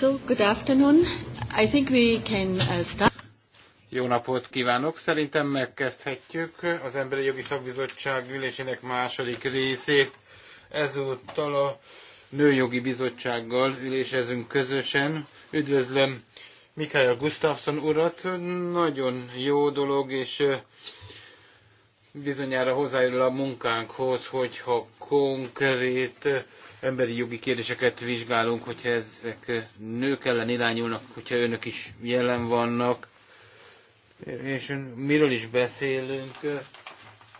good afternoon. I think we can uh, start. Jó napot kívánok! Szerintem megkezdhetjük az Emberi Jogi Szakbizottság ülésének második részét. Ezúttal a Nőjogi Bizottsággal ülésezünk közösen. Üdvözlöm Mikhail Gustafsson urat. Nagyon jó dolog, és bizonyára hozzájárul a munkánkhoz, hogyha konkrét emberi jogi kérdéseket vizsgálunk, hogyha ezek nők ellen irányulnak, hogyha önök is jelen vannak, és miről is beszélünk?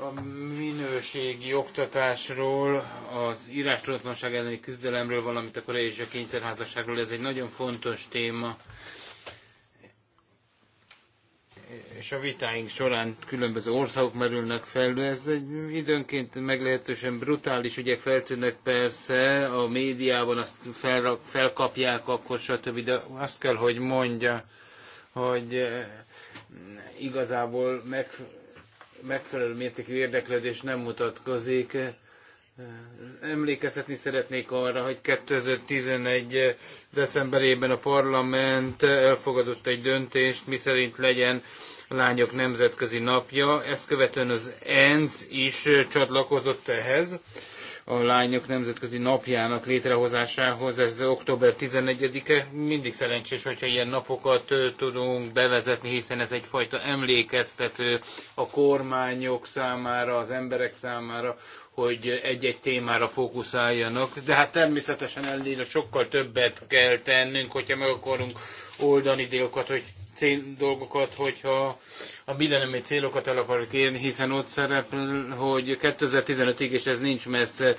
A minőségi oktatásról, az írástudatlanság elleni küzdelemről, valamint a korai és a kényszerházasságról, ez egy nagyon fontos téma és a vitáink során különböző országok merülnek fel. Ez egy időnként meglehetősen brutális ügyek feltűnnek persze, a médiában azt felrak, felkapják akkor, stb. De azt kell, hogy mondja, hogy eh, igazából meg, megfelelő mértékű érdeklődés nem mutatkozik Emlékeztetni szeretnék arra, hogy 2011. decemberében a parlament elfogadott egy döntést, miszerint legyen lányok nemzetközi napja. Ezt követően az ENSZ is csatlakozott ehhez a lányok nemzetközi napjának létrehozásához. Ez október 11-e. Mindig szerencsés, hogyha ilyen napokat tudunk bevezetni, hiszen ez egyfajta emlékeztető a kormányok számára, az emberek számára, hogy egy-egy témára fókuszáljanak, de hát természetesen ennél sokkal többet kell tennünk, hogyha meg akarunk oldani dolgokat, hogy cél, dolgokat, hogyha a millenniumi célokat el akarjuk érni, hiszen ott szerepel, hogy 2015-ig, és ez nincs messze,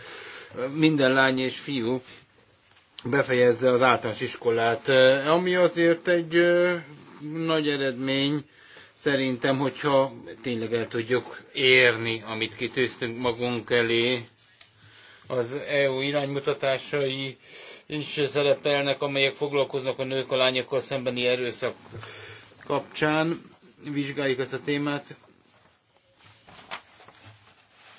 minden lány és fiú befejezze az általános iskolát, ami azért egy nagy eredmény, Szerintem, hogyha tényleg el tudjuk érni, amit kitűztünk magunk elé, az EU iránymutatásai is szerepelnek, amelyek foglalkoznak a nők a lányokkal szembeni erőszak kapcsán. Vizsgáljuk ezt a témát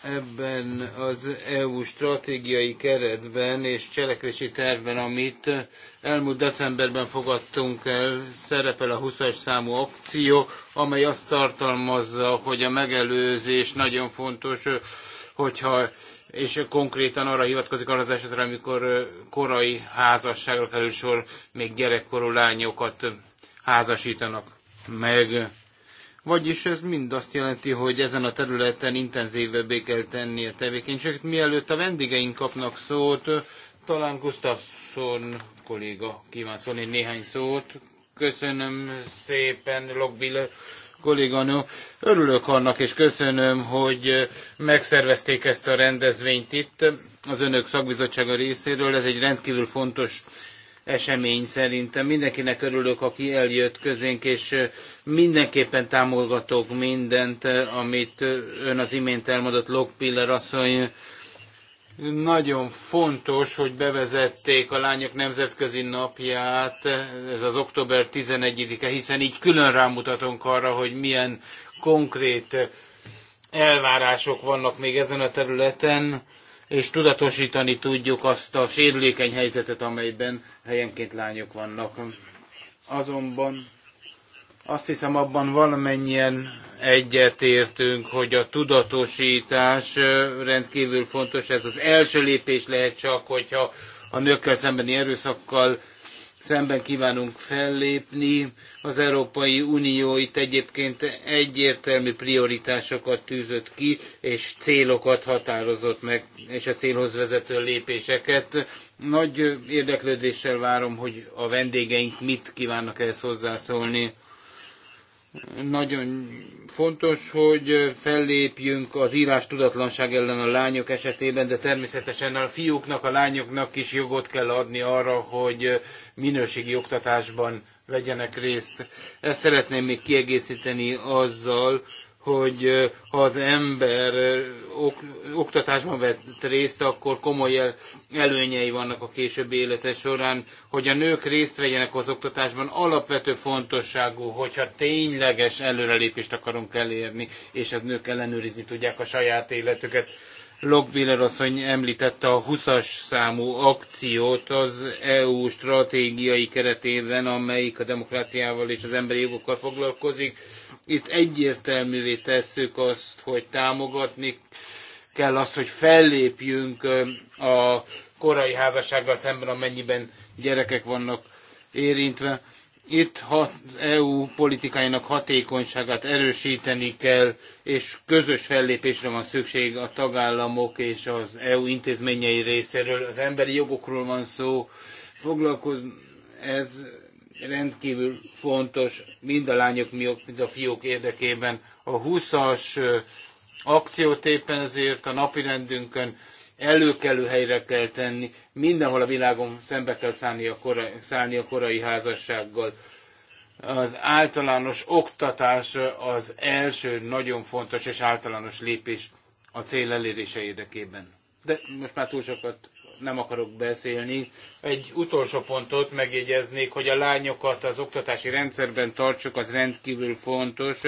ebben az EU stratégiai keretben és cselekvési tervben, amit elmúlt decemberben fogadtunk el, szerepel a 20-as számú akció, amely azt tartalmazza, hogy a megelőzés nagyon fontos, hogyha és konkrétan arra hivatkozik arra az esetre, amikor korai házasságra kerül sor, még gyerekkorú lányokat házasítanak meg vagyis ez mind azt jelenti, hogy ezen a területen intenzívebbé kell tenni a tevékenységet. Mielőtt a vendégeink kapnak szót, talán Gustafsson kolléga kíván szólni néhány szót. Köszönöm szépen, Logbiller kolléganő. Örülök annak, és köszönöm, hogy megszervezték ezt a rendezvényt itt az önök szakbizottsága részéről. Ez egy rendkívül fontos esemény szerintem. Mindenkinek örülök, aki eljött közénk, és mindenképpen támogatok mindent, amit ön az imént elmondott Lockpiller asszony. Nagyon fontos, hogy bevezették a lányok nemzetközi napját, ez az október 11-e, hiszen így külön rámutatunk arra, hogy milyen konkrét elvárások vannak még ezen a területen és tudatosítani tudjuk azt a sérülékeny helyzetet, amelyben helyenként lányok vannak. Azonban azt hiszem abban valamennyien egyetértünk, hogy a tudatosítás rendkívül fontos. Ez az első lépés lehet csak, hogyha a nőkkel szembeni erőszakkal szemben kívánunk fellépni, az Európai Unió itt egyébként egyértelmű prioritásokat tűzött ki, és célokat határozott meg, és a célhoz vezető lépéseket. Nagy érdeklődéssel várom, hogy a vendégeink mit kívánnak ehhez hozzászólni nagyon fontos, hogy fellépjünk az írás tudatlanság ellen a lányok esetében, de természetesen a fiúknak, a lányoknak is jogot kell adni arra, hogy minőségi oktatásban vegyenek részt. Ezt szeretném még kiegészíteni azzal, hogy ha az ember ok, oktatásban vett részt, akkor komoly előnyei vannak a későbbi élete során. Hogy a nők részt vegyenek az oktatásban, alapvető fontosságú, hogyha tényleges előrelépést akarunk elérni, és az nők ellenőrizni tudják a saját életüket. Lockbiller asszony említette a 20-as számú akciót az EU stratégiai keretében, amelyik a demokráciával és az emberi jogokkal foglalkozik. Itt egyértelművé tesszük azt, hogy támogatni kell azt, hogy fellépjünk a korai házassággal szemben, amennyiben gyerekek vannak érintve. Itt hat, EU politikájának hatékonyságát erősíteni kell, és közös fellépésre van szükség a tagállamok és az EU intézményei részéről. Az emberi jogokról van szó, foglalkoz, ez rendkívül fontos mind a lányok, mind a fiúk érdekében. A 20-as akciót éppen ezért a napirendünkön előkelő helyre kell tenni, Mindenhol a világon szembe kell szállni a, korai, szállni a korai házassággal. Az általános oktatás az első nagyon fontos és általános lépés a cél elérése érdekében. De most már túl sokat nem akarok beszélni. Egy utolsó pontot megjegyeznék, hogy a lányokat az oktatási rendszerben tartsuk, az rendkívül fontos.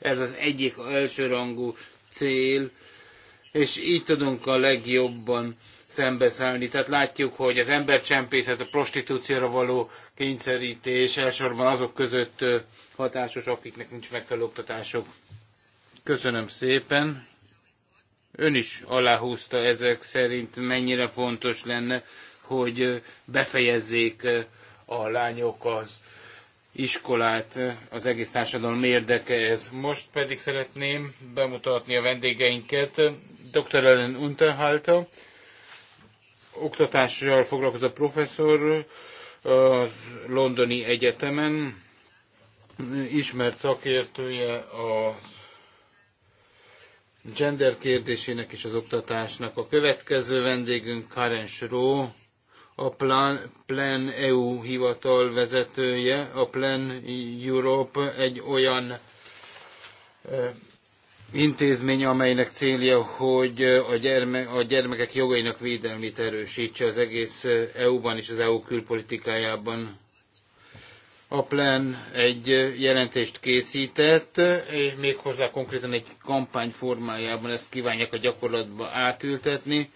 Ez az egyik elsőrangú cél, és így tudunk a legjobban szembeszállni. Tehát látjuk, hogy az embercsempészet, a prostitúcióra való kényszerítés elsősorban azok között hatásos, akiknek nincs megfelelő oktatásuk. Köszönöm szépen. Ön is aláhúzta ezek szerint, mennyire fontos lenne, hogy befejezzék a lányok az iskolát, az egész társadalom érdeke ez. Most pedig szeretném bemutatni a vendégeinket. Dr. Ellen Unterhalter, oktatással foglalkozó professzor a Londoni Egyetemen, ismert szakértője a gender kérdésének és az oktatásnak. A következő vendégünk Karen Sró, a Plan, Plan EU hivatal vezetője. A Plan Europe egy olyan eh, intézmény, amelynek célja, hogy a, gyerme, a gyermekek jogainak védelmét erősítse az egész EU-ban és az EU külpolitikájában. A plan egy jelentést készített, méghozzá konkrétan egy kampány formájában ezt kívánják a gyakorlatba átültetni.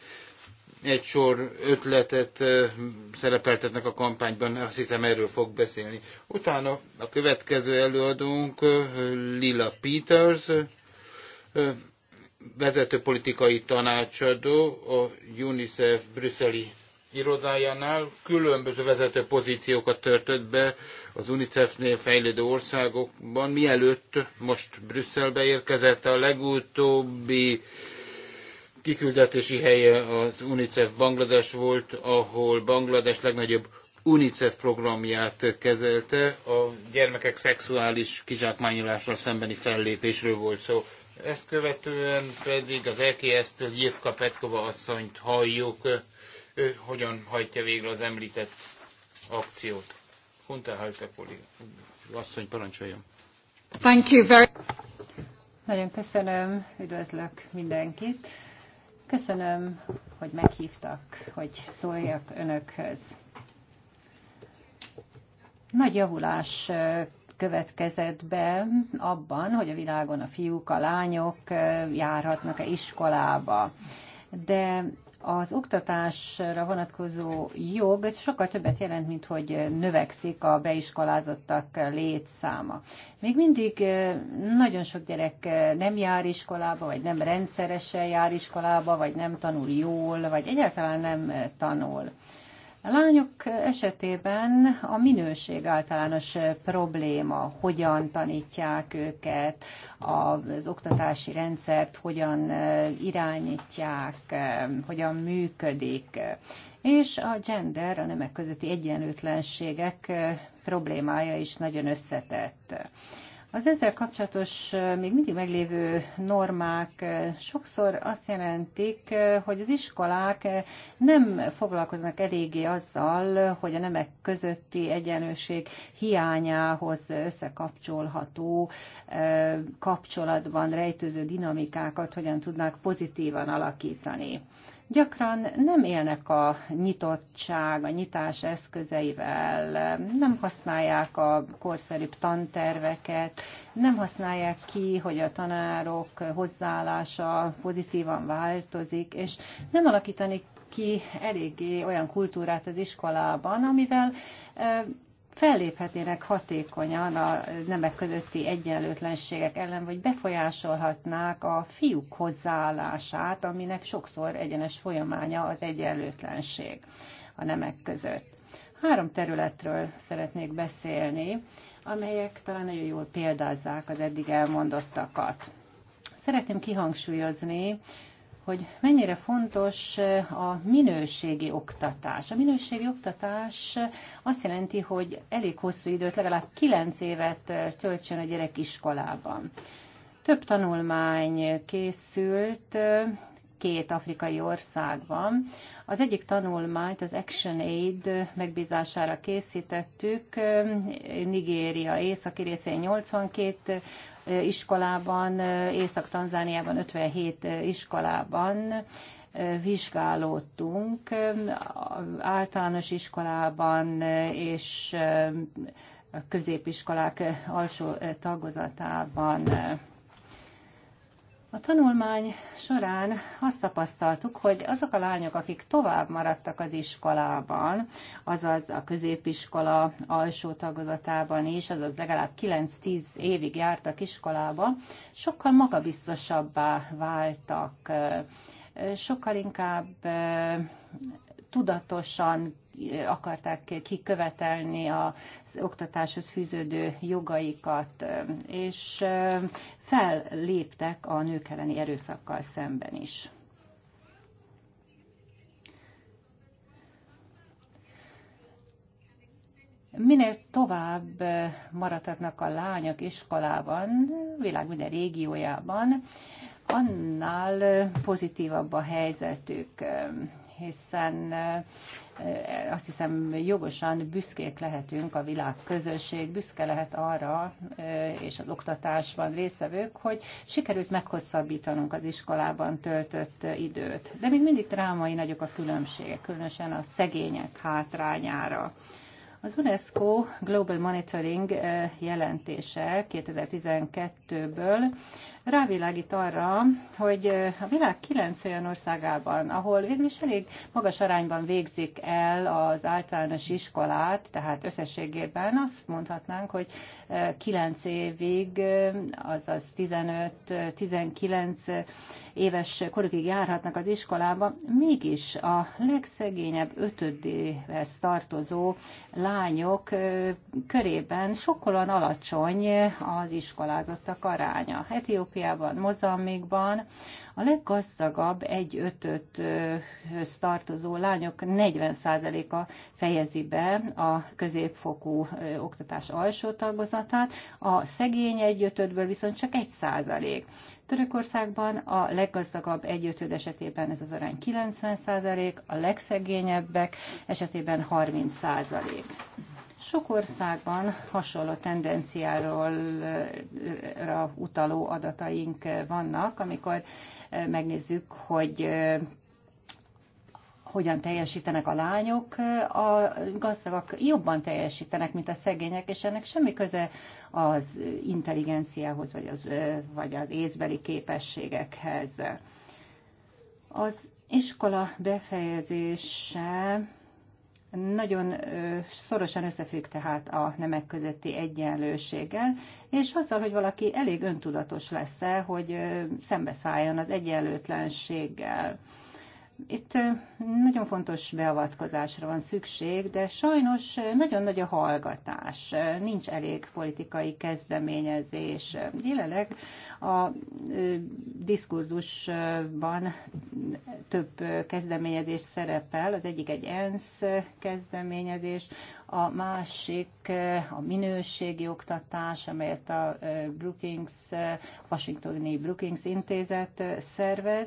Egy sor ötletet szerepeltetnek a kampányban, azt hiszem erről fog beszélni. Utána a következő előadónk Lila Peters, vezető politikai tanácsadó a UNICEF brüsszeli irodájánál különböző vezető pozíciókat törtött be az UNICEF-nél fejlődő országokban, mielőtt most Brüsszelbe érkezett a legutóbbi kiküldetési helye az UNICEF Banglades volt, ahol Banglades legnagyobb UNICEF programját kezelte, a gyermekek szexuális kizsákmányolással szembeni fellépésről volt szó. Ezt követően pedig az EKS-től Jivka Petkova asszonyt halljuk, ő hogyan hajtja végre az említett akciót. Hunta Halte asszony parancsoljon. Thank you very... Nagyon köszönöm, üdvözlök mindenkit. Köszönöm, hogy meghívtak, hogy szóljak önökhöz. Nagy javulás következett be abban, hogy a világon a fiúk, a lányok járhatnak-e iskolába. De az oktatásra vonatkozó jog sokkal többet jelent, mint hogy növekszik a beiskolázottak létszáma. Még mindig nagyon sok gyerek nem jár iskolába, vagy nem rendszeresen jár iskolába, vagy nem tanul jól, vagy egyáltalán nem tanul. A lányok esetében a minőség általános probléma, hogyan tanítják őket, az oktatási rendszert hogyan eh, irányítják, eh, hogyan működik, és a gender, a nemek közötti egyenlőtlenségek eh, problémája is nagyon összetett. Az ezzel kapcsolatos még mindig meglévő normák sokszor azt jelentik, hogy az iskolák nem foglalkoznak eléggé azzal, hogy a nemek közötti egyenlőség hiányához összekapcsolható kapcsolatban rejtőző dinamikákat hogyan tudnak pozitívan alakítani gyakran nem élnek a nyitottság, a nyitás eszközeivel, nem használják a korszerűbb tanterveket, nem használják ki, hogy a tanárok hozzáállása pozitívan változik, és nem alakítani ki eléggé olyan kultúrát az iskolában, amivel felléphetnének hatékonyan a nemek közötti egyenlőtlenségek ellen, vagy befolyásolhatnák a fiúk hozzáállását, aminek sokszor egyenes folyamánya az egyenlőtlenség a nemek között. Három területről szeretnék beszélni, amelyek talán nagyon jól példázzák az eddig elmondottakat. Szeretném kihangsúlyozni, hogy mennyire fontos eh, a minőségi oktatás. A minőségi oktatás eh, azt jelenti, hogy elég hosszú időt, legalább 9 évet eh, töltsön a gyerek iskolában. Több tanulmány készült két afrikai országban. Az egyik tanulmányt az Action Aid megbízására készítettük, Nigéria északi részén 82 iskolában, Észak-Tanzániában 57 iskolában vizsgálódtunk általános iskolában és középiskolák alsó tagozatában. A tanulmány során azt tapasztaltuk, hogy azok a lányok, akik tovább maradtak az iskolában, azaz a középiskola alsó tagozatában is, azaz legalább 9-10 évig jártak iskolába, sokkal magabiztosabbá váltak, sokkal inkább tudatosan akarták kikövetelni az oktatáshoz fűződő jogaikat, és felléptek a nők elleni erőszakkal szemben is. Minél tovább maradhatnak a lányok iskolában, világ minden régiójában, annál pozitívabb a helyzetük hiszen eh, azt hiszem jogosan büszkék lehetünk a világközösség, büszke lehet arra, eh, és az oktatásban résztvevők, hogy sikerült meghosszabbítanunk az iskolában töltött eh, időt. De még mindig drámai nagyok a különbségek, különösen a szegények hátrányára. Az UNESCO Global Monitoring jelentése 2012-ből rávilágít arra, hogy a világ kilenc olyan országában, ahol végül is elég magas arányban végzik el az általános iskolát, tehát összességében azt mondhatnánk, hogy kilenc évig, azaz 15-19 éves korukig járhatnak az iskolába, mégis a legszegényebb ötödéhez tartozó lányok körében sokkolan alacsony az iskolázottak aránya. Etiópia Etiópiában, Mozambikban a leggazdagabb egy ötöt tartozó lányok 40%-a fejezi be a középfokú oktatás alsó tagozatát, a szegény ötödből viszont csak 1%. Törökországban a leggazdagabb ötöd esetében ez az arány 90%, a legszegényebbek esetében 30%. Sok országban hasonló tendenciáról eh, eh, utaló adataink eh, vannak, amikor megnézzük, hogy hogyan teljesítenek a lányok, a gazdagok jobban teljesítenek, mint a szegények, és ennek semmi köze az intelligenciához, vagy az, vagy az észbeli képességekhez. Az iskola befejezése nagyon szorosan összefügg tehát a nemek közötti egyenlőséggel, és azzal, hogy valaki elég öntudatos lesz-e, hogy szembeszálljon az egyenlőtlenséggel. Itt nagyon fontos beavatkozásra van szükség, de sajnos nagyon nagy a hallgatás, nincs elég politikai kezdeményezés. Jelenleg a diskurzusban több kezdeményezés szerepel, az egyik egy ENSZ kezdeményezés, a másik a minőségi oktatás, amelyet a Brookings, Washingtoni Brookings intézet szervez,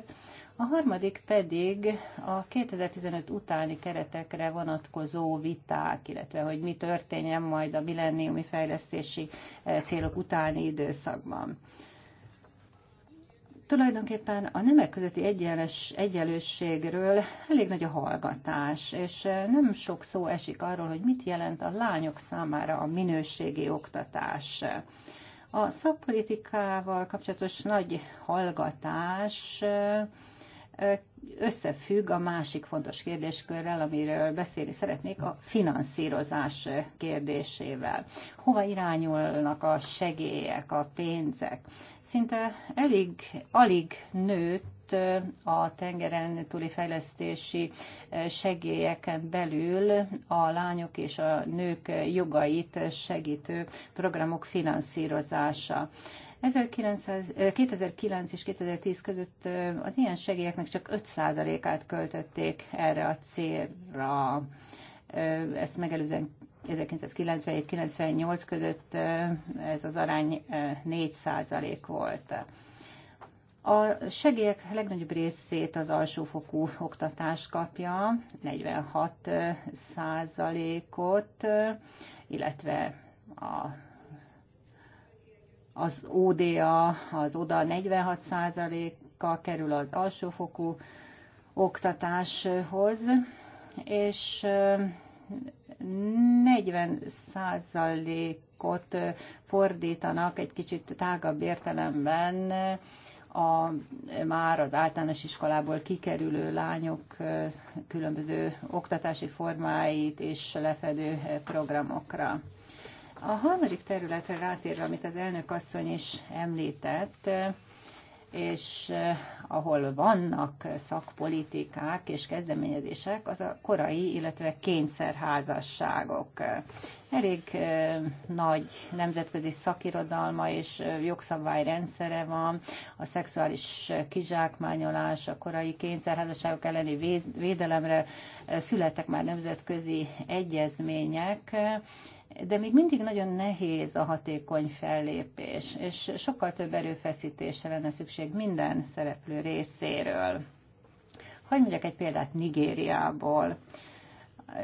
a harmadik pedig a 2015 utáni keretekre vonatkozó viták, illetve hogy mi történjen majd a millenniumi fejlesztési eh, célok utáni időszakban tulajdonképpen a nemek közötti egyenes, egyenlősségről elég nagy a hallgatás, és eh, nem sok szó esik arról, hogy mit jelent a lányok számára a minőségi oktatás. A szakpolitikával kapcsolatos nagy hallgatás eh, összefügg a másik fontos kérdéskörrel, amiről beszélni szeretnék, a finanszírozás kérdésével. Hova irányulnak a segélyek, a pénzek? Szinte elég, alig nőtt a tengeren túli fejlesztési segélyeken belül a lányok és a nők jogait segítő programok finanszírozása. 1900, 2009 és 2010 között az ilyen segélyeknek csak 5%-át költötték erre a célra. Ezt megelőzően 1997-98 között ez az arány 4% volt. A segélyek legnagyobb részét az alsófokú oktatás kapja, 46 százalékot, illetve a az ODA, az ODA 46%-kal kerül az alsófokú oktatáshoz, és 40%-ot fordítanak egy kicsit tágabb értelemben a, már az általános iskolából kikerülő lányok különböző oktatási formáit és lefedő programokra. A harmadik területre rátérve, amit az elnök asszony is említett, és eh, ahol vannak szakpolitikák és kezdeményezések, az a korai, illetve kényszerházasságok. Elég eh, nagy nemzetközi szakirodalma és eh, jogszabályrendszere van, a szexuális kizsákmányolás, a korai kényszerházasságok elleni védelemre születtek már nemzetközi egyezmények, de még mindig nagyon nehéz a hatékony fellépés, és sokkal több erőfeszítésre lenne szükség minden szereplő részéről. Hogy mondjak egy példát Nigériából.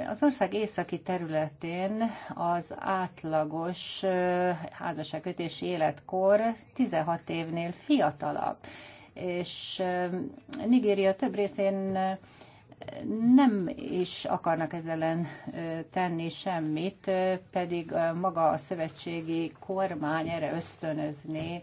Az ország északi területén az átlagos házasságkötési életkor 16 évnél fiatalabb, és Nigéria több részén nem is akarnak ezzel ellen tenni semmit, pedig maga a szövetségi kormány erre ösztönözné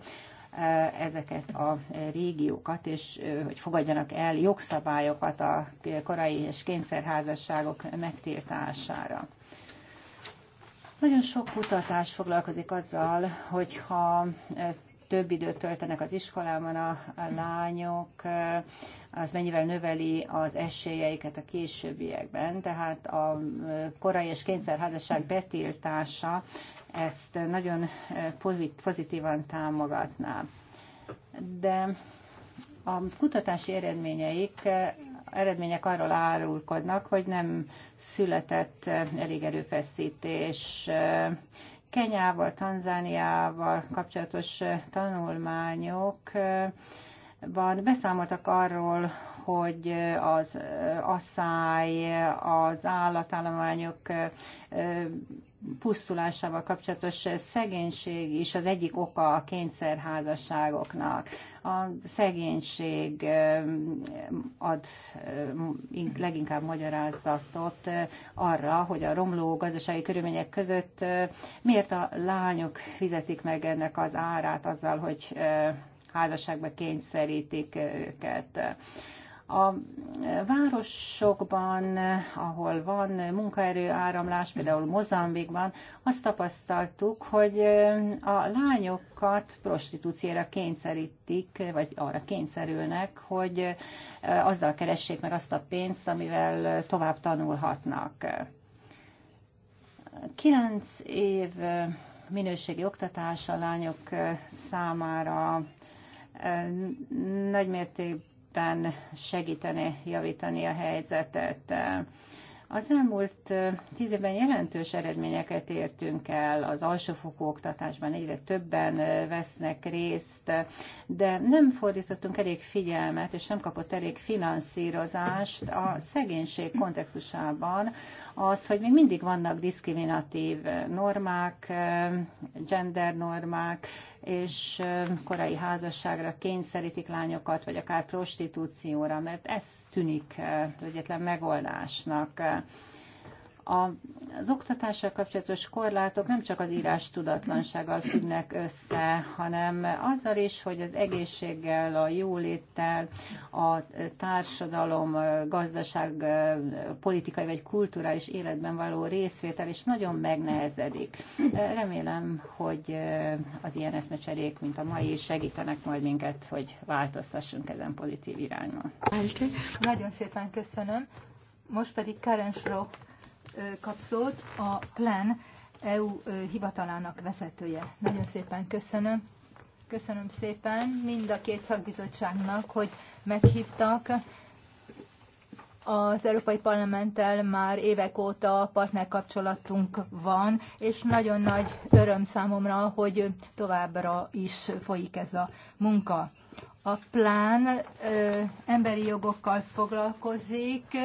ezeket a régiókat, és hogy fogadjanak el jogszabályokat a korai és kényszerházasságok megtiltására. Nagyon sok kutatás foglalkozik azzal, hogyha több időt töltenek az iskolában a, a lányok, az mennyivel növeli az esélyeiket a későbbiekben. Tehát a korai és kényszerházasság betiltása ezt nagyon pozitívan támogatná. De a kutatási eredményeik eredmények arról árulkodnak, hogy nem született elég erőfeszítés Kenyával, Tanzániával kapcsolatos tanulmányokban beszámoltak arról, hogy az asszály, az állatállományok pusztulásával kapcsolatos szegénység is az egyik oka a kényszerházasságoknak. A szegénység ad leginkább magyarázatot arra, hogy a romló gazdasági körülmények között miért a lányok fizetik meg ennek az árát azzal, hogy házasságba kényszerítik őket. A városokban, ahol van munkaerő áramlás, például Mozambikban, azt tapasztaltuk, hogy a lányokat prostitúcióra kényszerítik, vagy arra kényszerülnek, hogy azzal keressék meg azt a pénzt, amivel tovább tanulhatnak. Kilenc év minőségi oktatás a lányok számára nagymértékben mindenképpen segíteni, javítani a helyzetet. Az elmúlt tíz évben jelentős eredményeket értünk el, az alsófokú oktatásban egyre többen vesznek részt, de nem fordítottunk elég figyelmet, és nem kapott elég finanszírozást a szegénység kontextusában az, hogy még mindig vannak diszkriminatív normák, gender normák, és korai házasságra kényszerítik lányokat, vagy akár prostitúcióra, mert ez tűnik eh, egyetlen megoldásnak az oktatással kapcsolatos korlátok nem csak az írás tudatlansággal függnek össze, hanem azzal is, hogy az egészséggel, a jóléttel, a társadalom, gazdaság, politikai vagy kulturális életben való részvétel is nagyon megnehezedik. Remélem, hogy az ilyen eszmecserék, mint a mai, segítenek majd minket, hogy változtassunk ezen pozitív irányba. Nagyon szépen köszönöm. Most pedig Karen Schrock kapszót a PLAN EU hivatalának vezetője. Nagyon szépen köszönöm. Köszönöm szépen mind a két szakbizottságnak, hogy meghívtak. Az Európai Parlamenttel már évek óta partnerkapcsolatunk van, és nagyon nagy öröm számomra, hogy továbbra is folyik ez a munka. A plán ö, emberi jogokkal foglalkozik,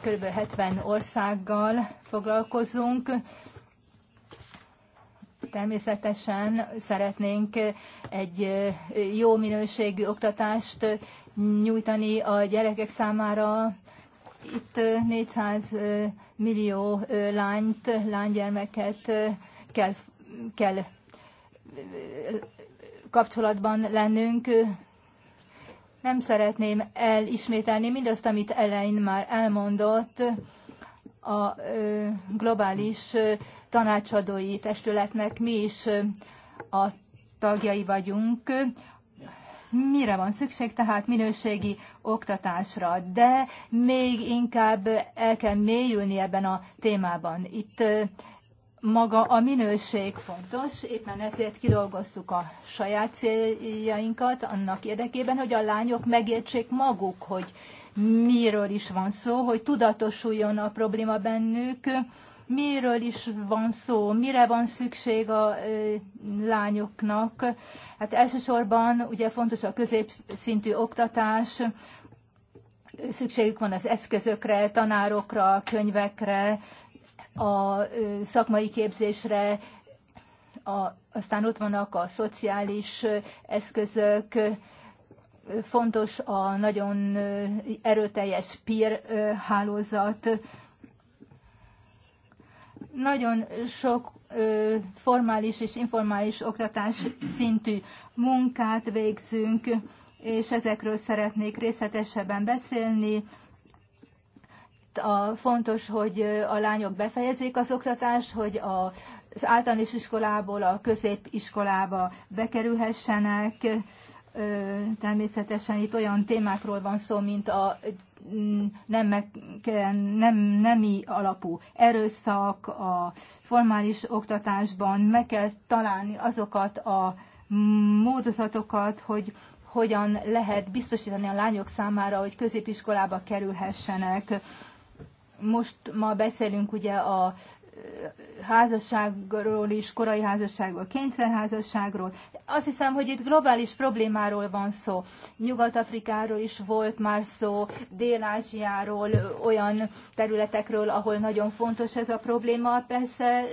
kb. 70 országgal foglalkozunk. Természetesen szeretnénk egy jó minőségű oktatást nyújtani a gyerekek számára. Itt 400 millió lányt, lánygyermeket kell, kell kapcsolatban lennünk, nem szeretném elismételni mindazt, amit Elein már elmondott a globális tanácsadói testületnek. Mi is a tagjai vagyunk. Mire van szükség? Tehát minőségi oktatásra, de még inkább el kell mélyülni ebben a témában. Itt maga a minőség fontos, éppen ezért kidolgoztuk a saját céljainkat annak érdekében, hogy a lányok megértsék maguk, hogy miről is van szó, hogy tudatosuljon a probléma bennük, miről is van szó, mire van szükség a lányoknak. Hát elsősorban ugye fontos a középszintű oktatás, szükségük van az eszközökre, tanárokra, könyvekre, a szakmai képzésre, a, aztán ott vannak a szociális eszközök, fontos a nagyon erőteljes peer hálózat. Nagyon sok formális és informális oktatás szintű munkát végzünk, és ezekről szeretnék részletesebben beszélni a, fontos, hogy a lányok befejezzék az oktatást, hogy a, az általános iskolából a középiskolába bekerülhessenek. Természetesen itt olyan témákról van szó, mint a mm, nemek, nem, nemi alapú erőszak, a formális oktatásban meg kell találni azokat a módozatokat, hogy hogyan lehet biztosítani a lányok számára, hogy középiskolába kerülhessenek most ma beszélünk ugye a házasságról is, korai házasságról, kényszerházasságról. Azt hiszem, hogy itt globális problémáról van szó. Nyugat-Afrikáról is volt már szó, Dél-Ázsiáról, olyan területekről, ahol nagyon fontos ez a probléma, persze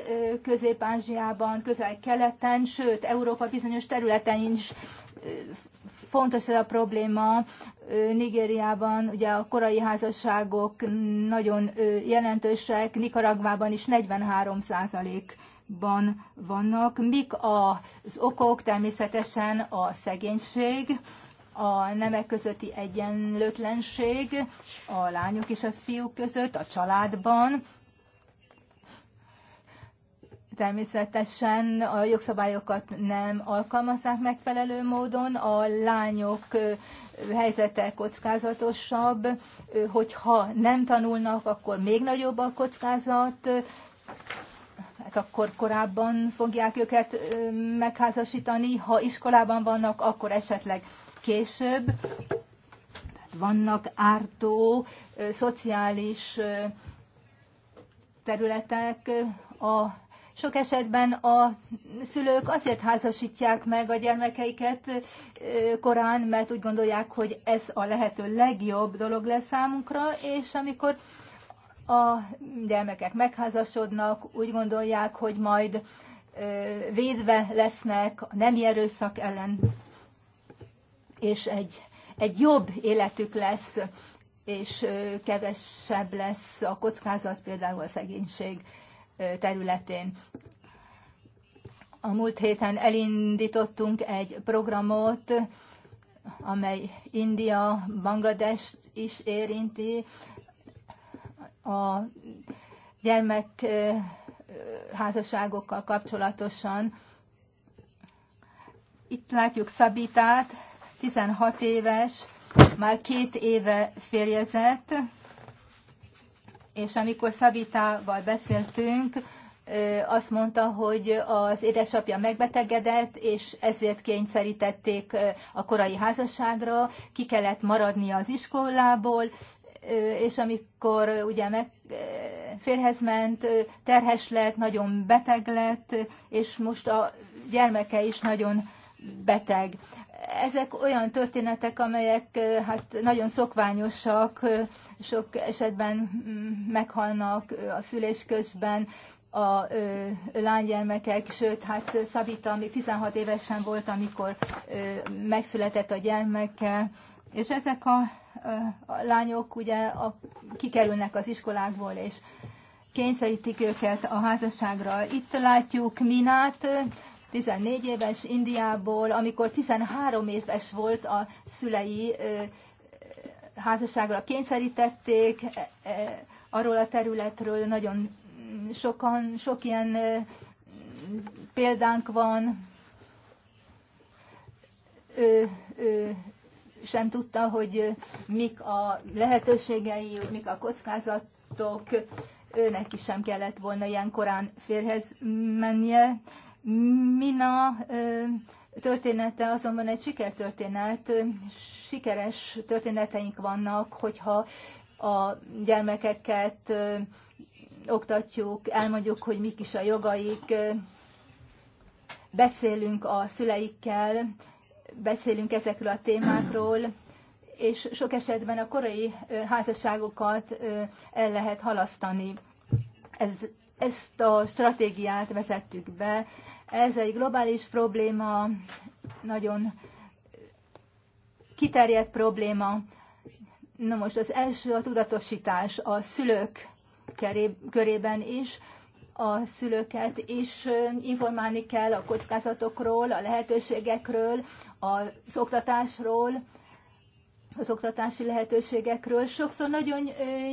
Közép-Ázsiában, közel-keleten, sőt, Európa bizonyos területein is fontos ez a probléma. Nigériában ugye a korai házasságok nagyon jelentősek, Nikaragvában is 43 van, vannak. Mik az okok? Természetesen a szegénység, a nemek közötti egyenlőtlenség, a lányok és a fiúk között, a családban, Természetesen a jogszabályokat nem alkalmazzák megfelelő módon, a lányok helyzete kockázatosabb, hogyha nem tanulnak, akkor még nagyobb a kockázat, hát akkor korábban fogják őket megházasítani, ha iskolában vannak, akkor esetleg később. Vannak ártó, szociális területek, a sok esetben a szülők azért házasítják meg a gyermekeiket korán, mert úgy gondolják, hogy ez a lehető legjobb dolog lesz számunkra, és amikor a gyermekek megházasodnak, úgy gondolják, hogy majd védve lesznek a nemi erőszak ellen, és egy, egy jobb életük lesz, és kevesebb lesz a kockázat, például a szegénység területén. A múlt héten elindítottunk egy programot, amely India, Banglades is érinti. A gyermek házasságokkal kapcsolatosan. Itt látjuk Szabitát, 16 éves, már két éve férjezett, és amikor Szavitával beszéltünk, azt mondta, hogy az édesapja megbetegedett, és ezért kényszerítették a korai házasságra, ki kellett maradni az iskolából, és amikor ugye meg férhez ment, terhes lett, nagyon beteg lett, és most a gyermeke is nagyon beteg. Ezek olyan történetek, amelyek hát nagyon szokványosak, sok esetben mm, meghalnak a szülés közben a lánygyermekek, sőt, hát Szabita még 16 évesen volt, amikor megszületett a gyermeke, és ezek a, a lányok ugye a, kikerülnek az iskolákból, és kényszerítik őket a házasságra. Itt látjuk Minát, 14 éves Indiából, amikor 13 éves volt a szülei házasságra kényszerítették, e, e, arról a területről nagyon mm, sokan, sok ilyen példánk van. Ő, ő sem tudta, hogy mik a lehetőségei, mik a kockázatok, őnek is sem kellett volna ilyen korán férhez mennie. Mina története azonban egy sikertörténet, sikeres történeteink vannak, hogyha a gyermekeket oktatjuk, elmondjuk, hogy mik is a jogaik, beszélünk a szüleikkel, beszélünk ezekről a témákról, és sok esetben a korai házasságokat el lehet halasztani. Ez, ezt a stratégiát vezettük be ez egy globális probléma, nagyon kiterjedt probléma. Na most az első a tudatosítás a szülők körében is, a szülőket is informálni kell a kockázatokról, a lehetőségekről, az oktatásról, az oktatási lehetőségekről. Sokszor nagyon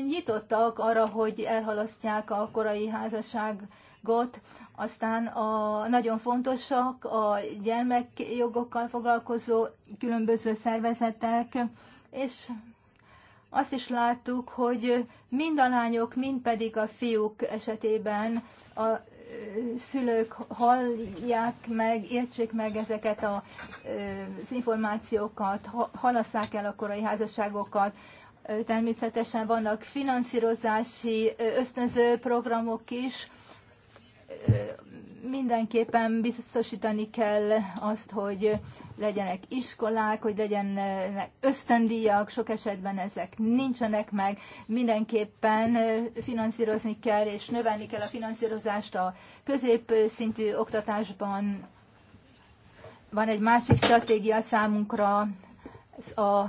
nyitottak arra, hogy elhalasztják a korai házasságot, aztán a, nagyon fontosak a gyermekjogokkal foglalkozó különböző szervezetek, és azt is láttuk, hogy mind a lányok, mind pedig a fiúk esetében a szülők hallják meg, értsék meg ezeket az információkat, halasszák el a korai házasságokat. Természetesen vannak finanszírozási ösztönző programok is, mindenképpen biztosítani kell azt, hogy legyenek iskolák, hogy legyenek ösztöndíjak, sok esetben ezek nincsenek meg. Mindenképpen finanszírozni kell, és növelni kell a finanszírozást a középszintű oktatásban. Van egy másik stratégia számunkra, a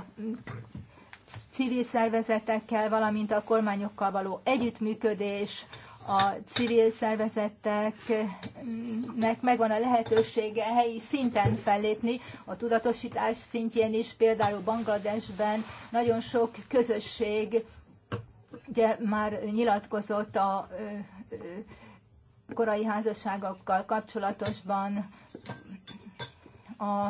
civil szervezetekkel, valamint a kormányokkal való együttműködés, a civil szervezeteknek megvan a lehetősége helyi szinten fellépni, a tudatosítás szintjén is, például Bangladesben nagyon sok közösség ugye már nyilatkozott a korai házasságokkal kapcsolatosban, a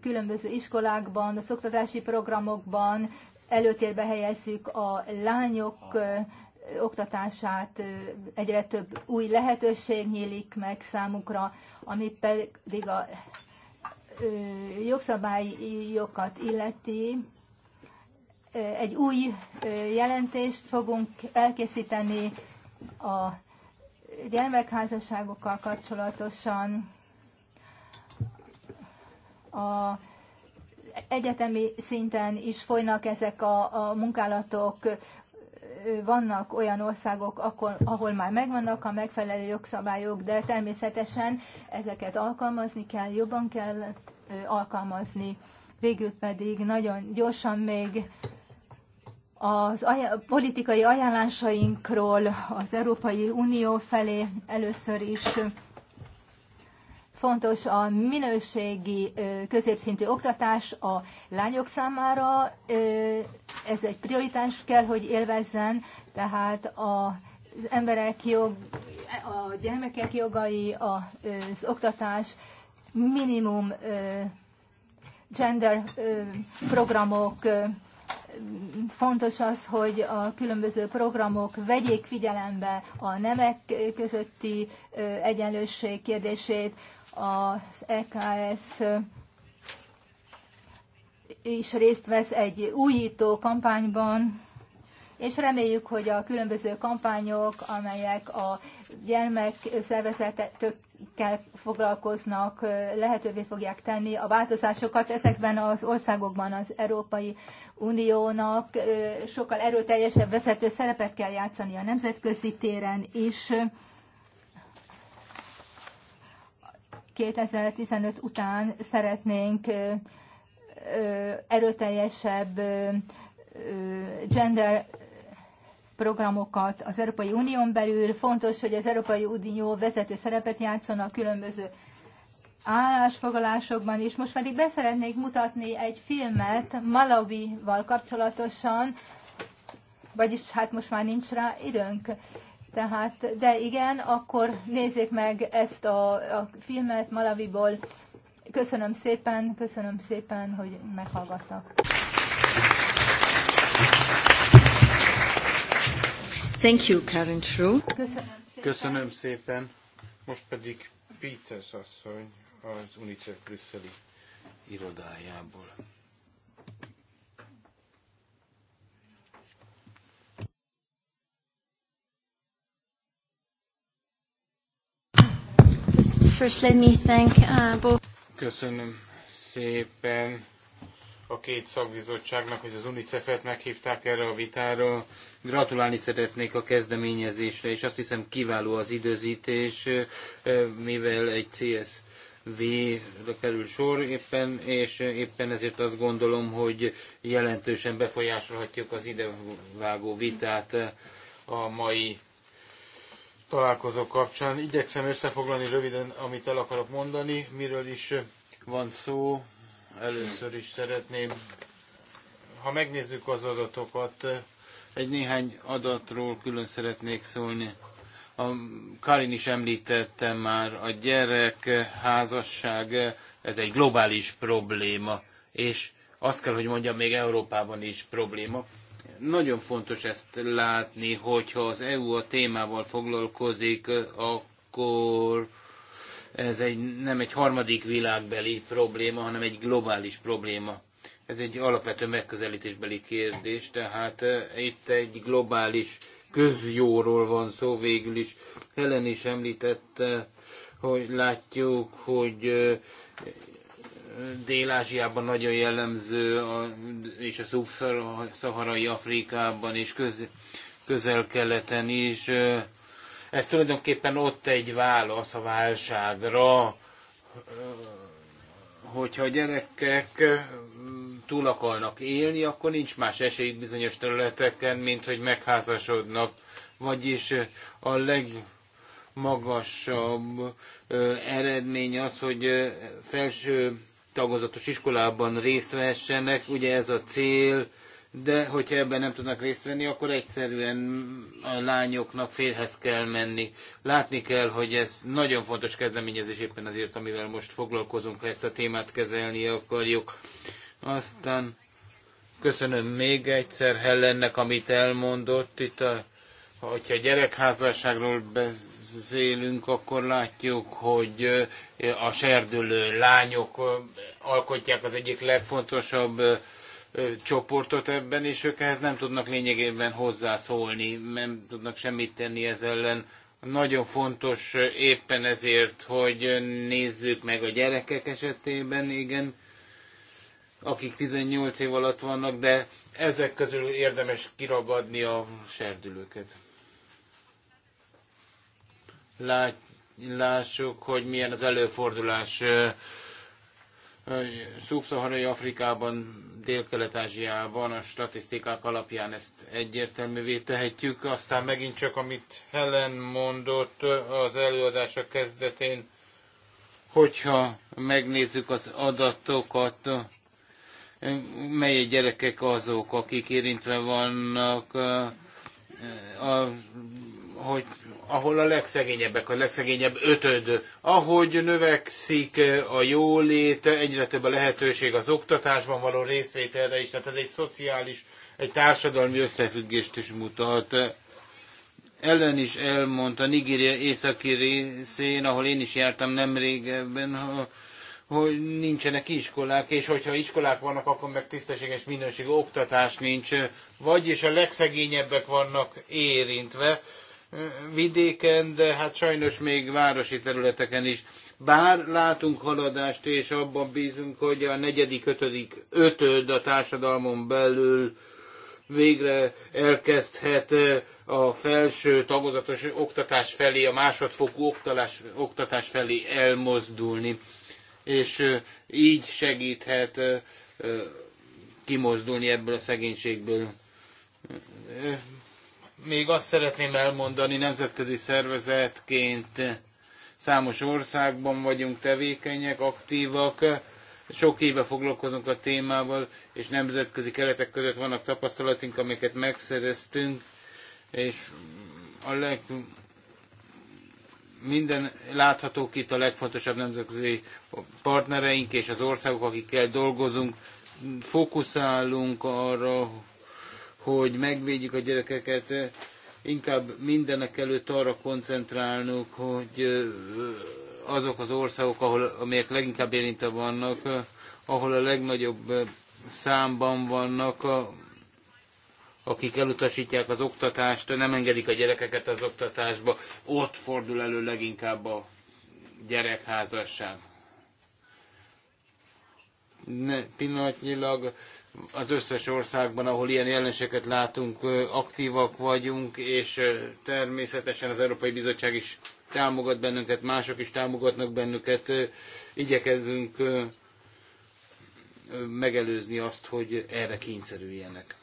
különböző iskolákban, az oktatási programokban előtérbe helyezzük a lányok oktatását, egyre több új lehetőség nyílik meg számukra, ami pedig a jogszabályi jogokat illeti. Egy új jelentést fogunk elkészíteni a gyermekházasságokkal kapcsolatosan, a egyetemi szinten is folynak ezek a, a munkálatok, vannak olyan országok, akkor, ahol már megvannak a megfelelő jogszabályok, de természetesen ezeket alkalmazni kell, jobban kell alkalmazni. Végül pedig nagyon gyorsan még az aj- politikai ajánlásainkról az Európai Unió felé először is Fontos a minőségi középszintű oktatás a lányok számára, ez egy prioritás kell, hogy élvezzen, tehát az emberek jog, a gyermekek jogai, az oktatás, minimum gender programok, fontos az, hogy a különböző programok vegyék figyelembe a nemek közötti egyenlőség kérdését, az EKS is részt vesz egy újító kampányban, és reméljük, hogy a különböző kampányok, amelyek a gyermek szervezetekkel foglalkoznak, lehetővé fogják tenni a változásokat ezekben az országokban az Európai Uniónak sokkal erőteljesebb vezető szerepet kell játszani a nemzetközi téren is. 2015 után szeretnénk erőteljesebb gender programokat az Európai Unión belül. Fontos, hogy az Európai Unió vezető szerepet játszon a különböző állásfoglalásokban is. Most pedig beszeretnék mutatni egy filmet Malawi-val kapcsolatosan, vagyis hát most már nincs rá időnk. Tehát, de igen, akkor nézzék meg ezt a, a filmet Malaviból. Köszönöm szépen, köszönöm szépen, hogy meghallgattak. Thank you, Karen True. Köszönöm szépen. Most pedig Peters asszony az UNICEF brüsszeli irodájából. First, let me thank uh, both. Köszönöm szépen a két szakbizottságnak, hogy az UNICEF-et meghívták erre a vitára. Gratulálni szeretnék a kezdeményezésre, és azt hiszem kiváló az időzítés, mivel egy CS v kerül sor éppen, és éppen ezért azt gondolom, hogy jelentősen befolyásolhatjuk az idevágó vitát a mai találkozó kapcsán. Igyekszem összefoglalni röviden, amit el akarok mondani, miről is van szó. Először is szeretném, ha megnézzük az adatokat, egy néhány adatról külön szeretnék szólni. A Karin is említette már, a gyerek házasság, ez egy globális probléma, és azt kell, hogy mondjam, még Európában is probléma. Nagyon fontos ezt látni, hogyha az EU a témával foglalkozik, akkor ez egy, nem egy harmadik világbeli probléma, hanem egy globális probléma. Ez egy alapvető megközelítésbeli kérdés, tehát eh, itt egy globális közjóról van szó végül is. Helen is említette, hogy látjuk, hogy eh, Dél-Ázsiában nagyon jellemző, a, és a szaharai Afrikában és köz, közel-keleten is. Ez tulajdonképpen ott egy válasz a válságra, hogyha a gyerekek túl akarnak élni, akkor nincs más esélyük bizonyos területeken, mint hogy megházasodnak. Vagyis a legmagasabb eredmény az, hogy felső tagozatos iskolában részt vehessenek, ugye ez a cél, de hogyha ebben nem tudnak részt venni, akkor egyszerűen a lányoknak félhez kell menni. Látni kell, hogy ez nagyon fontos kezdeményezés éppen azért, amivel most foglalkozunk, ha ezt a témát kezelni akarjuk. Aztán köszönöm még egyszer Hellennek, amit elmondott itt a hogyha gyerekházasságról élünk, akkor látjuk, hogy eh, a serdülő lányok eh, alkotják az egyik legfontosabb eh, csoportot ebben, és ők ehhez nem tudnak lényegében hozzászólni, nem tudnak semmit tenni ez ellen. Nagyon fontos éppen ezért, hogy nézzük meg a gyerekek esetében, igen, akik 18 év alatt vannak, de ezek közül érdemes kiragadni a serdülőket lát, lássuk, hogy milyen az előfordulás szubszaharai Afrikában, Dél-Kelet-Ázsiában a statisztikák alapján ezt egyértelművé tehetjük. Aztán megint csak, amit Helen mondott az előadása kezdetén, hogyha megnézzük az adatokat, mely gyerekek azok, akik érintve vannak, a, hogy ahol a legszegényebbek, a legszegényebb ötöd, ahogy növekszik a jólét, egyre több a lehetőség az oktatásban való részvételre is, tehát ez egy szociális, egy társadalmi összefüggést is mutat. Ellen is elmondta Nigéria északi részén, ahol én is jártam nem régebben, hogy nincsenek iskolák, és hogyha iskolák vannak, akkor meg tisztességes minőségű oktatás nincs, vagyis a legszegényebbek vannak érintve, vidéken, de hát sajnos még városi területeken is. Bár látunk haladást, és abban bízunk, hogy a negyedik, ötödik, ötöd a társadalmon belül végre elkezdhet a felső tagozatos oktatás felé, a másodfokú oktatás, oktatás felé elmozdulni. És így segíthet kimozdulni ebből a szegénységből még azt szeretném elmondani, nemzetközi szervezetként számos országban vagyunk tevékenyek, aktívak, sok éve foglalkozunk a témával, és nemzetközi keretek között vannak tapasztalatunk, amiket megszereztünk, és a leg, minden látható itt a legfontosabb nemzetközi partnereink és az országok, akikkel dolgozunk, fókuszálunk arra, hogy megvédjük a gyerekeket, inkább mindenek előtt arra koncentrálnunk, hogy azok az országok, ahol, amelyek leginkább érintve vannak, ahol a legnagyobb számban vannak, akik elutasítják az oktatást, nem engedik a gyerekeket az oktatásba, ott fordul elő leginkább a gyerekházasság. Ne, pillanatnyilag az összes országban, ahol ilyen jelenséget látunk, aktívak vagyunk, és természetesen az Európai Bizottság is támogat bennünket, mások is támogatnak bennünket. Igyekezzünk megelőzni azt, hogy erre kényszerüljenek.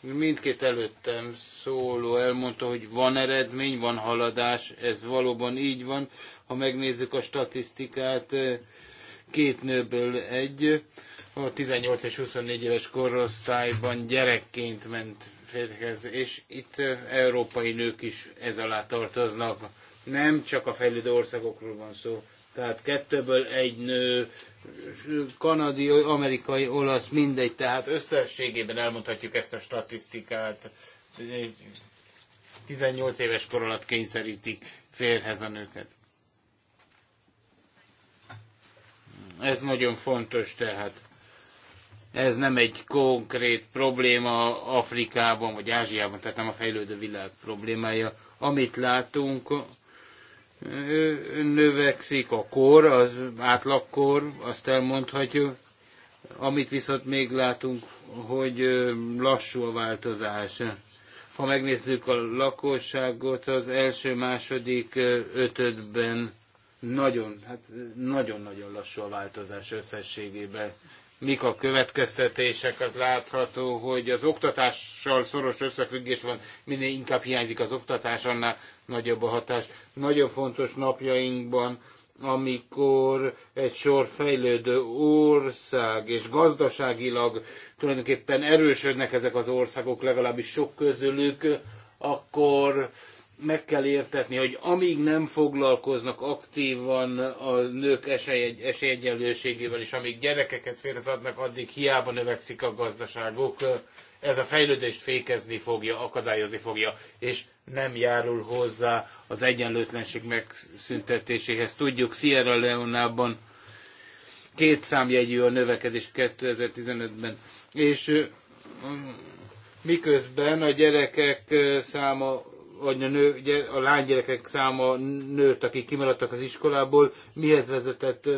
Mindkét előttem szóló elmondta, hogy van eredmény, van haladás, ez valóban így van. Ha megnézzük a statisztikát, két nőből egy a 18 és 24 éves korosztályban gyerekként ment férhez, és itt európai nők is ez alá tartoznak. Nem csak a fejlődő országokról van szó. Tehát kettőből egy nő, kanadi, amerikai, olasz, mindegy. Tehát összességében elmondhatjuk ezt a statisztikát. 18 éves kor alatt kényszerítik férhez a nőket. Ez nagyon fontos tehát ez nem egy konkrét probléma Afrikában vagy Ázsiában, tehát nem a fejlődő világ problémája. Amit látunk, növekszik a kor, az átlagkor, azt elmondhatjuk. Amit viszont még látunk, hogy lassú a változás. Ha megnézzük a lakosságot, az első, második, ötödben nagyon, hát nagyon-nagyon lassú a változás összességében mik a következtetések, az látható, hogy az oktatással szoros összefüggés van, minél inkább hiányzik az oktatás, annál nagyobb a hatás. Nagyon fontos napjainkban, amikor egy sor fejlődő ország, és gazdaságilag tulajdonképpen erősödnek ezek az országok, legalábbis sok közülük, akkor meg kell értetni, hogy amíg nem foglalkoznak aktívan a nők esély, esélyegyenlőségével, és amíg gyerekeket félrezadnak, addig hiába növekszik a gazdaságok, ez a fejlődést fékezni fogja, akadályozni fogja, és nem járul hozzá az egyenlőtlenség megszüntetéséhez. Tudjuk, Sierra Leone-ban két számjegyű a növekedés 2015-ben, és miközben a gyerekek száma vagy a, nő, ugye, a lánygyerekek száma nőtt, akik kimaradtak az iskolából, mihez vezetett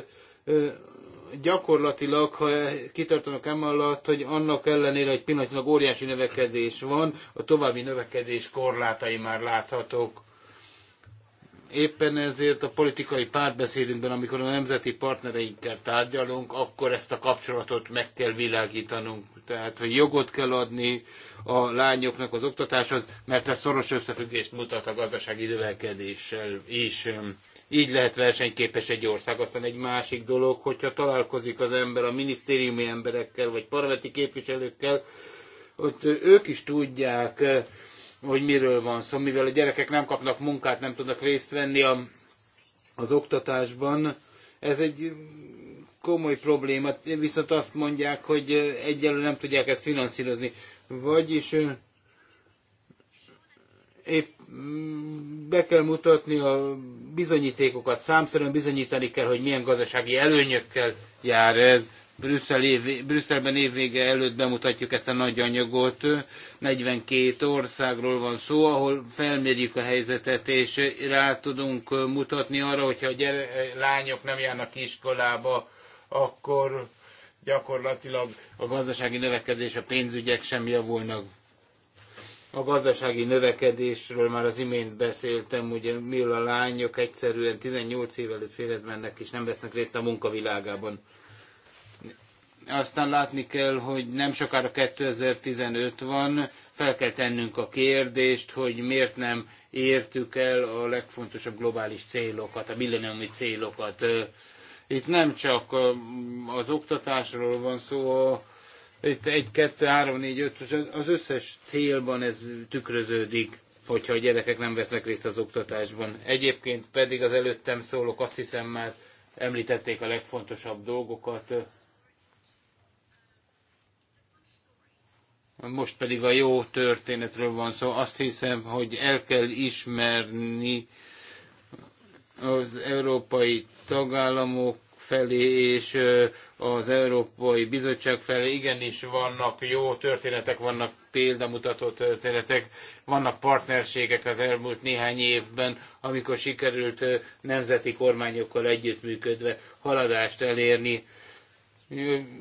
gyakorlatilag, ha kitartanak emellett, hogy annak ellenére, hogy pillanatilag óriási növekedés van, a további növekedés korlátai már láthatók. Éppen ezért a politikai párbeszédünkben, amikor a nemzeti partnereinkkel tárgyalunk, akkor ezt a kapcsolatot meg kell világítanunk tehát hogy jogot kell adni a lányoknak az oktatáshoz, mert ez szoros összefüggést mutat a gazdasági növekedéssel is. Így lehet versenyképes egy ország. Aztán egy másik dolog, hogyha találkozik az ember a minisztériumi emberekkel, vagy parlamenti képviselőkkel, hogy ők is tudják, hogy miről van szó, mivel a gyerekek nem kapnak munkát, nem tudnak részt venni a, az oktatásban. Ez egy komoly probléma, viszont azt mondják, hogy egyelőre nem tudják ezt finanszírozni. Vagyis épp mm, be kell mutatni a bizonyítékokat, számszerűen bizonyítani kell, hogy milyen gazdasági előnyökkel jár ez. Brüsszel év, Brüsszelben évvége előtt bemutatjuk ezt a nagy anyagot. 42 országról van szó, ahol felmérjük a helyzetet, és rá tudunk mutatni arra, hogyha a gyere, lányok nem járnak iskolába, akkor gyakorlatilag a gazdasági növekedés, a pénzügyek sem javulnak. A gazdasági növekedésről már az imént beszéltem, ugye mi a lányok egyszerűen 18 év előtt félhez mennek, és nem vesznek részt a munkavilágában. Aztán látni kell, hogy nem sokára 2015 van, fel kell tennünk a kérdést, hogy miért nem értük el a legfontosabb globális célokat, a milleniumi célokat itt nem csak az oktatásról van szó, itt egy, kettő, három, négy, öt, az összes célban ez tükröződik, hogyha a gyerekek nem vesznek részt az oktatásban. Egyébként pedig az előttem szólók azt hiszem már említették a legfontosabb dolgokat. Most pedig a jó történetről van szó. Azt hiszem, hogy el kell ismerni az európai tagállamok felé és az Európai Bizottság felé igenis vannak jó történetek, vannak példamutató történetek, vannak partnerségek az elmúlt néhány évben, amikor sikerült nemzeti kormányokkal együttműködve haladást elérni.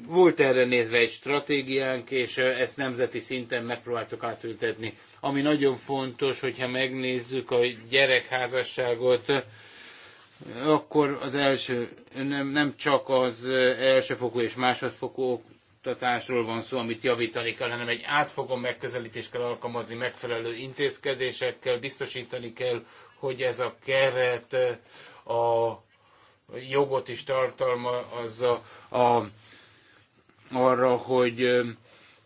Volt erre nézve egy stratégiánk, és ezt nemzeti szinten megpróbáltuk átültetni. Ami nagyon fontos, hogyha megnézzük a gyerekházasságot, akkor az első, nem, nem csak az elsőfokú és másodfokú oktatásról van szó, amit javítani kell, hanem egy átfogó megközelítést kell alkalmazni, megfelelő intézkedésekkel biztosítani kell, hogy ez a keret a jogot is tartalmazza a, arra, hogy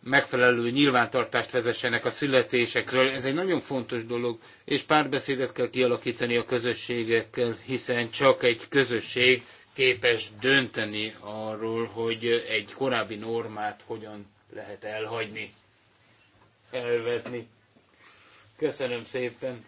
megfelelő nyilvántartást vezessenek a születésekről. Ez egy nagyon fontos dolog, és párbeszédet kell kialakítani a közösségekkel, hiszen csak egy közösség képes dönteni arról, hogy egy korábbi normát hogyan lehet elhagyni, elvetni. Köszönöm szépen!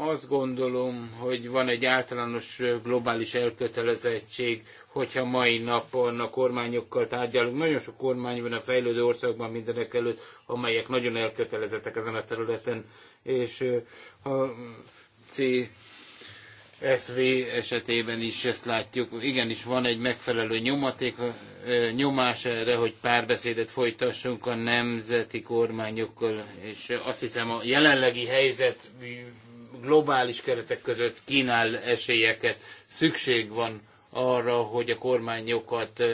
Azt gondolom, hogy van egy általános globális elkötelezettség, hogyha mai napon a kormányokkal tárgyalunk. Nagyon sok kormány van a fejlődő országban mindenek előtt, amelyek nagyon elkötelezettek ezen a területen, és a CSV esetében is ezt látjuk. Igenis van egy megfelelő nyomaték, nyomás erre, hogy párbeszédet folytassunk a nemzeti kormányokkal, és azt hiszem a jelenlegi helyzet globális keretek között kínál esélyeket. Szükség van arra, hogy a kormányokat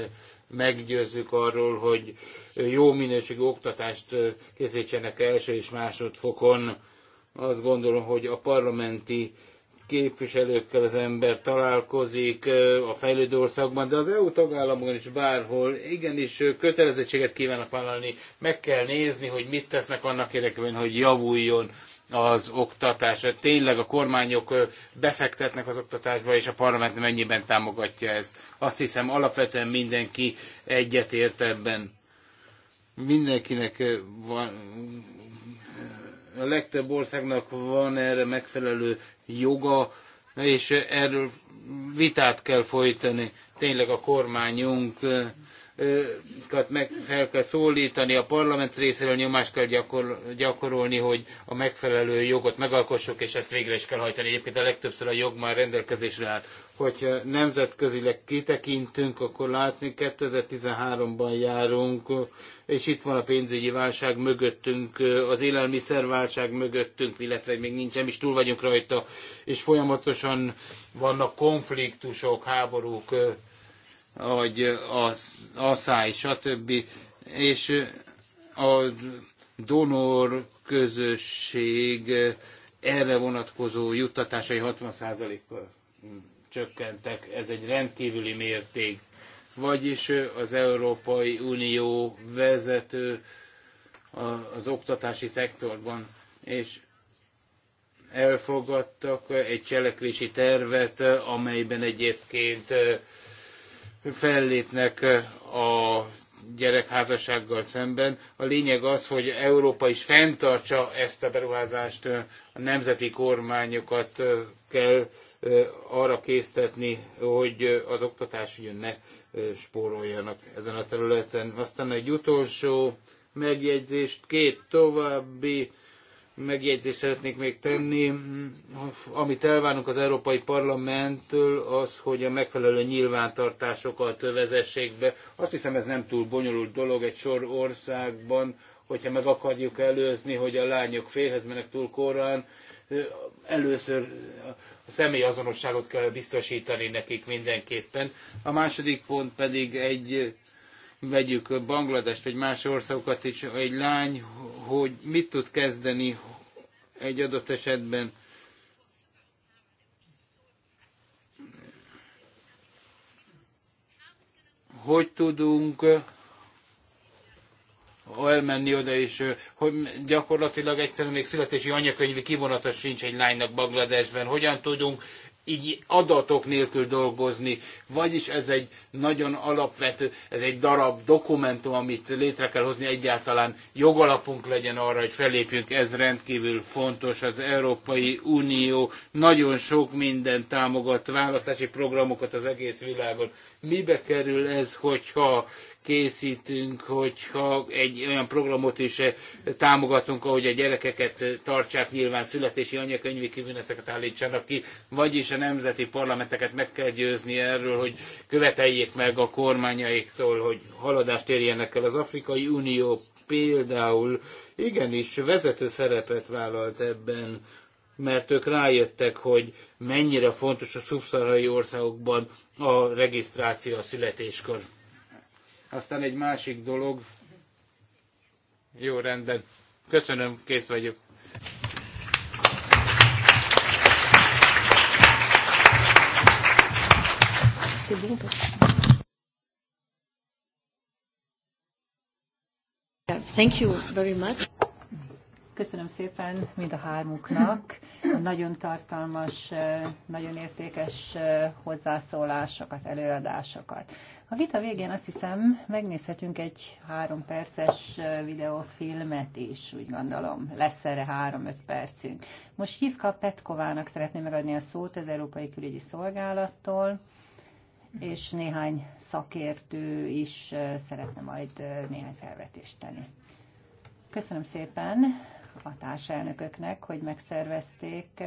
meggyőzzük arról, hogy jó minőségű oktatást készítsenek első és másodfokon. Azt gondolom, hogy a parlamenti képviselőkkel az ember találkozik a fejlődő országban, de az EU tagállamokban is bárhol igenis kötelezettséget kívánnak vállalni. Meg kell nézni, hogy mit tesznek annak érdekében, hogy javuljon az oktatás, Tényleg a kormányok befektetnek az oktatásba, és a parlament mennyiben támogatja ezt. Azt hiszem alapvetően mindenki egyetért ebben. Mindenkinek van, a legtöbb országnak van erre megfelelő joga, és erről vitát kell folytani. Tényleg a kormányunk meg fel kell szólítani, a parlament részéről nyomást kell gyakor, gyakorolni, hogy a megfelelő jogot megalkossuk, és ezt végre is kell hajtani. Egyébként a legtöbbször a jog már rendelkezésre áll. Hogyha nemzetközileg kitekintünk, akkor látni 2013-ban járunk, és itt van a pénzügyi válság mögöttünk, az élelmiszerválság mögöttünk, illetve még nincs, nem is túl vagyunk rajta, és folyamatosan vannak konfliktusok, háborúk, hogy az asszály, stb. És a donor közösség erre vonatkozó juttatásai 60%-kal csökkentek. Ez egy rendkívüli mérték. Vagyis az Európai Unió vezető az oktatási szektorban, és elfogadtak egy cselekvési tervet, amelyben egyébként fellépnek a gyerekházassággal szemben. A lényeg az, hogy Európa is fenntartsa ezt a beruházást, a nemzeti kormányokat kell arra késztetni, hogy az oktatásügyön ne spóroljanak ezen a területen. Aztán egy utolsó megjegyzést, két további megjegyzést szeretnék még tenni. Amit elvárunk az Európai Parlamenttől, az, hogy a megfelelő nyilvántartásokat vezessék be. Azt hiszem, ez nem túl bonyolult dolog egy sor országban, hogyha meg akarjuk előzni, hogy a lányok félhez mennek túl korán, először a személyazonosságot kell biztosítani nekik mindenképpen. A második pont pedig egy vegyük Bangladest vagy más országokat is, egy lány, hogy mit tud kezdeni egy adott esetben. Hogy tudunk elmenni oda, és hogy gyakorlatilag egyszerűen még születési anyakönyvi kivonata sincs egy lánynak Bangladesben. Hogyan tudunk így adatok nélkül dolgozni, vagyis ez egy nagyon alapvető, ez egy darab dokumentum, amit létre kell hozni egyáltalán, jogalapunk legyen arra, hogy felépjünk, ez rendkívül fontos. Az Európai Unió nagyon sok minden támogat választási programokat az egész világon. Mibe kerül ez, hogyha készítünk, hogyha egy olyan programot is eh, támogatunk, ahogy a gyerekeket eh, tartsák nyilván születési anyakönyvi kivüneteket állítsanak ki, vagyis a nemzeti parlamenteket meg kell győzni erről, hogy követeljék meg a kormányaiktól, hogy haladást érjenek el az Afrikai Unió például igenis vezető szerepet vállalt ebben, mert ők rájöttek, hogy mennyire fontos a szubszarai országokban a regisztráció a születéskor. Aztán egy másik dolog. Jó, rendben. Köszönöm, kész vagyok. Thank you very much. Köszönöm szépen mind a hármuknak. Nagyon tartalmas, nagyon értékes eh, hozzászólásokat, előadásokat. A vita végén azt hiszem, megnézhetünk egy három perces videófilmet is, úgy gondolom. Lesz erre három-öt percünk. Most Hívka Petkovának szeretném megadni a szót az Európai Külügyi Szolgálattól, és néhány szakértő is szeretne majd néhány felvetést tenni. Köszönöm szépen, a társelnököknek, hogy megszervezték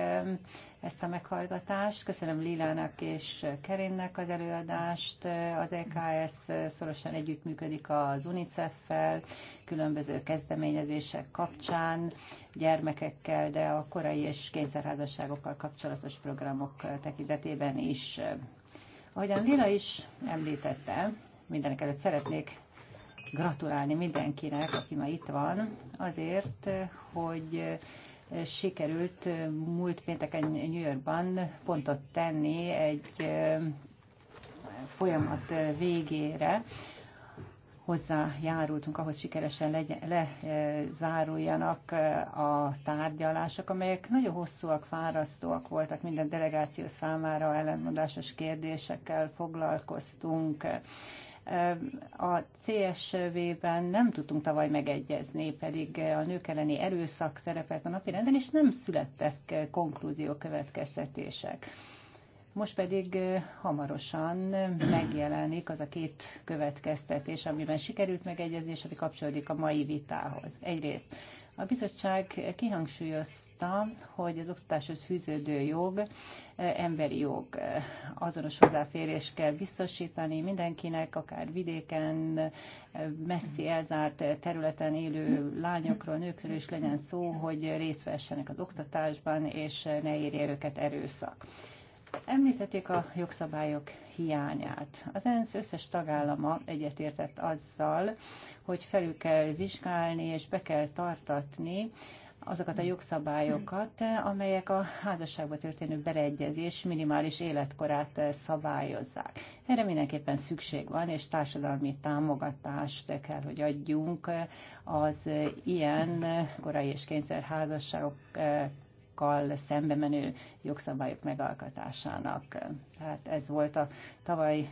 ezt a meghallgatást. Köszönöm Lilának és Kerinnek az előadást. Az EKS szorosan együttműködik az UNICEF-fel, különböző kezdeményezések kapcsán, gyermekekkel, de a korai és kényszerházasságokkal kapcsolatos programok tekintetében is. Ahogyan Lila is említette, mindenek előtt szeretnék gratulálni mindenkinek, aki ma itt van, azért, hogy eh, sikerült eh, múlt pénteken New Yorkban pontot tenni egy eh, folyamat végére, hozzájárultunk ahhoz sikeresen legyen, lezáruljanak a tárgyalások, amelyek nagyon hosszúak, fárasztóak voltak, minden delegáció számára ellenmondásos kérdésekkel foglalkoztunk. A CSV-ben nem tudtunk tavaly megegyezni, pedig a nők elleni erőszak szerepelt a napirenden, és nem születtek konklúzió következtetések. Most pedig hamarosan megjelenik az a két következtetés, amiben sikerült megegyezni, és ami kapcsolódik a mai vitához. Egyrészt a bizottság kihangsúlyozta, hogy az oktatáshoz fűződő jog eh, emberi jog. Azonos hozzáférés kell biztosítani mindenkinek, akár vidéken, eh, messzi elzárt területen élő lányokról, nőkről is legyen szó, hogy részt vessenek az oktatásban, és ne érje őket erőszak. Említették a jogszabályok hiányát. Az ENSZ összes tagállama egyetértett azzal, hogy felül kell vizsgálni és be kell tartatni azokat a jogszabályokat, amelyek a házasságba történő beleegyezés minimális életkorát szabályozzák. Erre mindenképpen szükség van, és társadalmi támogatást kell, hogy adjunk az ilyen korai és kényszerházasságok jogokkal szembe menő jogszabályok megalkotásának. Tehát ez volt a tavaly,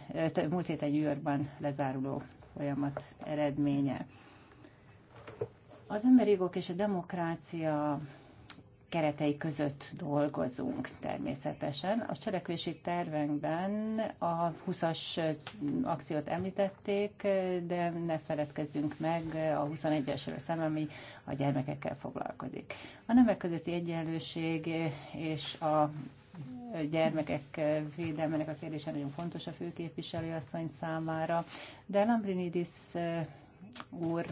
múlt héten New Yorkban lezáruló folyamat eredménye. Az emberi jogok és a demokrácia keretei között dolgozunk természetesen. A cselekvési tervenkben a 20-as akciót említették, de ne feledkezzünk meg a 21-esről szem, ami a gyermekekkel foglalkozik. A nemek közötti egyenlőség és a gyermekek védelmenek a kérdése nagyon fontos a asszony számára, de Lambrinidis úr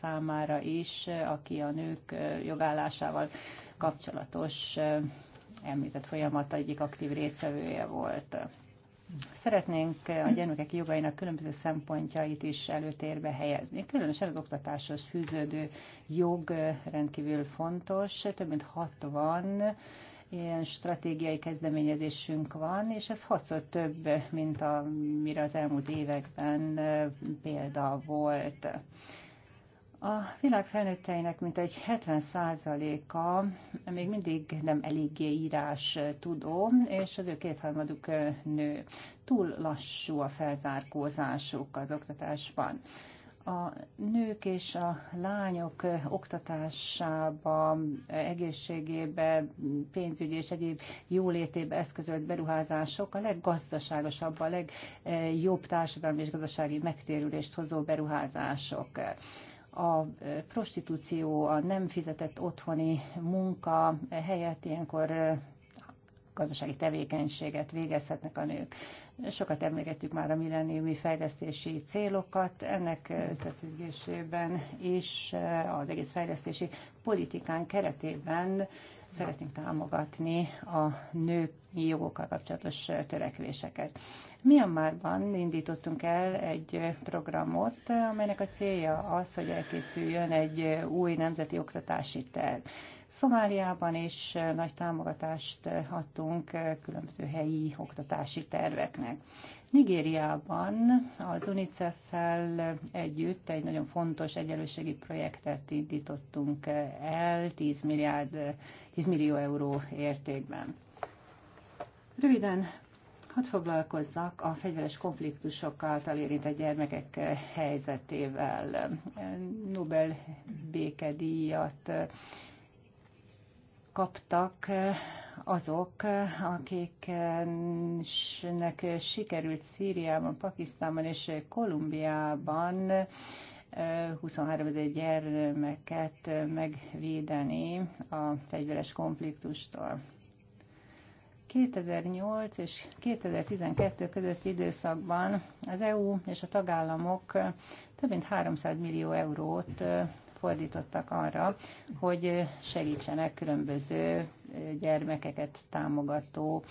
számára is, aki a nők jogállásával kapcsolatos említett folyamat egyik aktív részvevője volt. Szeretnénk a gyermekek jogainak különböző szempontjait is előtérbe helyezni. Különösen az oktatáshoz fűződő jog rendkívül fontos. Több mint 60 ilyen stratégiai kezdeményezésünk van, és ez hatszor több, mint amire az elmúlt években példa volt. A világ felnőtteinek mintegy 70%-a még mindig nem eléggé írás tudó, és az ő kétharmaduk nő. Túl lassú a felzárkózásuk az oktatásban a nők és a lányok oktatásába, egészségébe, pénzügyi és egyéb jólétébe eszközölt beruházások a leggazdaságosabb, a legjobb társadalmi és gazdasági megtérülést hozó beruházások a e, prostitúció, a nem fizetett otthoni munka helyett ilyenkor e, gazdasági tevékenységet végezhetnek a nők. Sokat emlékeztük már a milleniumi fejlesztési célokat, ennek összefüggésében és e, az egész fejlesztési politikán keretében szeretnénk támogatni a nők jogokkal kapcsolatos törekvéseket. Myanmarban indítottunk el egy programot, amelynek a célja az, hogy elkészüljön egy új nemzeti oktatási terv. Szomáliában is nagy támogatást adtunk különböző helyi oktatási terveknek. Nigériában az UNICEF-fel együtt egy nagyon fontos egyenlőségi projektet indítottunk el 10, milliárd, 10 millió euró értékben. Röviden hadd foglalkozzak a fegyveres konfliktusok által érintett gyermekek helyzetével. Nobel békedíjat kaptak azok, akiknek sikerült Szíriában, Pakisztánban és Kolumbiában 23 ezer gyermeket megvédeni a fegyveres konfliktustól. 2008 és 2012 közötti időszakban az EU és a tagállamok több mint 300 millió eurót fordítottak arra, hogy segítsenek különböző gyermekeket támogató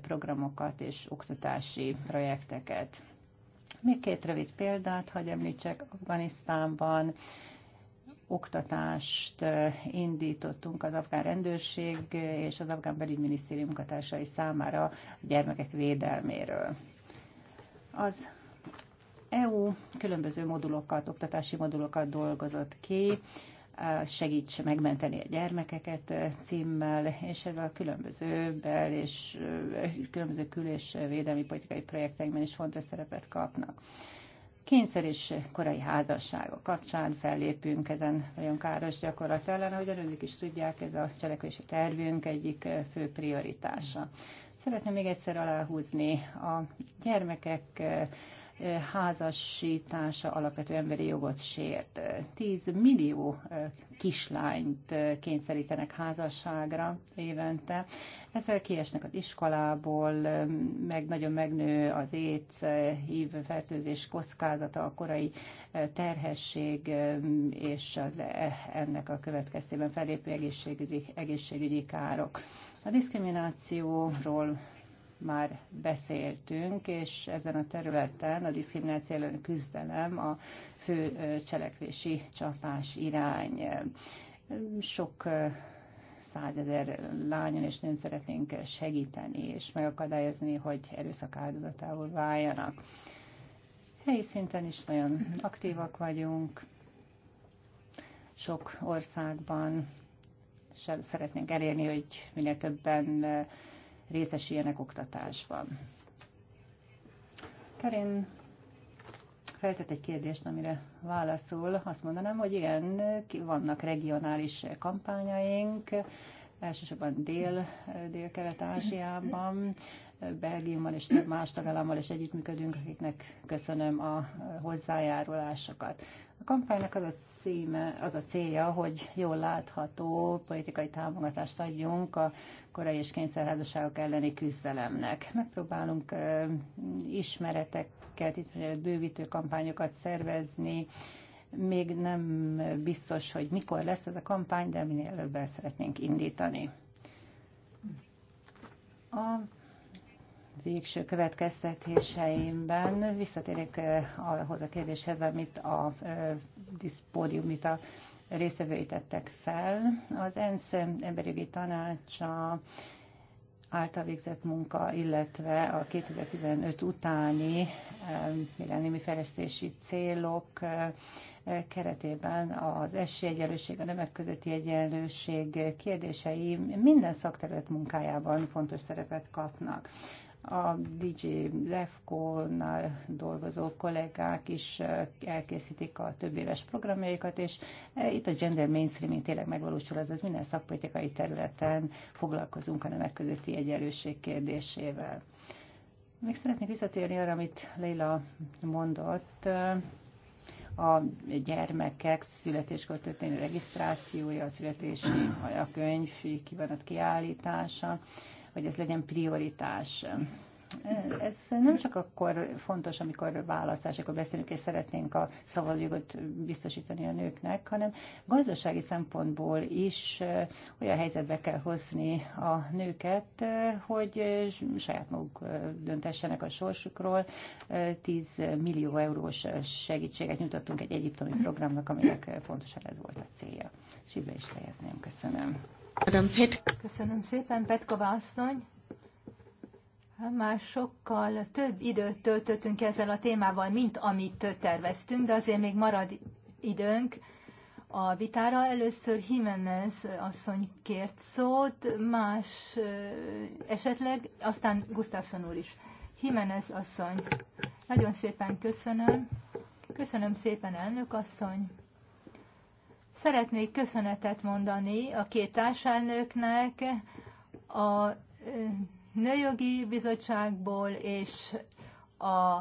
programokat és oktatási projekteket. Még két rövid példát, hogy említsek Afganisztánban, oktatást eh, indítottunk az afgán rendőrség eh, és az afgán belügyminisztérium munkatársai számára a gyermekek védelméről. Az EU különböző modulokat, oktatási modulokat dolgozott ki, eh, segíts megmenteni a gyermekeket címmel, és ez a különböző bel és különböző kül- és védelmi politikai projektekben is fontos szerepet kapnak kényszer és korai házassága kapcsán fellépünk ezen nagyon káros gyakorlat ellen, ahogy önök is tudják, ez a cselekvési tervünk egyik fő prioritása. Szeretném még egyszer aláhúzni a gyermekek házassítása alapvető emberi jogot sért. 10 millió kislányt kényszerítenek házasságra évente. Ezzel kiesnek az iskolából, meg nagyon megnő az éc, hív fertőzés kockázata, a korai terhesség és az, ennek a következtében felépő egészségügyi, egészségügyi károk. A diszkriminációról már beszéltünk, és ezen a területen a diszkrimináció ellen küzdelem a fő cselekvési csapás irány. Sok százezer lányon és nőn szeretnénk segíteni, és megakadályozni, hogy erőszak áldozatául váljanak. Helyi szinten is nagyon aktívak vagyunk, sok országban szeretnénk elérni, hogy minél többen részesüljenek oktatásban. Karin feltett egy kérdést, amire válaszol. Azt mondanám, hogy igen, vannak regionális kampányaink, elsősorban dél, dél-kelet-ázsiában, Belgiummal és más tagállammal is együttműködünk, akiknek köszönöm a hozzájárulásokat. A kampánynak az a címe, az a célja, hogy jól látható politikai támogatást adjunk a korai és kényszerházasságok elleni küzdelemnek. Megpróbálunk ismereteket, bővítő kampányokat szervezni, még nem biztos, hogy mikor lesz ez a kampány, de minél előbb el szeretnénk indítani. A végső következtetéseimben visszatérek ahhoz a kérdéshez, amit a diszpódium, a részvevői tettek fel. Az ENSZ emberjogi tanácsa által végzett munka, illetve a 2015 utáni millenniumi fejlesztési célok keretében az esélyegyenlőség, a nemek közötti egyenlőség kérdései minden szakterület munkájában fontos szerepet kapnak a DJ Lefko-nál dolgozó kollégák is elkészítik a több éves programjaikat, és itt a gender mainstreaming tényleg megvalósul, azaz minden szakpolitikai területen foglalkozunk a nemek közötti egyenlőség kérdésével. Még szeretnék visszatérni arra, amit Leila mondott, a gyermekek születéskor történő regisztrációja, a születési anyakönyv, kivonat kiállítása hogy ez legyen prioritás. Ez nem csak akkor fontos, amikor választásokról beszélünk, és szeretnénk a szabadjogot biztosítani a nőknek, hanem gazdasági szempontból is eh, olyan helyzetbe kell hozni a nőket, eh, hogy eh, saját maguk döntessenek a sorsukról. 10 millió eurós segítséget nyújtottunk egy egyiptomi programnak, aminek pontosan ez volt a célja. És is fejezném. Köszönöm. Köszönöm szépen, Petkova asszony. Már sokkal több időt töltöttünk ezzel a témával, mint amit terveztünk, de azért még marad időnk a vitára. Először Jimenez asszony kért szót, más esetleg, aztán Gustafsson úr is. Jimenez asszony, nagyon szépen köszönöm. Köszönöm szépen, elnök asszony. Szeretnék köszönetet mondani a két társelnöknek, a Nőjogi Bizottságból és a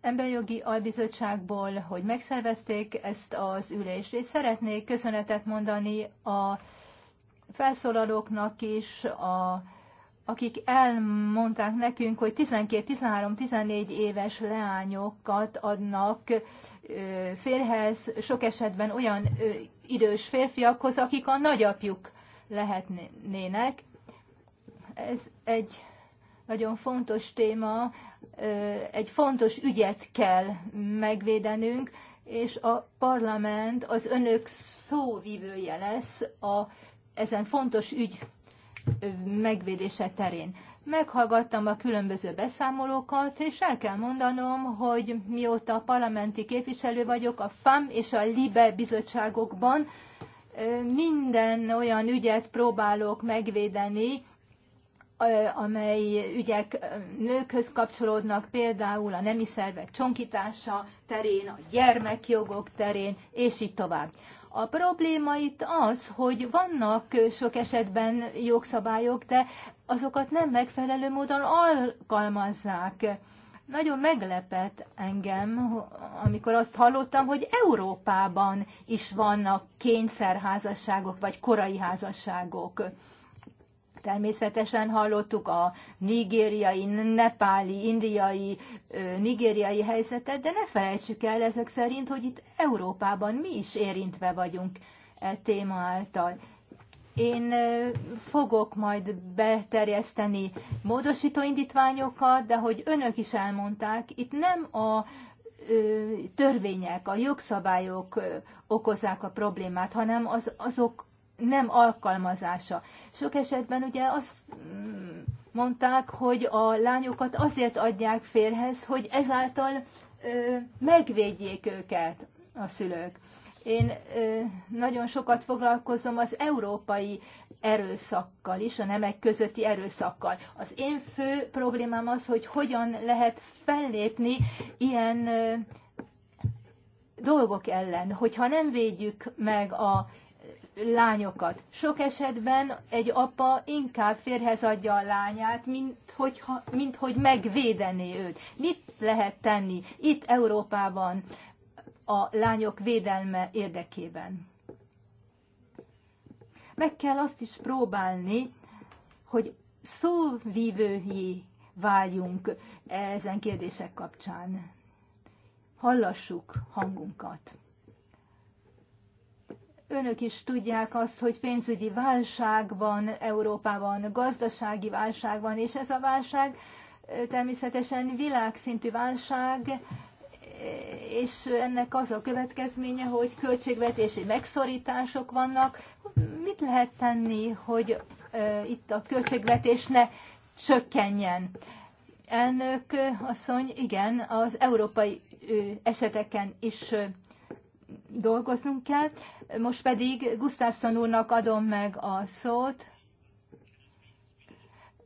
Emberjogi Albizottságból, hogy megszervezték ezt az ülést. És szeretnék köszönetet mondani a felszólalóknak is, a akik elmondták nekünk, hogy 12-13-14 éves leányokat adnak férhez, sok esetben olyan idős férfiakhoz, akik a nagyapjuk lehetnének. Ez egy nagyon fontos téma, egy fontos ügyet kell megvédenünk, és a parlament az önök szóvivője lesz a ezen fontos ügy megvédése terén. Meghallgattam a különböző beszámolókat, és el kell mondanom, hogy mióta a parlamenti képviselő vagyok a FAM és a LIBE bizottságokban, minden olyan ügyet próbálok megvédeni, amely ügyek nőkhöz kapcsolódnak, például a nemi szervek csonkítása terén, a gyermekjogok terén, és így tovább. A probléma itt az, hogy vannak sok esetben jogszabályok, de azokat nem megfelelő módon alkalmazzák. Nagyon meglepett engem, amikor azt hallottam, hogy Európában is vannak kényszerházasságok vagy korai házasságok. Természetesen hallottuk a nigériai, nepáli, indiai, nigériai helyzetet, de ne felejtsük el ezek szerint, hogy itt Európában mi is érintve vagyunk e téma által. Én fogok majd beterjeszteni módosító indítványokat, de hogy önök is elmondták, itt nem a törvények, a jogszabályok okozzák a problémát, hanem az, azok nem alkalmazása. Sok esetben ugye azt mm, mondták, hogy a lányokat azért adják férhez, hogy ezáltal ö, megvédjék őket a szülők. Én ö, nagyon sokat foglalkozom az európai erőszakkal is, a nemek közötti erőszakkal. Az én fő problémám az, hogy hogyan lehet fellépni ilyen ö, dolgok ellen, hogyha nem védjük meg a lányokat. Sok esetben egy apa inkább férhez adja a lányát, mint, hogyha, mint hogy megvédené őt. Mit lehet tenni itt Európában a lányok védelme érdekében? Meg kell azt is próbálni, hogy szóvívői váljunk ezen kérdések kapcsán. Hallassuk hangunkat. Önök is tudják azt, hogy pénzügyi válságban, Európában, gazdasági válságban, és ez a válság természetesen világszintű válság, és ennek az a következménye, hogy költségvetési megszorítások vannak. Mit lehet tenni, hogy itt a költségvetés ne csökkenjen? Elnök asszony, igen, az európai eseteken is dolgoznunk kell. Most pedig Gustafsson úrnak adom meg a szót.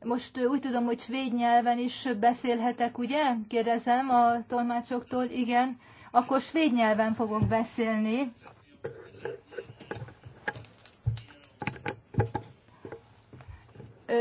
Most úgy tudom, hogy svéd nyelven is beszélhetek, ugye? Kérdezem a tolmácsoktól. Igen. Akkor svéd nyelven fogok beszélni.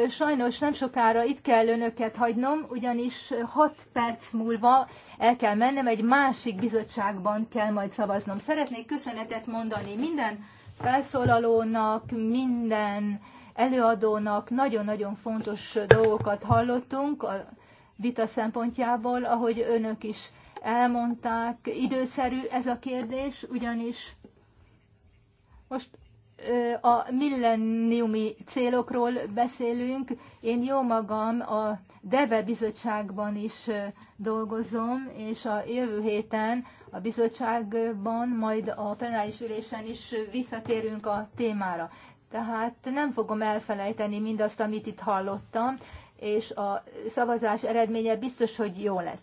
Sajnos nem sokára itt kell önöket hagynom, ugyanis 6 perc múlva el kell mennem, egy másik bizottságban kell majd szavaznom. Szeretnék köszönetet mondani minden felszólalónak, minden előadónak. Nagyon-nagyon fontos dolgokat hallottunk a vita szempontjából, ahogy önök is elmondták. Időszerű ez a kérdés, ugyanis most a milleniumi célokról beszélünk. Én jó magam a DEVE bizottságban is dolgozom, és a jövő héten a bizottságban, majd a plenáris ülésen is visszatérünk a témára. Tehát nem fogom elfelejteni mindazt, amit itt hallottam, és a szavazás eredménye biztos, hogy jó lesz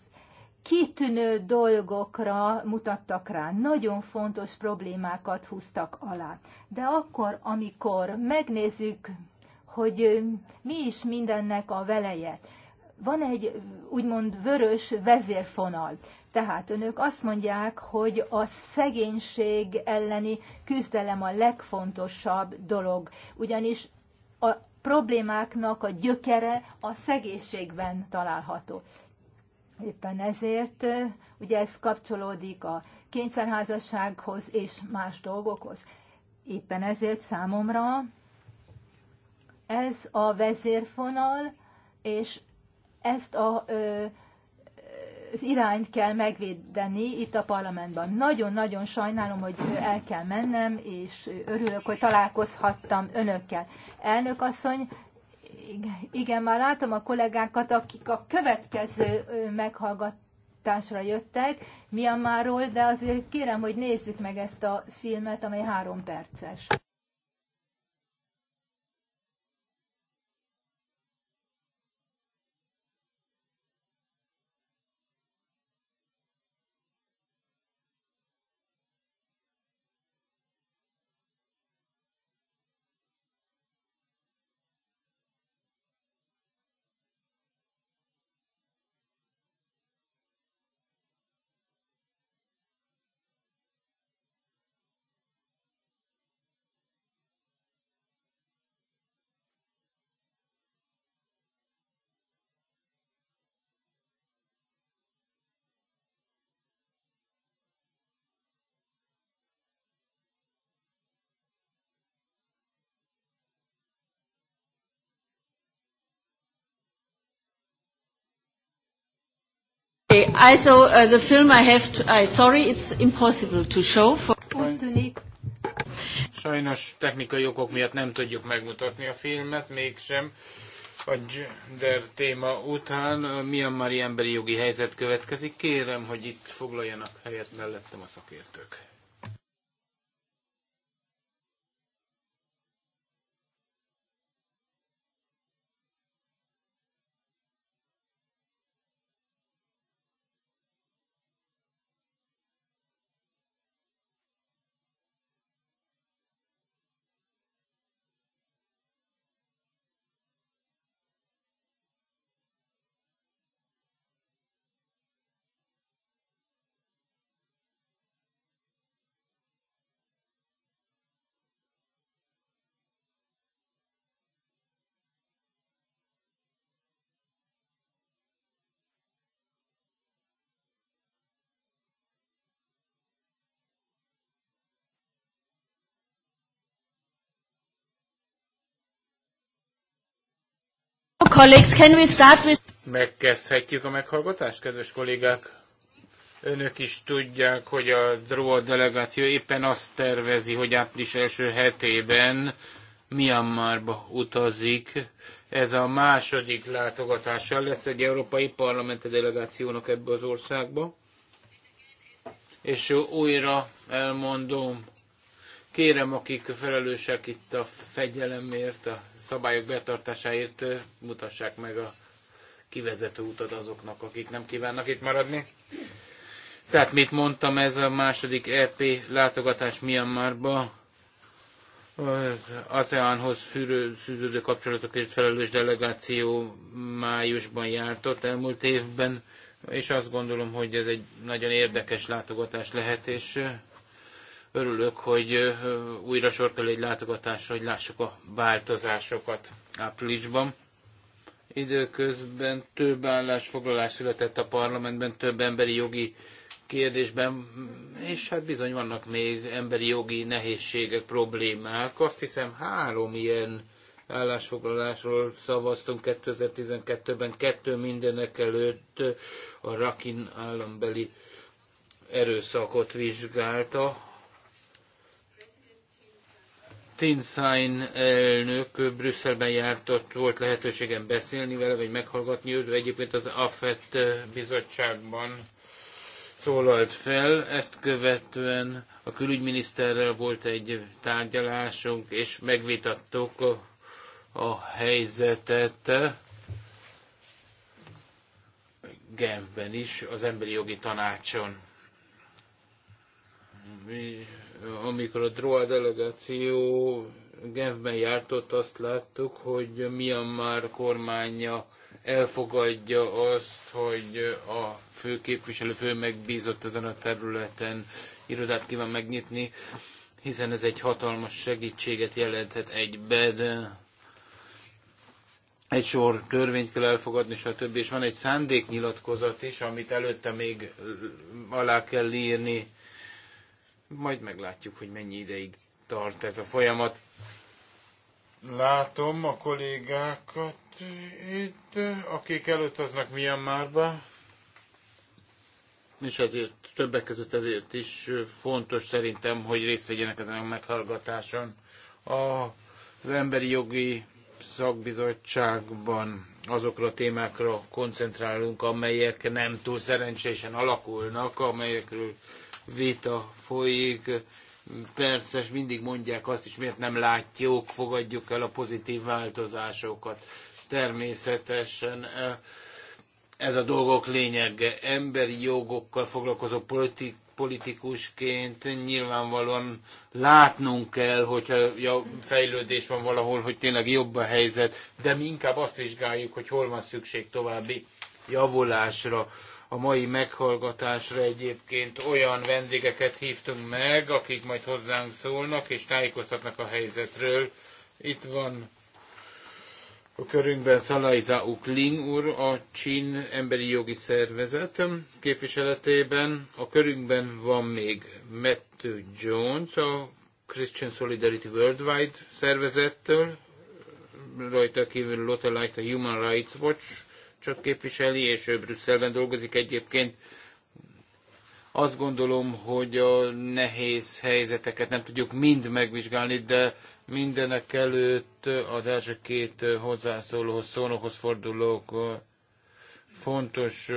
kitűnő dolgokra mutattak rá, nagyon fontos problémákat húztak alá. De akkor, amikor megnézzük, hogy mi is mindennek a veleje, van egy úgymond vörös vezérfonal. Tehát önök azt mondják, hogy a szegénység elleni küzdelem a legfontosabb dolog, ugyanis a problémáknak a gyökere a szegénységben található. Éppen ezért, ugye ez kapcsolódik a kényszerházassághoz és más dolgokhoz. Éppen ezért számomra ez a vezérfonal, és ezt a, ö, az irányt kell megvédeni itt a parlamentben. Nagyon-nagyon sajnálom, hogy el kell mennem, és örülök, hogy találkozhattam önökkel. Elnök asszony, igen, már látom a kollégákat, akik a következő meghallgatásra jöttek Miamáról, de azért kérem, hogy nézzük meg ezt a filmet, amely három perces. Okay, I uh, the film I have to, sorry, it's impossible to show for... Sajnos technikai okok miatt nem tudjuk megmutatni a filmet, mégsem a gender téma után a Myanmari emberi jogi helyzet következik. Kérem, hogy itt foglaljanak helyet mellettem a szakértők. colleagues, can we start with... Megkezdhetjük a meghallgatást, kedves kollégák? Önök is tudják, hogy a DROA delegáció éppen azt tervezi, hogy április első hetében Myanmarba utazik. Ez a második látogatással lesz egy európai parlamenti delegációnak ebbe az országba. És újra elmondom, kérem, akik felelősek itt a fegyelemért, a szabályok betartásáért mutassák meg a kivezető utat azoknak, akik nem kívánnak itt maradni. Tehát, mit mondtam, ez a második EP látogatás Myanmarba, az ASEAN-hoz fűződő kapcsolatokért felelős delegáció májusban járt ott elmúlt évben, és azt gondolom, hogy ez egy nagyon érdekes látogatás lehet, és Örülök, hogy újra sor kell egy látogatásra, hogy lássuk a változásokat áprilisban. Időközben több állásfoglalás született a parlamentben, több emberi jogi kérdésben, és hát bizony vannak még emberi jogi nehézségek, problémák. Azt hiszem három ilyen állásfoglalásról szavaztunk 2012-ben, kettő mindenek előtt a Rakin állambeli erőszakot vizsgálta, Tinszájn elnök Brüsszelben járt, ott volt lehetőségem beszélni vele, vagy meghallgatni őt, egyébként az AFET bizottságban szólalt fel, ezt követően a külügyminiszterrel volt egy tárgyalásunk, és megvitattuk a, a helyzetet Genfben is, az Emberi Jogi Tanácson amikor a DROA delegáció Genfben járt, ott azt láttuk, hogy Myanmar kormánya elfogadja azt, hogy a főképviselő fő megbízott ezen a területen irodát kíván megnyitni, hiszen ez egy hatalmas segítséget jelenthet egyben. Egy sor törvényt kell elfogadni, stb. És van egy szándéknyilatkozat is, amit előtte még alá kell írni majd meglátjuk, hogy mennyi ideig tart ez a folyamat. Látom a kollégákat itt, akik előtaznak Myanmarba. És ezért többek között ezért is fontos szerintem, hogy részt vegyenek ezen a meghallgatáson. A, az emberi jogi szakbizottságban azokra a témákra koncentrálunk, amelyek nem túl szerencsésen alakulnak, amelyekről vita folyik. Persze, mindig mondják azt is, miért nem látjuk, fogadjuk el a pozitív változásokat. Természetesen e, ez a dolgok lényege. Emberi jogokkal foglalkozó politik, politikusként nyilvánvalóan látnunk kell, hogyha ja, fejlődés van valahol, hogy tényleg jobb a helyzet, de mi inkább azt vizsgáljuk, hogy hol van szükség további javulásra a mai meghallgatásra egyébként olyan vendégeket hívtunk meg, akik majd hozzánk szólnak és tájékoztatnak a helyzetről. Itt van a körünkben Szalajza Ukling úr, a Csin Emberi Jogi Szervezet képviseletében. A körünkben van még Matthew Jones, a Christian Solidarity Worldwide szervezettől, rajta kívül Lotte Light, a Human Rights Watch csak képviseli, és ő Brüsszelben dolgozik egyébként. Azt gondolom, hogy a nehéz helyzeteket nem tudjuk mind megvizsgálni, de mindenek előtt az első két hozzászólóhoz, szónokhoz fordulók fontos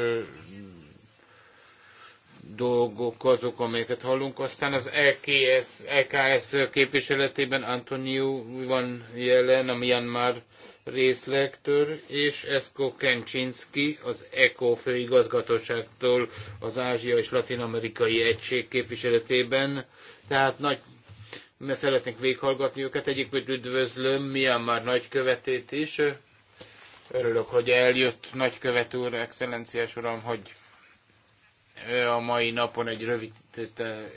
dolgok azok, amelyeket hallunk. Aztán az EKS, EKS képviseletében Antonio van jelen a Myanmar részlektől, és Esko Kencsinski az ECO főigazgatóságtól az Ázsia és Latin-Amerikai Egység képviseletében. Tehát nagy mert szeretnék véghallgatni őket. Egyébként üdvözlöm Myanmar nagykövetét is. Örülök, hogy eljött nagykövet úr, excellenciás uram, hogy a mai napon egy rövid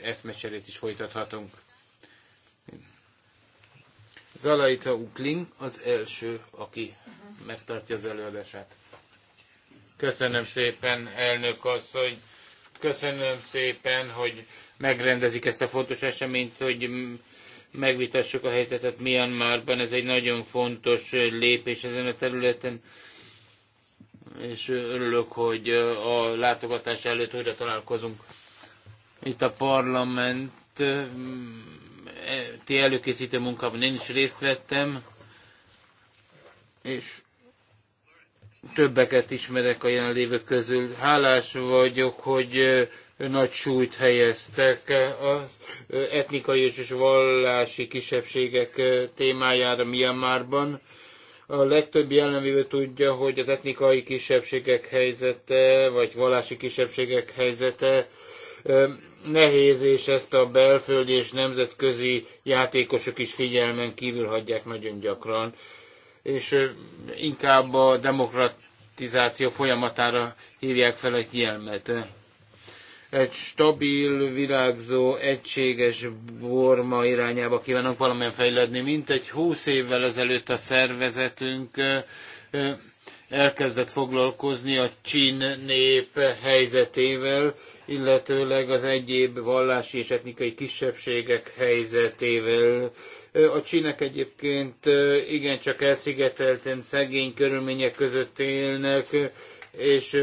eszmecserét is folytathatunk. Zalaita Ukling az első, aki megtartja az előadását. Köszönöm szépen, elnök asszony. Köszönöm szépen, hogy megrendezik ezt a fontos eseményt, hogy megvitassuk a helyzetet Myanmarban. Ez egy nagyon fontos lépés ezen a területen és örülök, hogy a látogatás előtt újra találkozunk. Itt a parlament e, ti előkészítő munkában én is részt vettem, és többeket ismerek a jelenlévők közül. Hálás vagyok, hogy nagy súlyt helyeztek az etnikai és vallási kisebbségek témájára Myanmarban a legtöbb jelenlévő tudja, hogy az etnikai kisebbségek helyzete, vagy vallási kisebbségek helyzete nehéz, és ezt a belföldi és nemzetközi játékosok is figyelmen kívül hagyják nagyon gyakran, és inkább a demokratizáció folyamatára hívják fel a figyelmet egy stabil, virágzó, egységes borma irányába kívánunk valamilyen fejledni. Mint egy húsz évvel ezelőtt a szervezetünk elkezdett foglalkozni a csin nép helyzetével, illetőleg az egyéb vallási és etnikai kisebbségek helyzetével. A csinek egyébként igencsak elszigetelten szegény körülmények között élnek, és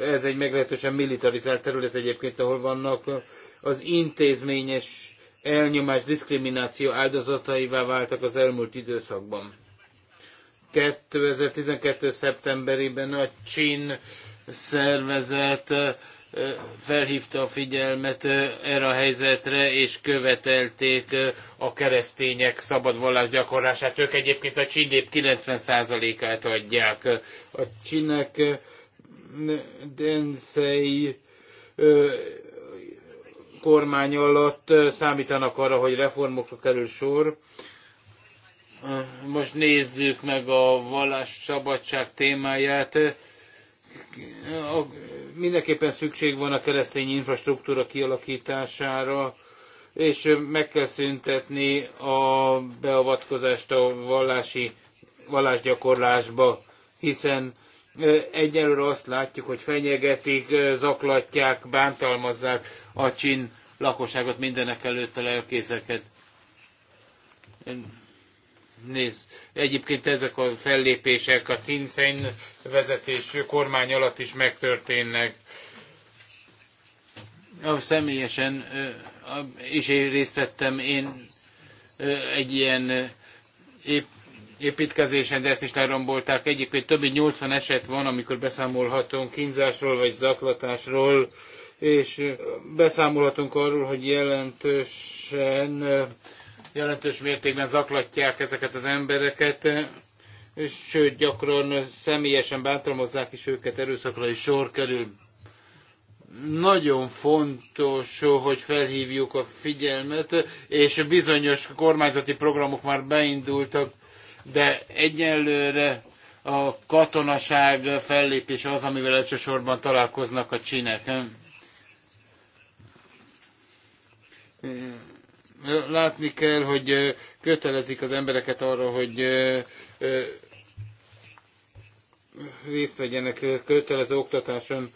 ez egy meglehetősen militarizált terület egyébként, ahol vannak az intézményes elnyomás, diszkrimináció áldozataivá váltak az elmúlt időszakban. 2012. szeptemberében a Csin szervezet felhívta a figyelmet erre a helyzetre, és követelték a keresztények szabad vallás gyakorlását. Ők egyébként a csillép 90%-át adják. A csinek Denszei kormány alatt számítanak arra, hogy reformokra kerül sor. Most nézzük meg a vallás szabadság témáját. Mindenképpen szükség van a keresztény infrastruktúra kialakítására, és meg kell szüntetni a beavatkozást a vallási vallásgyakorlásba, hiszen Egyelőre azt látjuk, hogy fenyegetik, zaklatják, bántalmazzák a csin lakosságot mindenek előtt a lelkészeket. Nézd, egyébként ezek a fellépések a Tinszein vezetés kormány alatt is megtörténnek. A személyesen is részt vettem én egy ilyen épp építkezésen, de ezt is lerombolták. Egyébként több mint 80 eset van, amikor beszámolhatunk kínzásról vagy zaklatásról, és beszámolhatunk arról, hogy jelentősen, jelentős mértékben zaklatják ezeket az embereket, és sőt, gyakran személyesen bántalmazzák is őket, erőszakra is sor kerül. Nagyon fontos, hogy felhívjuk a figyelmet, és bizonyos kormányzati programok már beindultak, de egyenlőre a katonaság fellépése az, amivel elsősorban találkoznak a csinek. Látni kell, hogy kötelezik az embereket arra, hogy részt vegyenek kötelező oktatáson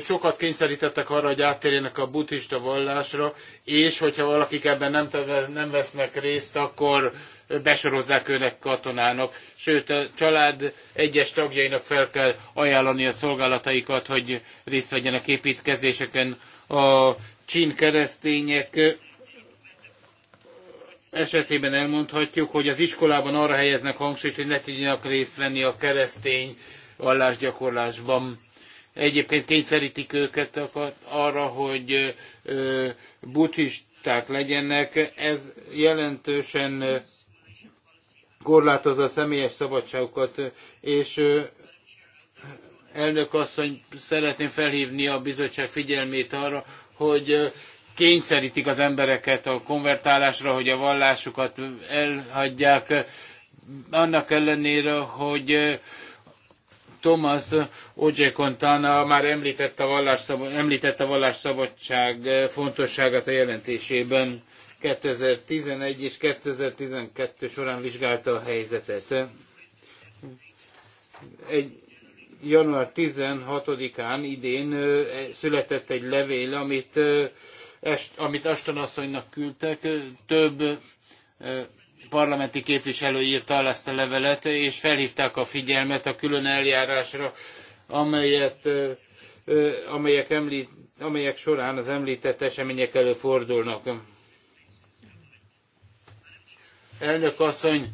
sokat kényszerítettek arra, hogy áttérjenek a buddhista vallásra, és hogyha valakik ebben nem, nem vesznek részt, akkor besorozzák őnek katonának. Sőt, a család egyes tagjainak fel kell ajánlani a szolgálataikat, hogy részt vegyenek építkezéseken. A csin keresztények esetében elmondhatjuk, hogy az iskolában arra helyeznek hangsúlyt, hogy ne tudjanak részt venni a keresztény vallásgyakorlásban Egyébként kényszerítik őket arra, hogy buddhisták legyenek. Ez jelentősen korlátozza a személyes szabadságokat, és elnök asszony, szeretném felhívni a bizottság figyelmét arra, hogy kényszerítik az embereket a konvertálásra, hogy a vallásukat elhagyják, annak ellenére, hogy Thomas Ogyekontana már említette a, vallásszab- említett a vallásszabadság eh, fontosságát a jelentésében. 2011 és 2012 során vizsgálta a helyzetet. Egy január 16-án idén eh, született egy levél, amit, eh, amit Aston asszonynak küldtek. Több parlamenti képviselő írta alá ezt a levelet, és felhívták a figyelmet a külön eljárásra, amelyet, amelyek, említ, amelyek során az említett események előfordulnak. Elnök asszony,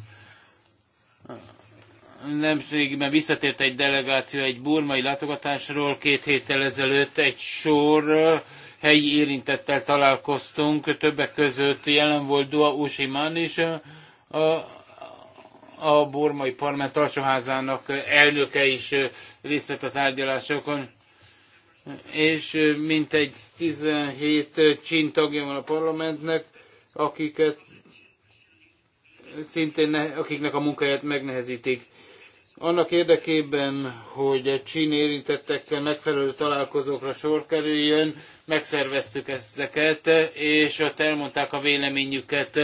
nemrégiben visszatért egy delegáció egy burmai látogatásról, két héttel ezelőtt egy sor helyi érintettel találkoztunk, többek között jelen volt Dua Usimán is, a, a bormai parlament alsóházának elnöke is részt vett a tárgyalásokon, és mintegy 17 tagja van a parlamentnek, akiket szintén ne, akiknek a munkáját megnehezítik. Annak érdekében, hogy a csin érintettekkel megfelelő találkozókra sor kerüljön, megszerveztük ezeket, és ott elmondták a véleményüket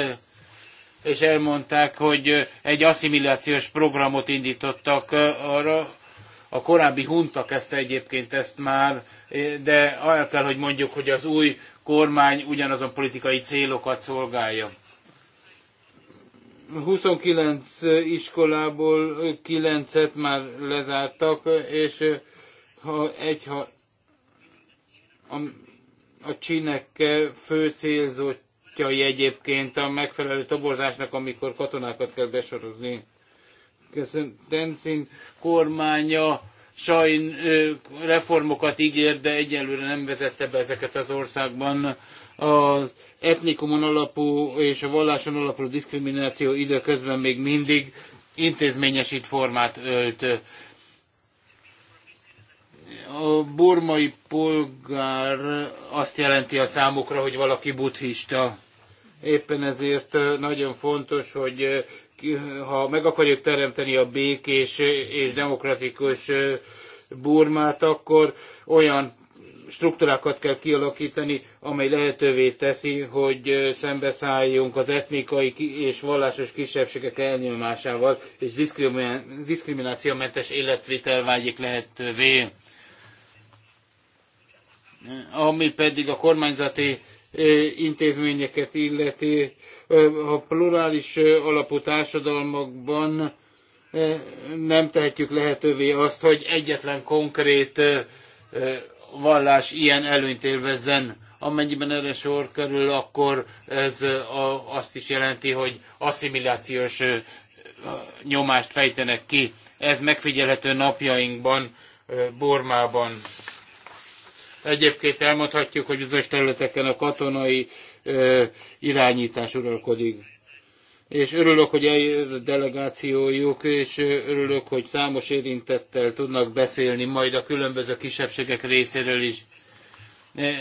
és elmondták, hogy egy asszimilációs programot indítottak arra, a korábbi hunta kezdte egyébként ezt már, de el kell, hogy mondjuk, hogy az új kormány ugyanazon politikai célokat szolgálja. 29 iskolából 9-et már lezártak, és ha egy, ha a, a csinek fő célzott pontjai egyébként a megfelelő toborzásnak, amikor katonákat kell besorozni. Köszönöm. Tenzin kormánya sajn reformokat ígér, de egyelőre nem vezette be ezeket az országban. Az etnikumon alapú és a valláson alapú diszkrimináció időközben még mindig intézményesít formát ölt. A burmai polgár azt jelenti a számukra, hogy valaki buddhista. Éppen ezért nagyon fontos, hogy ha meg akarjuk teremteni a békés és demokratikus Burmát, akkor olyan struktúrákat kell kialakítani, amely lehetővé teszi, hogy szembeszálljunk az etnikai és vallásos kisebbségek elnyomásával, és diszkriminációmentes életvitel vágyik lehetővé. Ami pedig a kormányzati intézményeket illeti, a plurális alapú társadalmakban nem tehetjük lehetővé azt, hogy egyetlen konkrét vallás ilyen előnyt élvezzen. Amennyiben erre sor kerül, akkor ez azt is jelenti, hogy asszimilációs nyomást fejtenek ki. Ez megfigyelhető napjainkban, Burmában. Egyébként elmondhatjuk, hogy bizonyos területeken a katonai ö, irányítás uralkodik. És örülök, hogy eljön a delegációjuk, és örülök, hogy számos érintettel tudnak beszélni, majd a különböző kisebbségek részéről is e,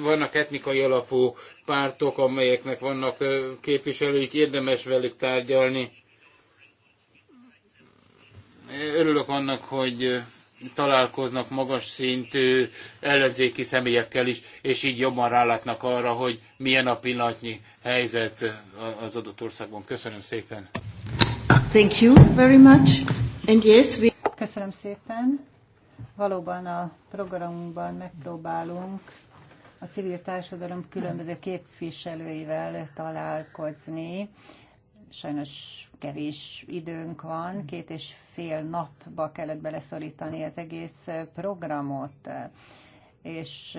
vannak etnikai alapú pártok, amelyeknek vannak képviselőik, érdemes velük tárgyalni. Örülök annak, hogy találkoznak magas szintű ellenzéki személyekkel is, és így jobban rálátnak arra, hogy milyen a pillanatnyi helyzet az adott országban. Köszönöm szépen. Thank you very much. And yes, we... Köszönöm szépen. Valóban a programunkban megpróbálunk a civil társadalom különböző képviselőivel találkozni, sajnos kevés időnk van, két és fél napba kellett beleszorítani az egész programot, és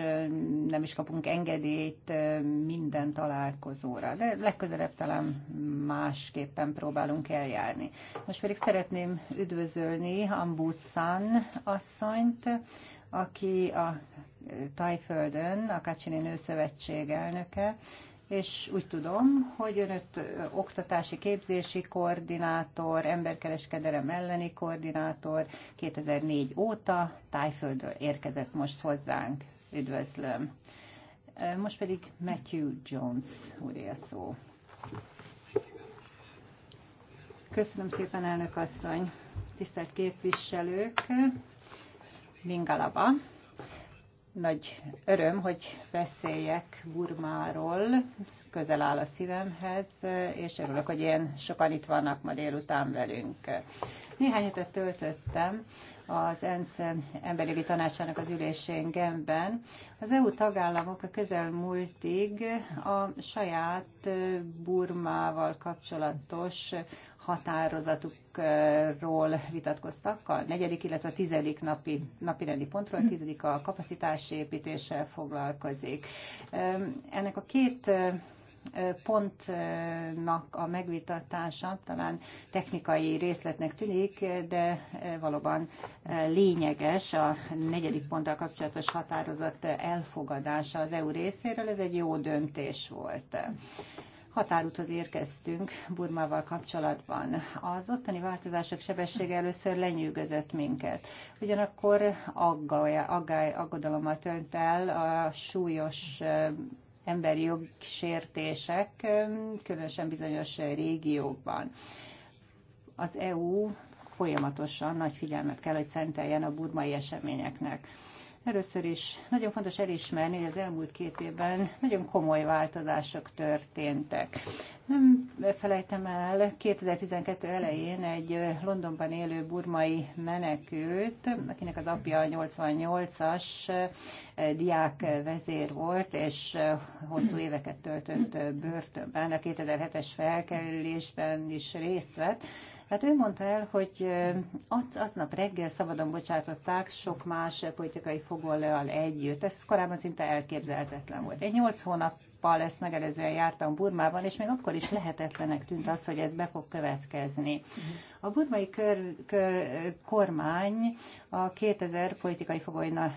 nem is kapunk engedélyt minden találkozóra. De legközelebb talán másképpen próbálunk eljárni. Most pedig szeretném üdvözölni Ambuszán asszonyt, aki a Tajföldön, a Kacsini Nőszövetség elnöke, és úgy tudom, hogy önött oktatási képzési koordinátor, emberkereskedelem elleni koordinátor 2004 óta Tájföldről érkezett most hozzánk. Üdvözlöm! Most pedig Matthew Jones úré a szó. Köszönöm szépen, elnök asszony! Tisztelt képviselők! Mingalaba! Nagy öröm, hogy beszéljek Burmáról, közel áll a szívemhez, és örülök, hogy ilyen sokan itt vannak ma délután velünk. Néhány hetet töltöttem az ENSZ emberi tanácsának az ülésén Genben. Az EU tagállamok a közelmúltig a saját Burmával kapcsolatos határozatukról vitatkoztak, a negyedik, illetve a tizedik napi, napi rendi pontról, a tizedik a építéssel foglalkozik. Ennek a két pontnak a megvitatása talán technikai részletnek tűnik, de valóban lényeges a negyedik ponttal kapcsolatos határozat elfogadása az EU részéről. Ez egy jó döntés volt határúthoz érkeztünk Burmával kapcsolatban. Az ottani változások sebessége először lenyűgözött minket. Ugyanakkor aggály, aggály, aggodalommal tönt el a súlyos emberi jogsértések, különösen bizonyos régiókban. Az EU folyamatosan nagy figyelmet kell, hogy szenteljen a burmai eseményeknek. Először is nagyon fontos elismerni, hogy az elmúlt két évben nagyon komoly változások történtek. Nem felejtem el, 2012 elején egy Londonban élő burmai menekült, akinek az apja 88-as eh, diák vezér volt, és eh, hosszú éveket töltött eh, börtönben. A 2007-es felkerülésben is részt vett. Hát ő mondta el, hogy az, aznap reggel szabadon bocsátották sok más politikai fogolleal együtt. Ez korábban szinte elképzelhetetlen volt. Egy nyolc hónap nappal ezt megelőzően jártam Burmában, és még akkor is lehetetlenek tűnt az, hogy ez be fog következni. A burmai kör, kör, kormány a 2000 politikai fogolynak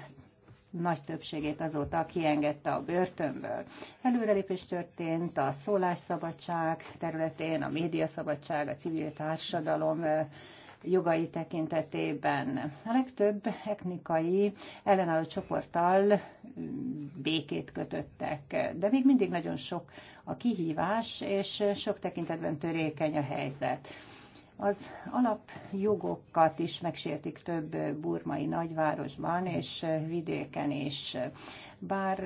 nagy többségét azóta kiengedte a börtönből. Előrelépés történt a szólásszabadság területén, a médiaszabadság, a civil társadalom jogai tekintetében. A legtöbb etnikai ellenálló csoporttal békét kötöttek, de még mindig nagyon sok a kihívás, és sok tekintetben törékeny a helyzet. Az alapjogokat is megsértik több burmai nagyvárosban és vidéken is. Bár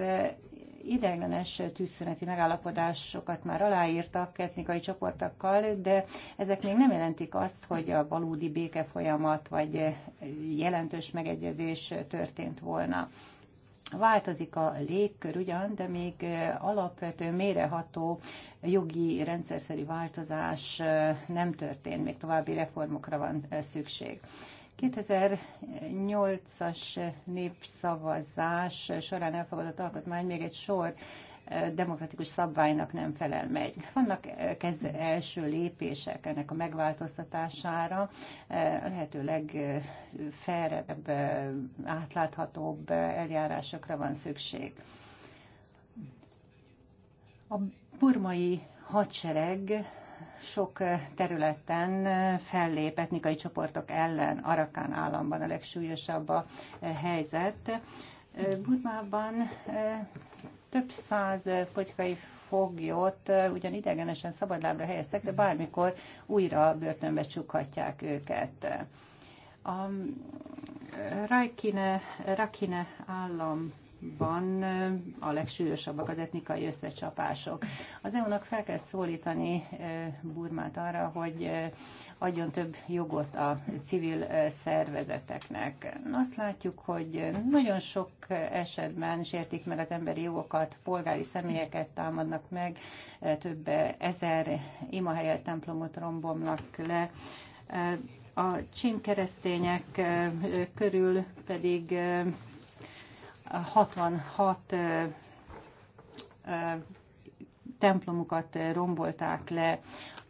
ideiglenes tűzszüneti megállapodásokat már aláírtak etnikai csoportokkal, de ezek még nem jelentik azt, hogy a balúdi béke folyamat vagy jelentős megegyezés történt volna. Változik a légkör ugyan, de még alapvető méreható jogi rendszerszerű változás nem történt, még további reformokra van szükség. 2008-as népszavazás során elfogadott alkotmány még egy sor demokratikus szabványnak nem felel meg. Vannak eh, kezd első lépések ennek a megváltoztatására, eh, lehetőleg felrebb, eh, átláthatóbb eljárásokra van szükség. A burmai hadsereg sok területen fellép etnikai csoportok ellen. Arakán államban a legsúlyosabb a helyzet. Burmában több száz politikai eh, foglyot eh, ugyan idegenesen szabadlábra helyeztek, de bármikor újra börtönbe csukhatják őket. A mm, Rakine, Rakine állam van a legsúlyosabbak az etnikai összecsapások. Az EU-nak fel kell szólítani Burmát arra, hogy adjon több jogot a civil szervezeteknek. Azt látjuk, hogy nagyon sok esetben sértik meg az emberi jogokat, polgári személyeket támadnak meg, több ezer imahelyet templomot rombomnak le. A csin keresztények körül pedig 66 templomukat rombolták le,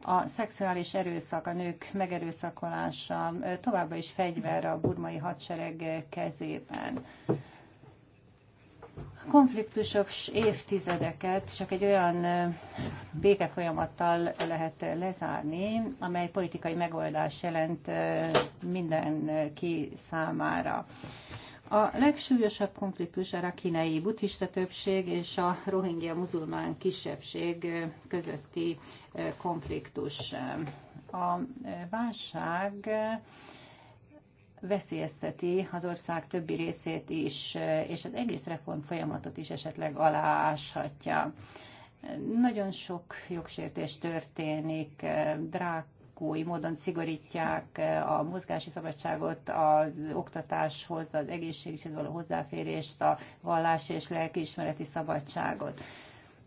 a szexuális erőszak, a nők megerőszakolása továbbra is fegyver a burmai hadsereg kezében. A konfliktusok évtizedeket csak egy olyan békefolyamattal lehet lezárni, amely politikai megoldás jelent mindenki számára. A legsúlyosabb konfliktus a rakinai buddhista többség és a rohingya muzulmán kisebbség közötti konfliktus. A válság veszélyezteti az ország többi részét is, és az egész reform folyamatot is esetleg alááshatja. Nagyon sok jogsértés történik, drák új módon szigorítják eh, a mozgási szabadságot, az oktatáshoz, az egészségügyhez való hozzáférést, a vallási és lelkiismereti szabadságot.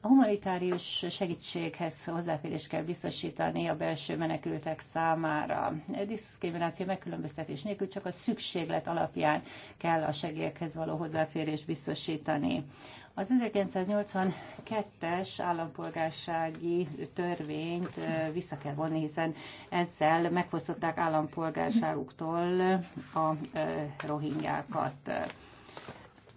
A humanitárius segítséghez hozzáférést kell biztosítani a belső menekültek számára. Diszkrimináció megkülönböztetés nélkül csak a szükséglet alapján kell a segélyekhez való hozzáférést biztosítani. Az 1982-es állampolgársági törvényt vissza kell vonni, hiszen ezzel megfosztották állampolgárságuktól a rohingyákat.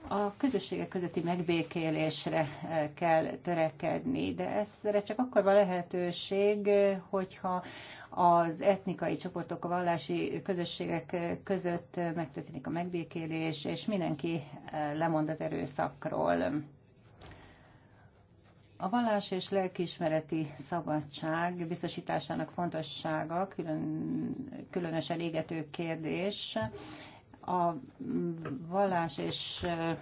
A közösségek közötti megbékélésre kell törekedni, de ezre csak akkor van lehetőség, hogyha az etnikai csoportok, a vallási közösségek között megtörténik a megbékélés, és mindenki eh, lemond az erőszakról. A vallás és lelkiismereti szabadság biztosításának fontossága külön, különösen égető kérdés. A vallás és eh,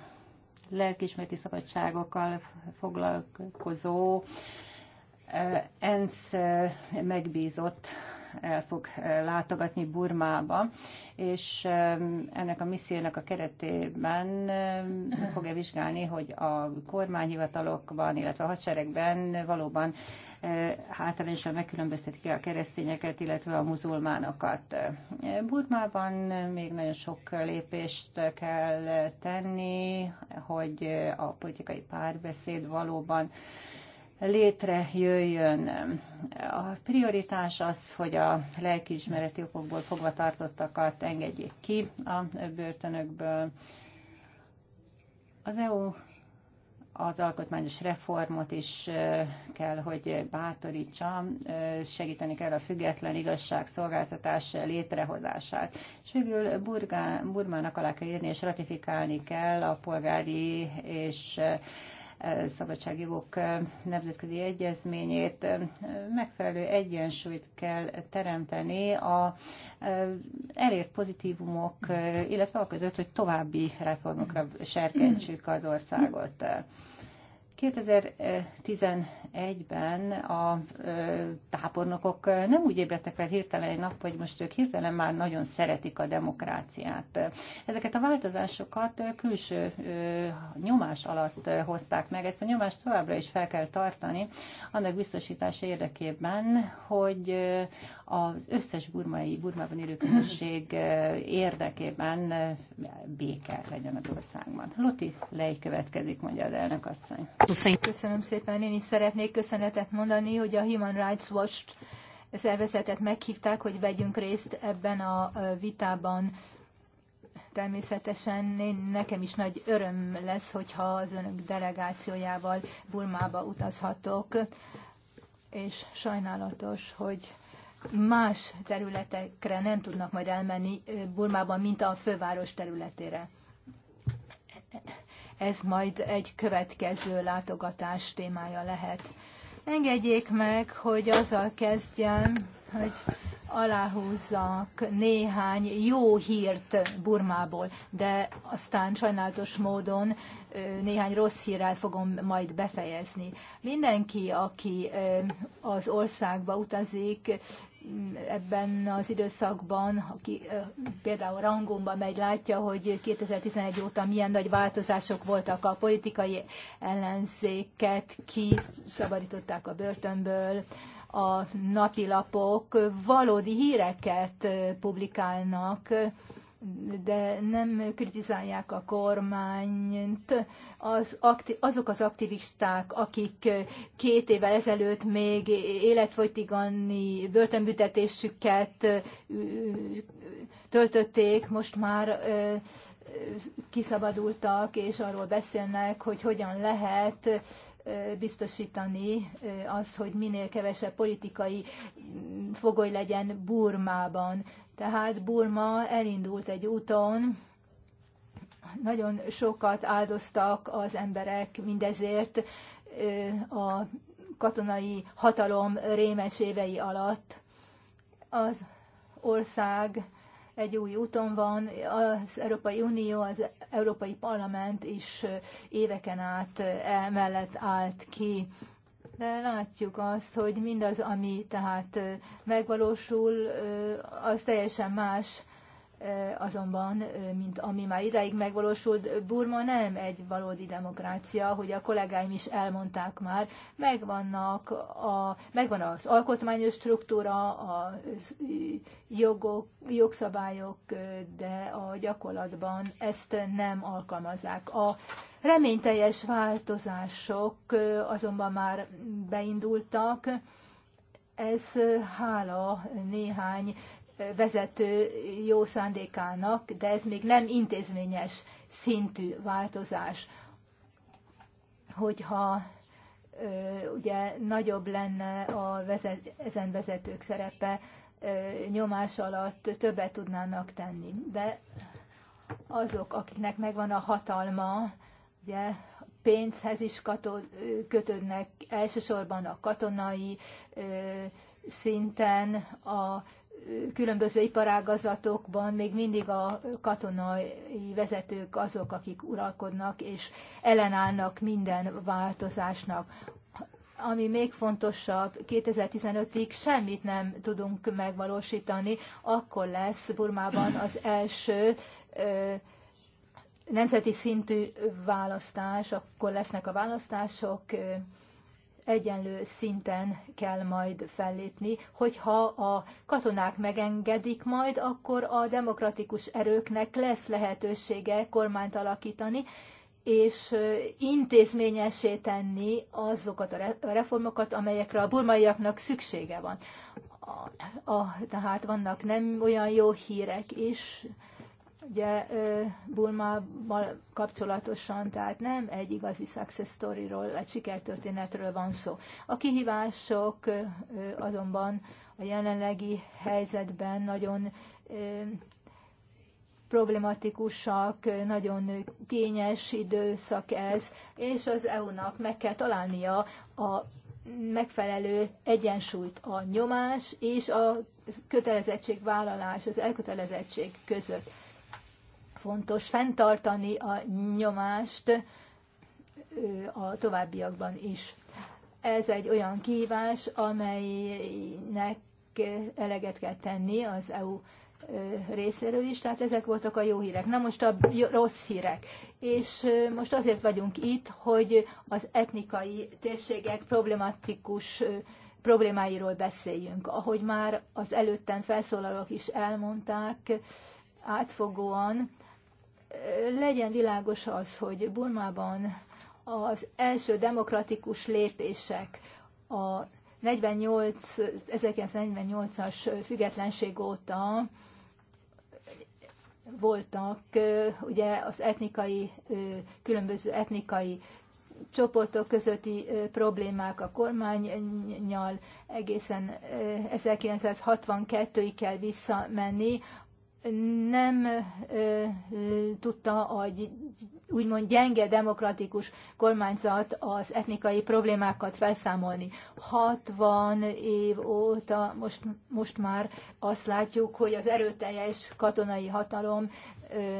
lelkiismereti szabadságokkal foglalkozó ENSZ megbízott el fog látogatni Burmába, és ennek a missziónak a keretében fogja -e vizsgálni, hogy a kormányhivatalokban, illetve a hadseregben valóban hátrányosan megkülönböztetik ki a keresztényeket, illetve a muzulmánokat. Burmában még nagyon sok lépést kell tenni, hogy a politikai párbeszéd valóban létrejöjjön. A prioritás az, hogy a lelkiismereti okokból fogvatartottakat engedjék ki a börtönökből. Az EU az alkotmányos reformot is kell, hogy bátorítsa, segíteni kell a független igazságszolgáltatás létrehozását. És végül Burmának alá kell írni és ratifikálni kell a polgári és szabadságjogok nemzetközi egyezményét, megfelelő egyensúlyt kell teremteni a elért pozitívumok, illetve a között, hogy további reformokra serkentsük az országot. 2011-ben a tábornokok nem úgy ébredtek fel hirtelen egy nap, hogy most ők hirtelen már nagyon szeretik a demokráciát. Ezeket a változásokat külső nyomás alatt hozták meg. Ezt a nyomást továbbra is fel kell tartani, annak biztosítása érdekében, hogy az összes burmai, Burmában élő közösség érdekében béke legyen az országban. Loti Lej következik, mondja az elnök asszony. Köszönöm szépen, én is szeretnék köszönetet mondani, hogy a Human Rights Watch szervezetet meghívták, hogy vegyünk részt ebben a vitában. Természetesen én, nekem is nagy öröm lesz, hogyha az önök delegációjával Burmába utazhatok, és sajnálatos, hogy más területekre nem tudnak majd elmenni Burmában, mint a főváros területére. Ez majd egy következő látogatás témája lehet. Engedjék meg, hogy azzal kezdjem, hogy aláhúzzak néhány jó hírt Burmából, de aztán sajnálatos módon néhány rossz hírrel fogom majd befejezni. Mindenki, aki az országba utazik, ebben az időszakban, aki például Rangonban megy, látja, hogy 2011 óta milyen nagy változások voltak a politikai ellenzéket, szabadították a börtönből, a napilapok valódi híreket publikálnak, de nem kritizálják a kormányt. Az akti- azok az aktivisták, akik két évvel ezelőtt még életfogytigani börtönbüntetésüket töltötték, most már kiszabadultak, és arról beszélnek, hogy hogyan lehet biztosítani az, hogy minél kevesebb politikai fogoly legyen Burmában. Tehát Burma elindult egy úton, nagyon sokat áldoztak az emberek mindezért a katonai hatalom rémes évei alatt. Az ország egy új úton van, az Európai Unió, az Európai Parlament is éveken át mellett állt ki de látjuk azt, hogy mindaz, ami tehát megvalósul, az teljesen más azonban, mint ami már ideig megvalósult, Burma nem egy valódi demokrácia, hogy a kollégáim is elmondták már, megvannak a, megvan az alkotmányos struktúra, a jogok, jogszabályok, de a gyakorlatban ezt nem alkalmazzák. A Reményteljes változások azonban már beindultak, ez hála néhány vezető jó szándékának, de ez még nem intézményes szintű változás. Hogyha ugye nagyobb lenne a vezet, ezen vezetők szerepe, nyomás alatt többet tudnának tenni. De azok, akiknek megvan a hatalma, ugye pénzhez is kötődnek, elsősorban a katonai ö, szinten, a különböző iparágazatokban még mindig a katonai vezetők azok, akik uralkodnak és ellenállnak minden változásnak. Ami még fontosabb, 2015-ig semmit nem tudunk megvalósítani, akkor lesz Burmában az első ö, nemzeti szintű választás, akkor lesznek a választások, egyenlő szinten kell majd fellépni, hogyha a katonák megengedik majd, akkor a demokratikus erőknek lesz lehetősége kormányt alakítani, és intézményesé tenni azokat a reformokat, amelyekre a burmaiaknak szüksége van. A, a, tehát vannak nem olyan jó hírek is, ugye Burmával kapcsolatosan, tehát nem egy igazi success ról egy sikertörténetről van szó. A kihívások azonban a jelenlegi helyzetben nagyon problematikusak, nagyon kényes időszak ez, és az EU-nak meg kell találnia a megfelelő egyensúlyt a nyomás és a kötelezettségvállalás, az elkötelezettség között fontos fenntartani a nyomást a továbbiakban is. Ez egy olyan kívás, amelynek eleget kell tenni az EU részéről is, tehát ezek voltak a jó hírek. Na most a rossz hírek. És most azért vagyunk itt, hogy az etnikai térségek problematikus problémáiról beszéljünk. Ahogy már az előttem felszólalók is elmondták, átfogóan legyen világos az, hogy Burmában az első demokratikus lépések a 48, 1948-as függetlenség óta voltak ugye az etnikai, különböző etnikai csoportok közötti problémák a kormánynyal egészen 1962-ig kell visszamenni nem ö, tudta a úgymond gyenge demokratikus kormányzat az etnikai problémákat felszámolni. 60 év óta most, most már azt látjuk, hogy az erőteljes katonai hatalom ö,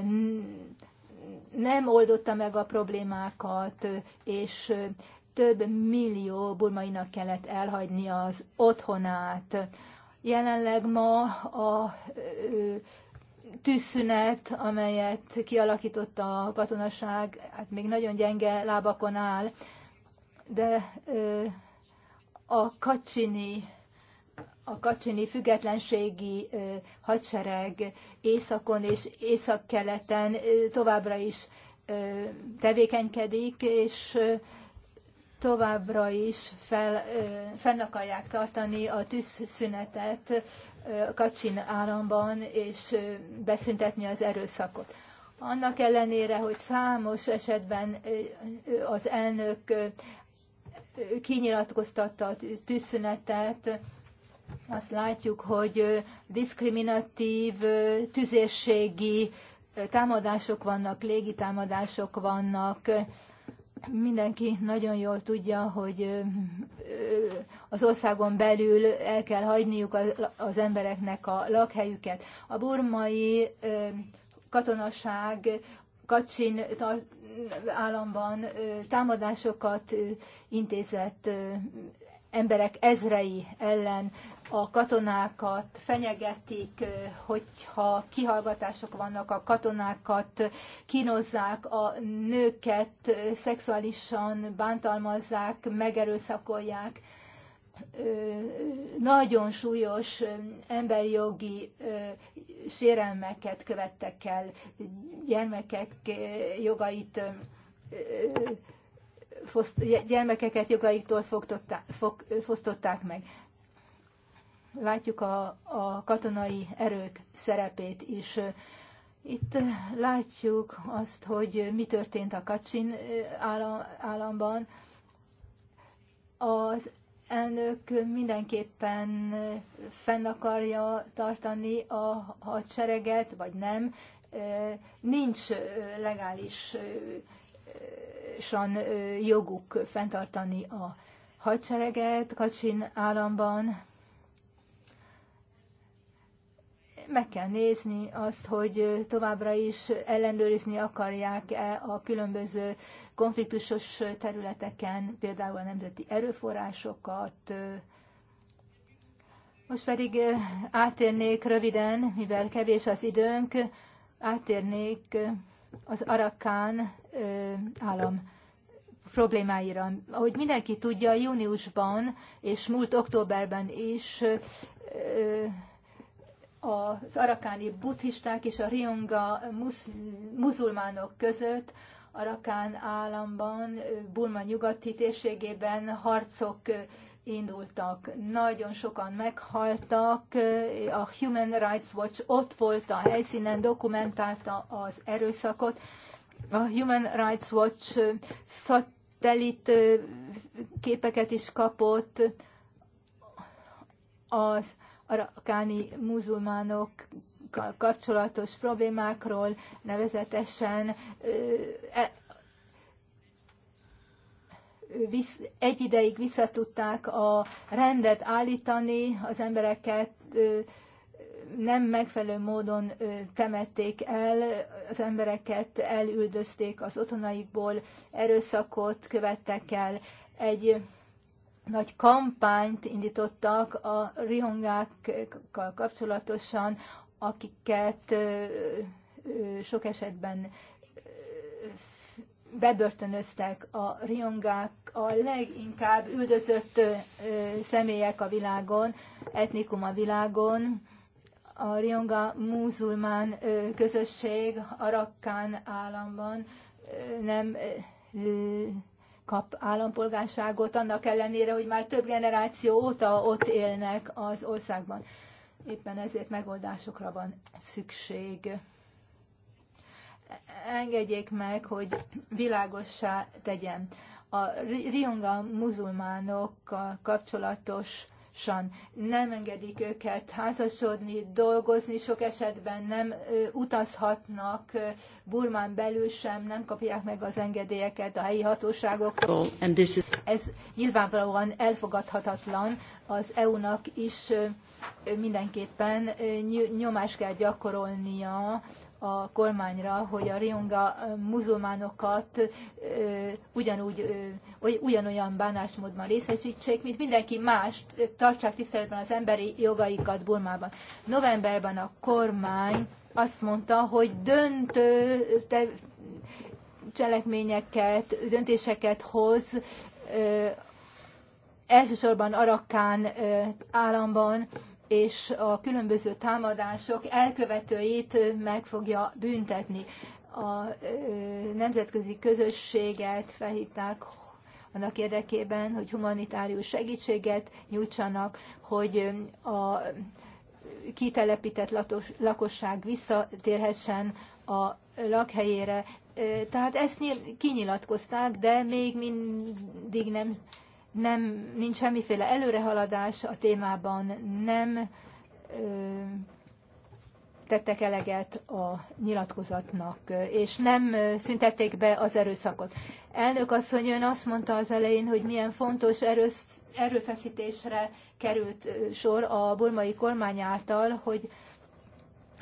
nem oldotta meg a problémákat, és több millió burmainak kellett elhagyni az otthonát. Jelenleg ma a tűzszünet, amelyet kialakított a katonaság, hát még nagyon gyenge lábakon áll, de a kacsini a kacsini függetlenségi hadsereg északon és északkeleten továbbra is tevékenykedik, és továbbra is fel, fenn akarják tartani a tűzszünetet Kacsin államban, és beszüntetni az erőszakot. Annak ellenére, hogy számos esetben az elnök kinyilatkoztatta a tűzszünetet, azt látjuk, hogy diszkriminatív, tüzérségi támadások vannak, légitámadások vannak, mindenki nagyon jól tudja, hogy az országon belül el kell hagyniuk az embereknek a lakhelyüket. A burmai katonaság Kacsin államban támadásokat intézett emberek ezrei ellen a katonákat fenyegetik, hogyha kihallgatások vannak, a katonákat kínozzák, a nőket szexuálisan bántalmazzák, megerőszakolják. Nagyon súlyos emberjogi sérelmeket követtek el, gyermekek jogait gyermekeket jogaiktól fosztották meg. Látjuk a, a katonai erők szerepét is. Itt látjuk azt, hogy mi történt a Kacsin állam, államban. Az elnök mindenképpen fenn akarja tartani a hadsereget, vagy nem. Nincs legális jogosan joguk fenntartani a hadsereget Kacsin államban. Meg kell nézni azt, hogy továbbra is ellenőrizni akarják-e a különböző konfliktusos területeken, például a nemzeti erőforrásokat. Most pedig átérnék röviden, mivel kevés az időnk, átérnék az Arakán állam problémáira. Ahogy mindenki tudja, júniusban és múlt októberben is az arakáni buddhisták és a rionga muzulmánok között Arakán államban, Burma nyugati térségében harcok indultak. Nagyon sokan meghaltak, a Human Rights Watch ott volt a helyszínen, dokumentálta az erőszakot. A Human Rights Watch szatellit képeket is kapott az arakáni muzulmánok kapcsolatos problémákról, nevezetesen e, egy ideig visszatudták a rendet állítani, az embereket nem megfelelő módon temették el az embereket, elüldözték az otthonaikból, erőszakot követtek el. Egy nagy kampányt indítottak a rihongákkal kapcsolatosan, akiket sok esetben bebörtönöztek a riongák, a leginkább üldözött személyek a világon, etnikum a világon, a Rionga muzulmán közösség Rakkán államban nem kap állampolgárságot, annak ellenére, hogy már több generáció óta ott élnek az országban. Éppen ezért megoldásokra van szükség. Engedjék meg, hogy világossá tegyem. A rionga muzulmánok kapcsolatos jogosan nem engedik őket házasodni, dolgozni, sok esetben nem utazhatnak Burmán belül sem, nem kapják meg az engedélyeket a helyi hatóságoktól. Ez nyilvánvalóan elfogadhatatlan, az EU-nak is mindenképpen nyomást kell gyakorolnia a kormányra, hogy a Rionga muzulmánokat ugyanúgy, ugyanolyan bánásmódban részesítsék, mint mindenki más, tartsák tiszteletben az emberi jogaikat Burmában. Novemberben a kormány azt mondta, hogy döntő cselekményeket, döntéseket hoz elsősorban Arakán államban, és a különböző támadások elkövetőit meg fogja büntetni. A nemzetközi közösséget felhívták annak érdekében, hogy humanitárius segítséget nyújtsanak, hogy a kitelepített lakosság visszatérhessen a lakhelyére. Tehát ezt kinyilatkozták, de még mindig nem nem, nincs semmiféle előrehaladás a témában, nem ö, tettek eleget a nyilatkozatnak, és nem szüntették be az erőszakot. Elnök asszony ön azt mondta az elején, hogy milyen fontos erősz, erőfeszítésre került sor a burmai kormány által, hogy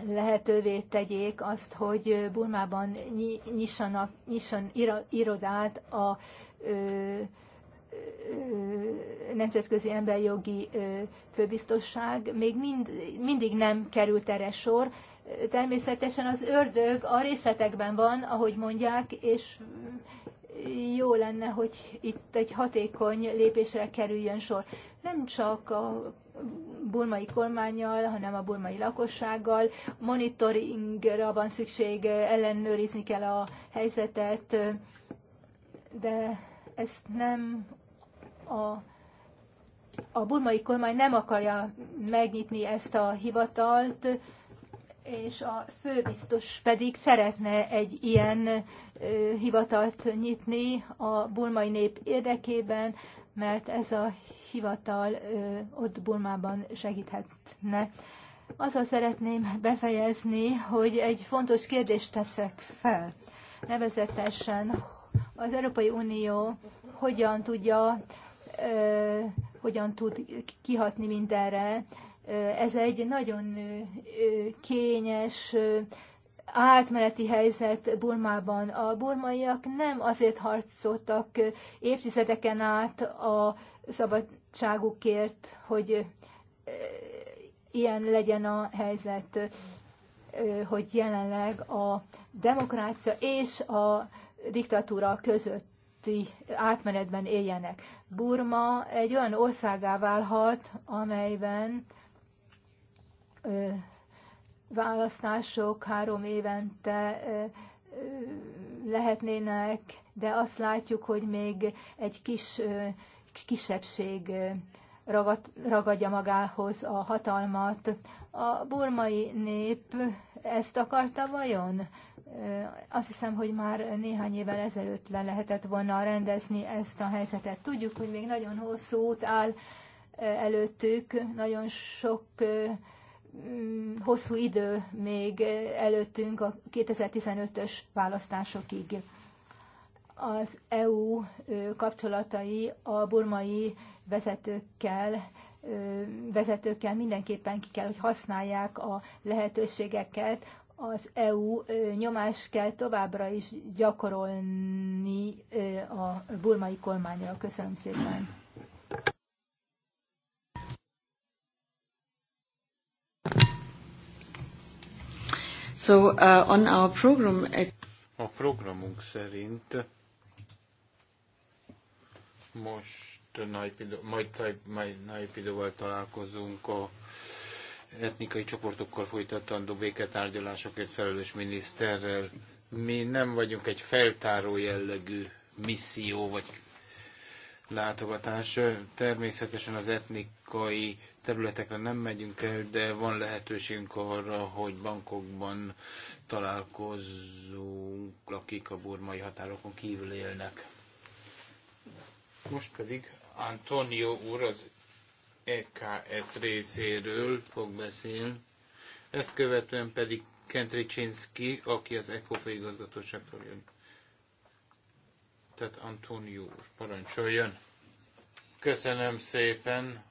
lehetővé tegyék azt, hogy Burmában nyissanak, nyisson irodát a ö, nemzetközi emberjogi főbiztosság még mind, mindig nem került erre sor. Természetesen az ördög a részletekben van, ahogy mondják, és jó lenne, hogy itt egy hatékony lépésre kerüljön sor. Nem csak a burmai kormányjal, hanem a burmai lakossággal. Monitoringra van szükség, ellenőrizni kell a helyzetet, de ezt nem a, a burmai kormány nem akarja megnyitni ezt a hivatalt, és a főbiztos pedig szeretne egy ilyen ö, hivatalt nyitni a burmai nép érdekében, mert ez a hivatal ö, ott Burmában segíthetne. Azzal szeretném befejezni, hogy egy fontos kérdést teszek fel. Nevezetesen az Európai Unió hogyan tudja hogyan tud kihatni mindenre. Ez egy nagyon kényes átmeneti helyzet Burmában. A burmaiak nem azért harcoltak évtizedeken át a szabadságukért, hogy ilyen legyen a helyzet, hogy jelenleg a demokrácia és a diktatúra között átmenetben éljenek. Burma egy olyan országá válhat, amelyben ö, választások három évente ö, ö, lehetnének, de azt látjuk, hogy még egy kis ö, kisebbség ö, ragad, ragadja magához a hatalmat. A burmai nép ezt akarta vajon? Azt hiszem, hogy már néhány évvel ezelőtt le lehetett volna rendezni ezt a helyzetet. Tudjuk, hogy még nagyon hosszú út áll előttük, nagyon sok mm, hosszú idő még előttünk a 2015-ös választásokig. Az EU kapcsolatai a burmai vezetőkkel vezetőkkel mindenképpen ki kell, hogy használják a lehetőségeket az EU nyomást kell továbbra is gyakorolni a burmai kormányra. Köszönöm szépen. So, uh, on our program... A programunk szerint most Naipidóval találkozunk a etnikai csoportokkal folytatandó béketárgyalásokért felelős miniszterrel. Mi nem vagyunk egy feltáró jellegű misszió vagy látogatás. Természetesen az etnikai területekre nem megyünk el, de van lehetőségünk arra, hogy bankokban találkozunk, akik a burmai határokon kívül élnek. Most pedig Antonio úr az EKS részéről fog beszélni. Ezt követően pedig Kent aki az ECOFA főigazgatóságtól jön. Tehát Antonio úr, parancsoljon. Köszönöm szépen.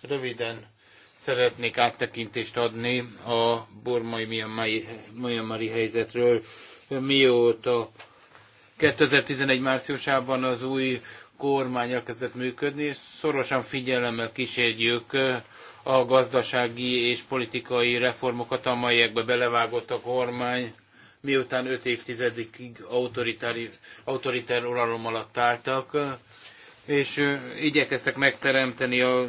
Röviden szeretnék áttekintést adni a bormai Myanmari helyzetről, mióta 2011 márciusában az új kormány elkezdett működni, és szorosan figyelemmel kísérjük a gazdasági és politikai reformokat, amelyekbe belevágott a kormány, miután öt évtizedig autoritár uralom alatt álltak, és igyekeztek megteremteni a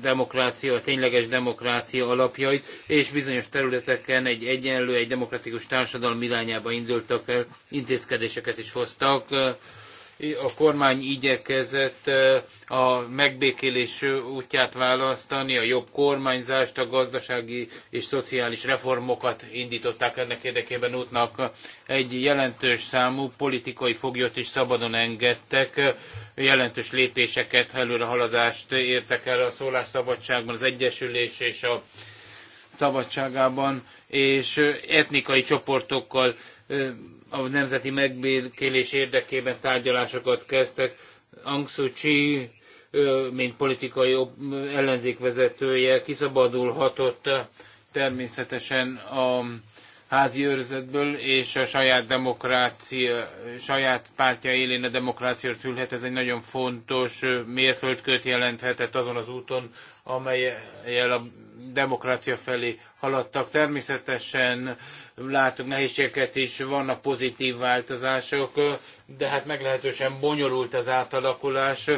demokrácia, a tényleges demokrácia alapjait, és bizonyos területeken egy egyenlő, egy demokratikus társadalom irányába indultak el, intézkedéseket is hoztak, a kormány igyekezett eh, a megbékélés útját választani, a jobb kormányzást, a gazdasági és szociális reformokat indították ennek érdekében útnak. Egy jelentős számú politikai foglyot is szabadon engedtek, jelentős lépéseket, előrehaladást értek el a szólásszabadságban, az egyesülés és a szabadságában, és etnikai csoportokkal eh, a nemzeti megbékélés érdekében tárgyalásokat kezdtek. Aung Suu Kyi, mint politikai ellenzékvezetője kiszabadulhatott természetesen a házi őrzetből, és a saját demokrácia, saját pártja élén a demokráciát ülhet. Ez egy nagyon fontos mérföldkőt jelenthetett azon az úton, amelyel a demokrácia felé haladtak. Természetesen látunk nehézségeket is, vannak pozitív változások, de hát meglehetősen bonyolult az átalakulás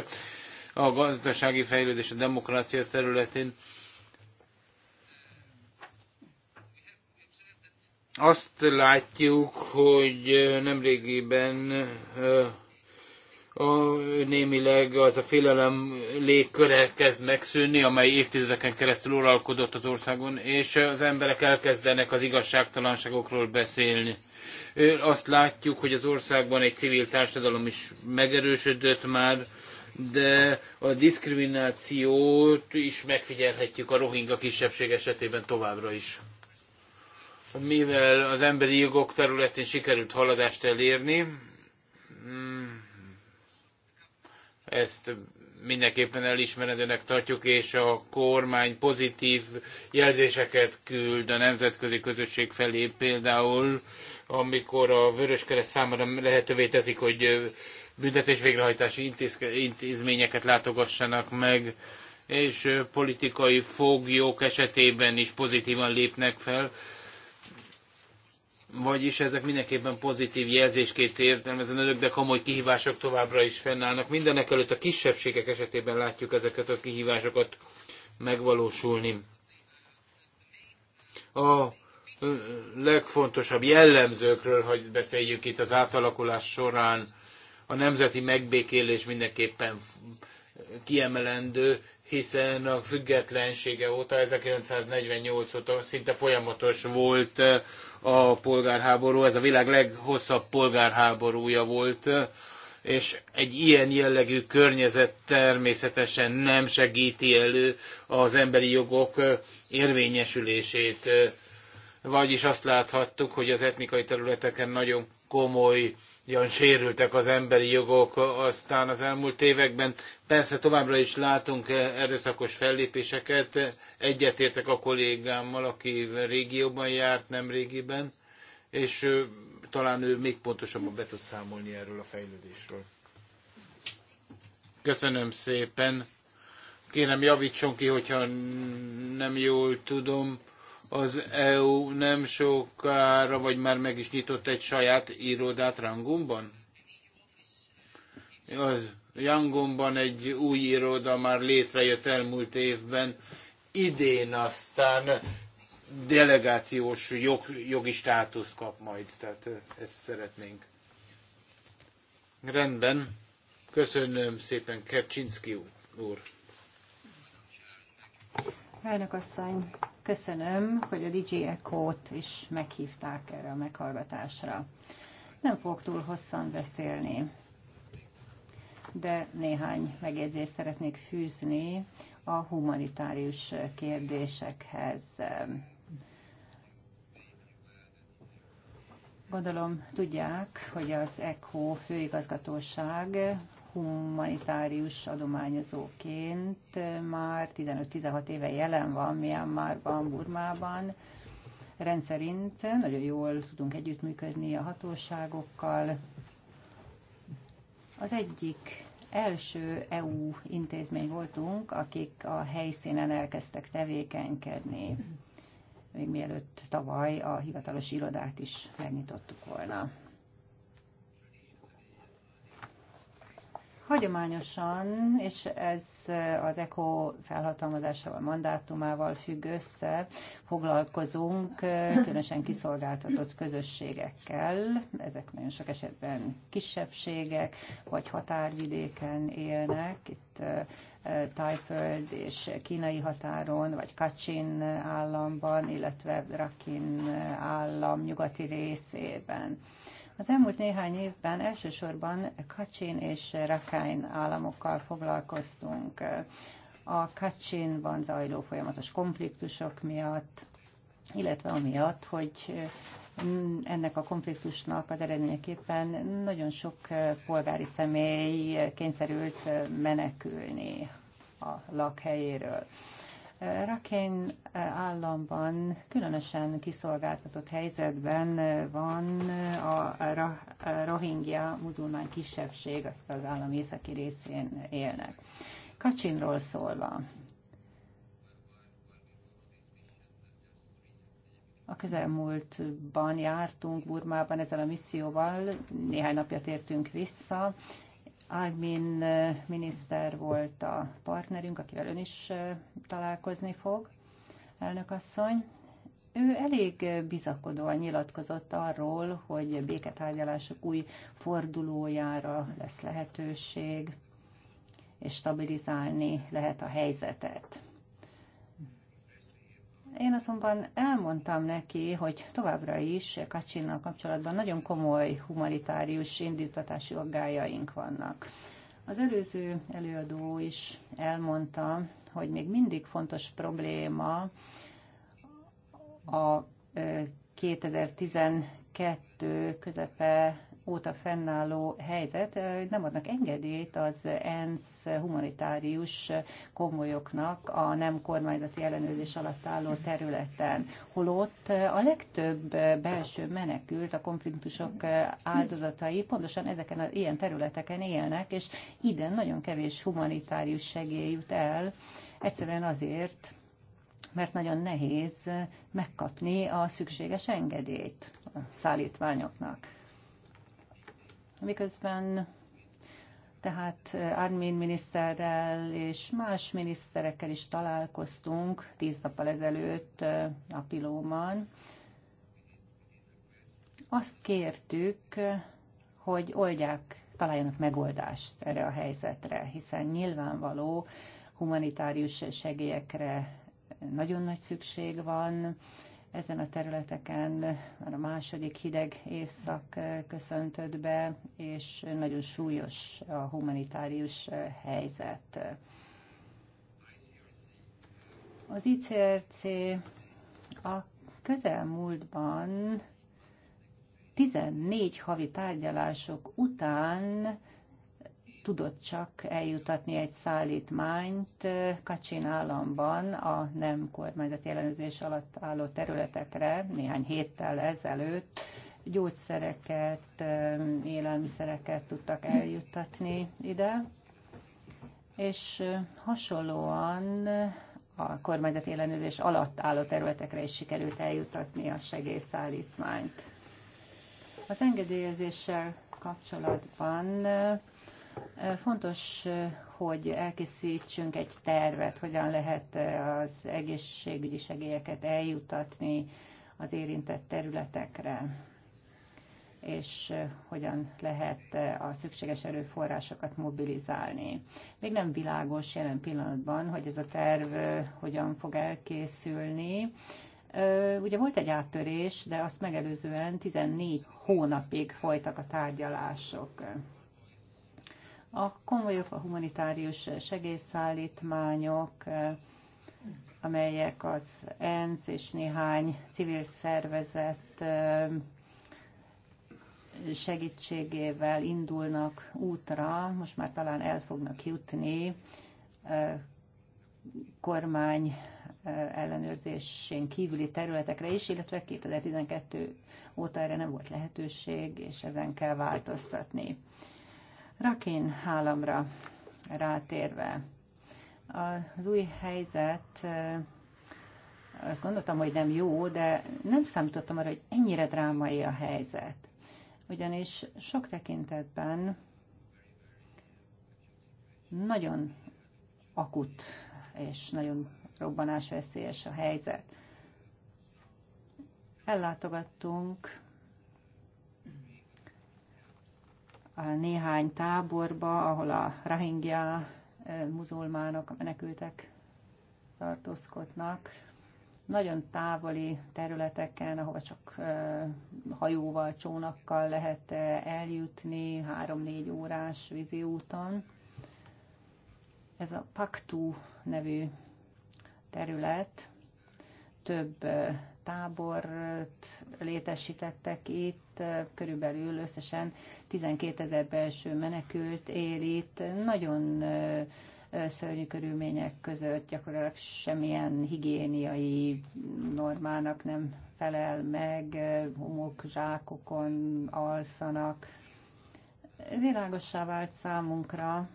a gazdasági fejlődés a demokrácia területén. Azt látjuk, hogy nemrégiben a, némileg az a félelem légköre kezd megszűnni, amely évtizedeken keresztül uralkodott az országon, és az emberek elkezdenek az igazságtalanságokról beszélni. Azt látjuk, hogy az országban egy civil társadalom is megerősödött már, de a diszkriminációt is megfigyelhetjük a rohinga kisebbség esetében továbbra is. Mivel az emberi jogok területén sikerült haladást elérni, Ezt mindenképpen elismerendőnek tartjuk, és a kormány pozitív jelzéseket küld a nemzetközi közösség felé, például amikor a Vöröskereszt számára lehetővé teszik, hogy büntetés végrehajtási intézményeket látogassanak meg, és politikai foglyok esetében is pozitívan lépnek fel. Vagyis ezek mindenképpen pozitív jelzésként értelmezen önök, de komoly kihívások továbbra is fennállnak. Mindenek előtt a kisebbségek esetében látjuk ezeket a kihívásokat megvalósulni. A legfontosabb jellemzőkről, hogy beszéljük itt az átalakulás során, a nemzeti megbékélés mindenképpen kiemelendő, hiszen a függetlensége óta, 1948 óta szinte folyamatos volt a polgárháború, ez a világ leghosszabb polgárháborúja volt, és egy ilyen jellegű környezet természetesen nem segíti elő az emberi jogok érvényesülését. Vagyis azt láthattuk, hogy az etnikai területeken nagyon komoly hogyan sérültek az emberi jogok, aztán az elmúlt években persze továbbra is látunk eh, erőszakos fellépéseket, egyetértek a kollégámmal, aki régióban járt, nem régiben, és eh, talán ő még pontosabban be tud számolni erről a fejlődésről. Köszönöm szépen. Kérem, javítson ki, hogyha nem jól tudom. Az EU nem sokára, vagy már meg is nyitott egy saját irodát Rangumban? Az Yangonban egy új iroda már létrejött elmúlt évben. Idén aztán delegációs jog, jogi státuszt kap majd, tehát ezt szeretnénk. Rendben. Köszönöm szépen, Kercsinski úr. Elnök asszony, köszönöm, hogy a DJ Echo-t is meghívták erre a meghallgatásra. Nem fogok túl hosszan beszélni, de néhány megjegyzést szeretnék fűzni a humanitárius kérdésekhez. Gondolom tudják, hogy az ECHO főigazgatóság humanitárius adományozóként már 15-16 éve jelen van Myanmarban, Burmában. Rendszerint nagyon jól tudunk együttműködni a hatóságokkal. Az egyik első EU intézmény voltunk, akik a helyszínen elkezdtek tevékenykedni, még mielőtt tavaly a hivatalos irodát is megnyitottuk volna. Hagyományosan, és ez az ECO felhatalmazásával, mandátumával függ össze, foglalkozunk különösen kiszolgáltatott közösségekkel, ezek nagyon sok esetben kisebbségek, vagy határvidéken élnek, itt Tájföld és kínai határon, vagy Kacsin államban, illetve Rakin állam nyugati részében. Az elmúlt néhány évben elsősorban Kacsin és Rakhine államokkal foglalkoztunk a Kacsinban zajló folyamatos konfliktusok miatt, illetve amiatt, hogy mm, ennek a konfliktusnak az eredményeképpen nagyon sok eh, polgári személy kényszerült eh, menekülni a lakhelyéről. Rakén államban különösen kiszolgáltatott helyzetben van a rohingya muzulmán kisebbség, akik az állam északi részén élnek. Kacsinról szólva, a közelmúltban jártunk Burmában ezzel a misszióval, néhány napja tértünk vissza, Armin eh, miniszter volt a partnerünk, akivel ön is eh, találkozni fog, elnökasszony. Ő elég eh, bizakodóan nyilatkozott arról, hogy béketárgyalások új fordulójára lesz lehetőség, és stabilizálni lehet a helyzetet. Én azonban elmondtam neki, hogy továbbra is Kacsinnal kapcsolatban nagyon komoly humanitárius indítatási aggájaink vannak. Az előző előadó is elmondta, hogy még mindig fontos probléma a 2012 közepe óta fennálló helyzet, nem adnak engedélyt az ENSZ humanitárius komolyoknak a nem kormányzati ellenőrzés alatt álló területen. Holott a legtöbb belső menekült, a konfliktusok áldozatai pontosan ezeken az ilyen területeken élnek, és ide nagyon kevés humanitárius segély jut el, egyszerűen azért, mert nagyon nehéz megkapni a szükséges engedélyt a szállítványoknak. Miközben tehát Armin miniszterrel és más miniszterekkel is találkoztunk tíz nappal ezelőtt a Pilóman. Azt kértük, hogy oldják, találjanak megoldást erre a helyzetre, hiszen nyilvánvaló humanitárius segélyekre nagyon nagy szükség van, ezen a területeken már a második hideg évszak eh, köszöntött be, és nagyon súlyos a humanitárius eh, helyzet. Az ICRC a közelmúltban 14 havi tárgyalások után tudott csak eljutatni egy szállítmányt Kacsin államban a nem kormányzati ellenőrzés alatt álló területekre néhány héttel ezelőtt gyógyszereket, élelmiszereket tudtak eljuttatni ide, és hasonlóan a kormányzati ellenőrzés alatt álló területekre is sikerült eljutatni a segélyszállítmányt. Az engedélyezéssel kapcsolatban Fontos, hogy elkészítsünk egy tervet, hogyan lehet az egészségügyi segélyeket eljutatni az érintett területekre, és hogyan lehet a szükséges erőforrásokat mobilizálni. Még nem világos jelen pillanatban, hogy ez a terv hogyan fog elkészülni, Ugye volt egy áttörés, de azt megelőzően 14 hónapig folytak a tárgyalások a konvojok, a humanitárius segélyszállítmányok, amelyek az ENSZ és néhány civil szervezet segítségével indulnak útra, most már talán el fognak jutni kormány ellenőrzésén kívüli területekre is, illetve 2012 óta erre nem volt lehetőség, és ezen kell változtatni. Rakin hálamra rátérve, az új helyzet azt gondoltam, hogy nem jó, de nem számítottam arra, hogy ennyire drámai a helyzet. Ugyanis sok tekintetben nagyon akut és nagyon robbanásveszélyes a helyzet. Ellátogattunk a néhány táborba, ahol a rahingya eh, muzulmánok, a menekültek tartózkodnak, nagyon távoli területeken, ahova csak eh, hajóval, csónakkal lehet eh, eljutni, három-négy órás vízi úton. Ez a Paktú nevű terület, több tábort létesítettek itt, körülbelül összesen 12 ezer belső menekült él itt. Nagyon szörnyű körülmények között gyakorlatilag semmilyen higiéniai normának nem felel meg, zsákokon alszanak. Világossá vált számunkra,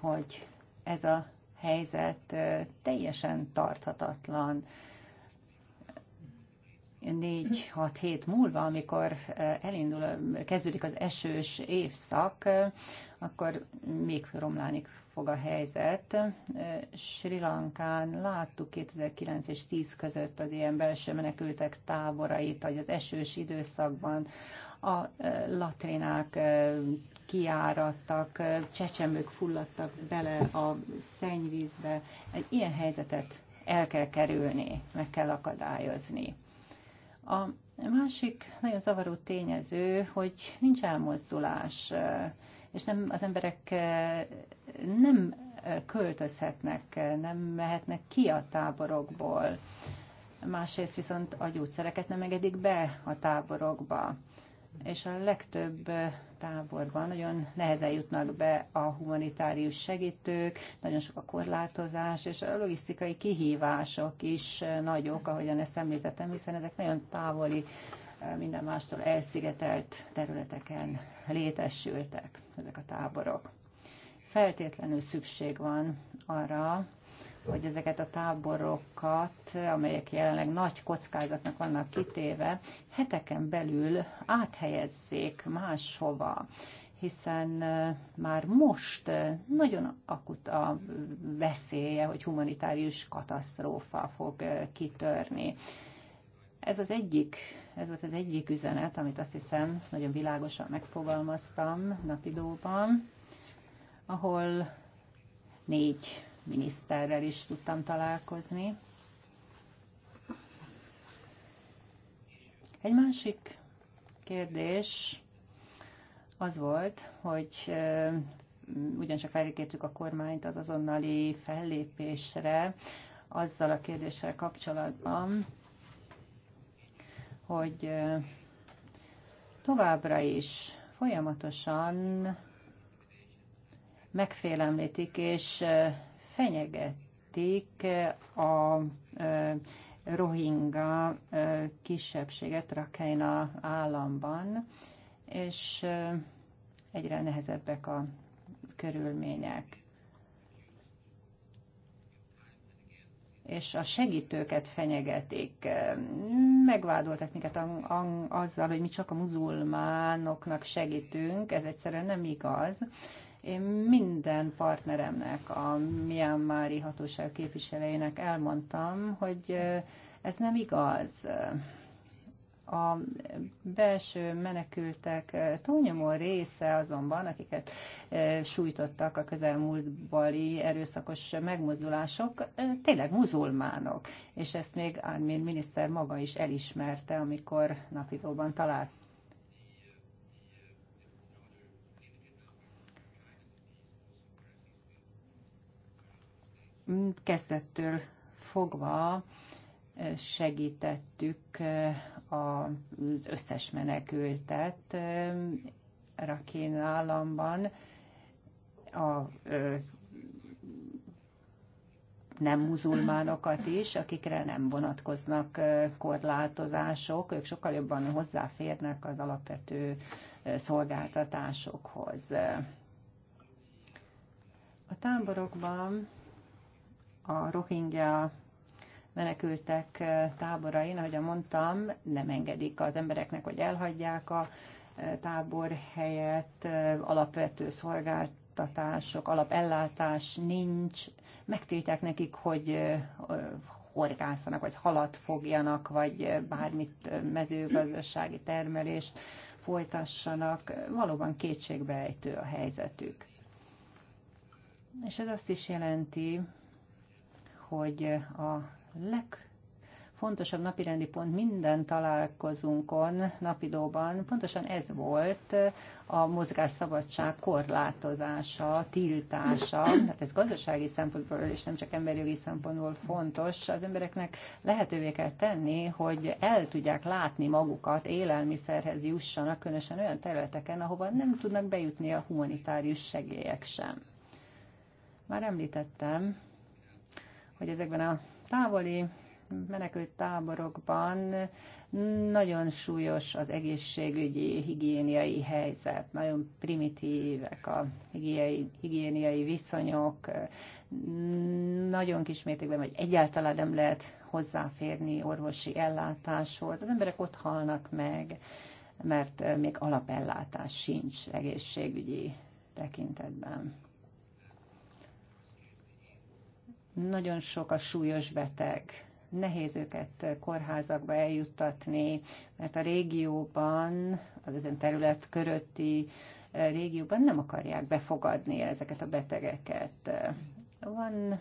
hogy ez a helyzet teljesen tarthatatlan. Négy, hat hét múlva, amikor elindul, kezdődik az esős évszak, akkor még romlánik fog a helyzet. Sri Lankán láttuk 2009 és 10 között az ilyen belső menekültek táborait, hogy az esős időszakban a latrinák kiáradtak, csecsemők fulladtak bele a szennyvízbe. Egy ilyen helyzetet el kell kerülni, meg kell akadályozni. A másik nagyon zavaró tényező, hogy nincs elmozdulás, és nem, az emberek eh, nem eh, költözhetnek, eh, nem mehetnek ki a táborokból. Másrészt viszont a gyógyszereket nem engedik be a táborokba és a legtöbb eh, táborban nagyon nehezen jutnak be a humanitárius segítők, nagyon sok a korlátozás, és a logisztikai kihívások is eh, nagyok, ahogyan ezt említettem, hiszen ezek nagyon távoli, eh, minden mástól elszigetelt területeken létesültek ezek a táborok. Feltétlenül szükség van arra, hogy ezeket a táborokat, amelyek jelenleg nagy kockázatnak vannak kitéve, heteken belül áthelyezzék máshova hiszen már most nagyon akut a veszélye, hogy humanitárius katasztrófa fog kitörni. Ez az egyik, ez volt az egyik üzenet, amit azt hiszem nagyon világosan megfogalmaztam napidóban, ahol négy miniszterrel is tudtam találkozni. Egy másik kérdés az volt, hogy ugyancsak felkértük a kormányt az azonnali fellépésre azzal a kérdéssel kapcsolatban, hogy továbbra is folyamatosan megfélemlítik és fenyegették eh, a eh, rohingya eh, kisebbséget Rakhine államban, és egyre nehezebbek a körülmények. és a segítőket fenyegetik. Megvádoltak minket azzal, hogy mi csak a muzulmánoknak segítünk, ez egyszerűen nem igaz. Én minden partneremnek, a Myanmari hatóság képviselőjének elmondtam, hogy ez nem igaz. A belső menekültek túlnyomó része azonban, akiket sújtottak a közelmúltbali erőszakos megmozdulások, tényleg muzulmánok. És ezt még Armin miniszter maga is elismerte, amikor napidóban talált kezdettől fogva segítettük az összes menekültet Rakén államban, a nem muzulmánokat is, akikre nem vonatkoznak korlátozások, ők sokkal jobban hozzáférnek az alapvető szolgáltatásokhoz. A táborokban a rohingya menekültek eh, táborain, ahogyan mondtam, nem engedik az embereknek, hogy elhagyják a eh, tábor helyet, eh, alapvető szolgáltatások, alapellátás nincs, megtiltják nekik, hogy horgászanak, vagy halat fogjanak, vagy bármit mezőgazdasági termelést folytassanak. Valóban kétségbeejtő a helyzetük. És ez azt is jelenti, hogy a leg fontosabb napirendi pont minden találkozunkon, napidóban, pontosan ez volt a mozgásszabadság korlátozása, tiltása. Tehát ez gazdasági szempontból és nem csak emberjogi szempontból fontos. Az embereknek lehetővé kell tenni, hogy el tudják látni magukat, élelmiszerhez jussanak, különösen olyan területeken, ahova nem tudnak bejutni a humanitárius segélyek sem. Már említettem, hogy ezekben a távoli menekült táborokban nagyon súlyos az egészségügyi, higiéniai helyzet, nagyon primitívek a higiéniai, higiéniai viszonyok, nagyon kis mértékben, vagy egyáltalán nem lehet hozzáférni orvosi ellátáshoz. Az emberek ott halnak meg, mert még alapellátás sincs egészségügyi tekintetben. Nagyon sok a súlyos beteg, nehéz őket kórházakba eljuttatni, mert a régióban, az ezen terület körötti eh, régióban nem akarják befogadni ezeket a betegeket. Van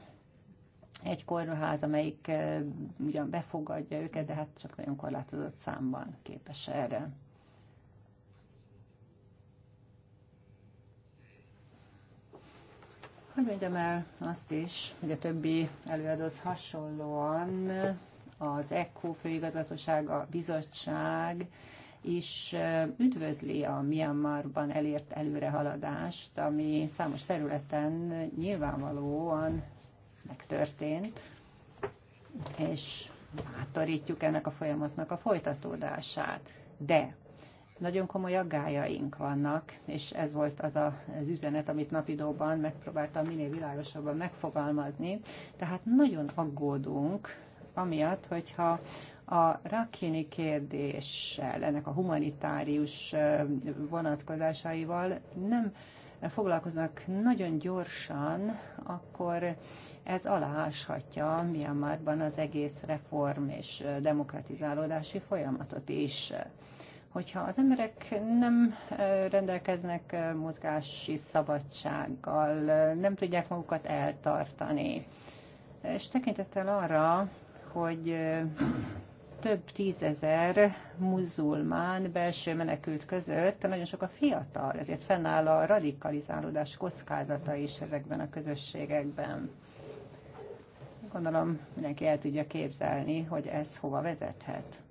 egy kórház, amelyik eh, ugyan befogadja őket, de hát csak nagyon korlátozott számban képes erre. Hogy mondjam el azt is, hogy a többi előadóz hasonlóan az ECHO főigazgatóság, a bizottság is üdvözli a Myanmarban elért előrehaladást, ami számos területen nyilvánvalóan megtörtént, és bátorítjuk ennek a folyamatnak a folytatódását. De nagyon komoly aggájaink vannak, és ez volt az a, az üzenet, amit napidóban megpróbáltam minél világosabban megfogalmazni. Tehát nagyon aggódunk, amiatt, hogyha a rakini kérdéssel, ennek a humanitárius vonatkozásaival nem foglalkoznak nagyon gyorsan, akkor ez aláshatja Myanmarban az egész reform és demokratizálódási folyamatot is. Hogyha az emberek nem rendelkeznek mozgási szabadsággal, nem tudják magukat eltartani, és tekintettel arra, hogy több tízezer muzulmán belső menekült között nagyon sok a fiatal, ezért fennáll a radikalizálódás kockázata is ezekben a közösségekben. Gondolom mindenki el tudja képzelni, hogy ez hova vezethet.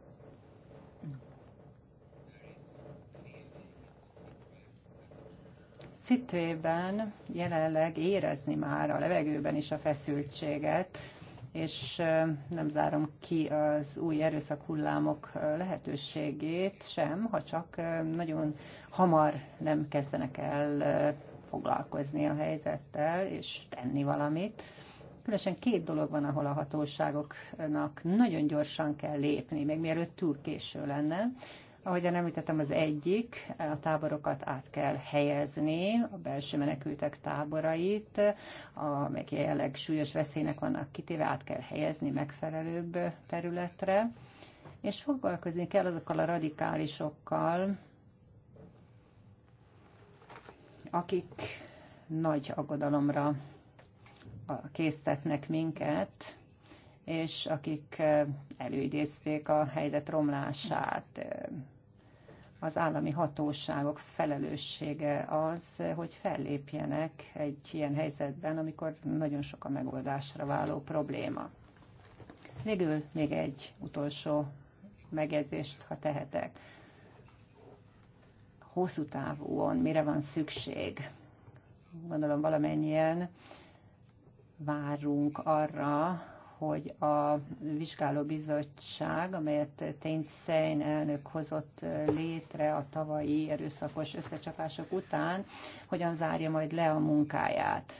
citrében jelenleg érezni már a levegőben is a feszültséget, és nem zárom ki az új erőszak hullámok lehetőségét sem, ha csak nagyon hamar nem kezdenek el foglalkozni a helyzettel és tenni valamit. Különösen két dolog van, ahol a hatóságoknak nagyon gyorsan kell lépni, még mielőtt túl késő lenne. Ahogyan említettem, az egyik, a táborokat át kell helyezni, a belső menekültek táborait, amelyek jelenleg súlyos veszélynek vannak kitéve, át kell helyezni megfelelőbb területre, és foglalkozni kell azokkal a radikálisokkal, akik nagy aggodalomra késztetnek minket, és akik előidézték a helyzet romlását. Az állami hatóságok felelőssége az, hogy fellépjenek egy ilyen helyzetben, amikor nagyon sok a megoldásra váló probléma. Végül még egy utolsó megjegyzést, ha tehetek. Hosszú távúon mire van szükség? Gondolom valamennyien várunk arra, hogy a vizsgálóbizottság, amelyet Tényszein elnök hozott létre a tavalyi erőszakos összecsapások után, hogyan zárja majd le a munkáját.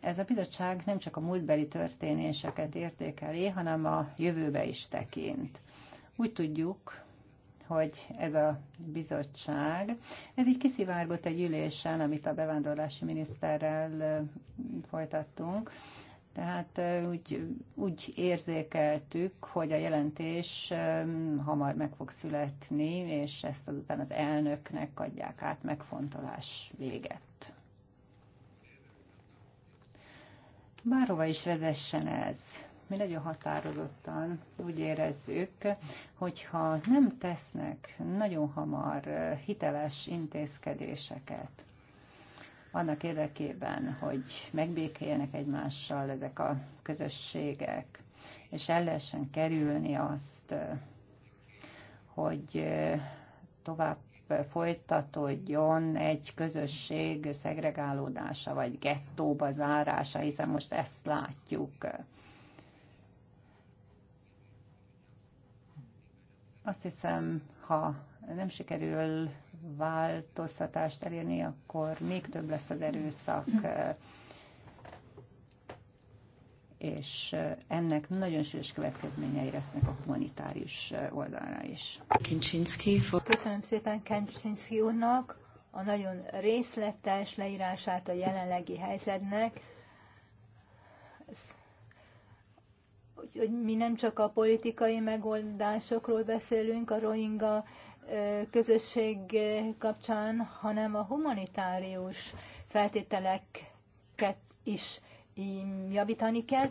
Ez a bizottság nem csak a múltbeli történéseket értékeli, hanem a jövőbe is tekint. Úgy tudjuk, hogy ez a bizottság, ez így kiszivárgott egy ülésen, amit a bevándorlási miniszterrel folytattunk, tehát úgy, úgy érzékeltük, hogy a jelentés hamar meg fog születni, és ezt azután az elnöknek adják át megfontolás véget. Bárhova is vezessen ez, mi nagyon határozottan úgy érezzük, hogyha nem tesznek nagyon hamar hiteles intézkedéseket, annak érdekében, hogy megbékéljenek egymással ezek a közösségek, és el lehessen kerülni azt, hogy tovább folytatódjon egy közösség szegregálódása, vagy gettóba zárása, hiszen most ezt látjuk. Azt hiszem, ha nem sikerül változtatást elérni, akkor még több lesz az erőszak, és ennek nagyon sűrűs következményei lesznek a humanitárius oldalra is. Köszönöm szépen Kincsinszki úrnak a nagyon részletes leírását a jelenlegi helyzetnek. hogy mi nem csak a politikai megoldásokról beszélünk a Rohingya közösség kapcsán, hanem a humanitárius feltételeket is javítani kell.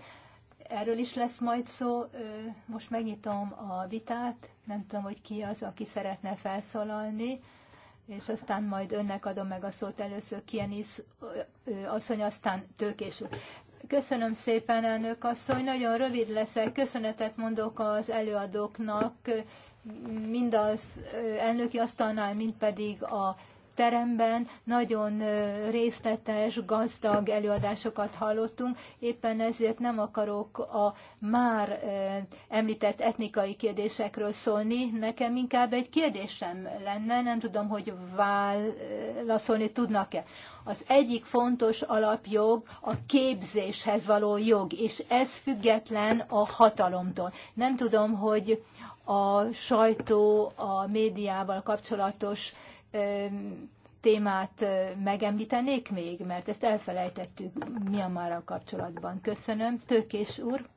Erről is lesz majd szó. Most megnyitom a vitát. Nem tudom, hogy ki az, aki szeretne felszólalni, és aztán majd önnek adom meg a szót először Kienis asszony, aztán tőkés. Köszönöm szépen, elnök asszony. Nagyon rövid leszek. Köszönetet mondok az előadóknak mind az elnöki asztalnál, mind pedig a teremben nagyon részletes, gazdag előadásokat hallottunk, éppen ezért nem akarok a már említett etnikai kérdésekről szólni, nekem inkább egy kérdésem lenne, nem tudom, hogy válaszolni tudnak-e. Az egyik fontos alapjog a képzéshez való jog, és ez független a hatalomtól. Nem tudom, hogy a sajtó, a médiával kapcsolatos témát megemlítenék még, mert ezt elfelejtettük Myanmarral kapcsolatban. Köszönöm. Tőkés úr.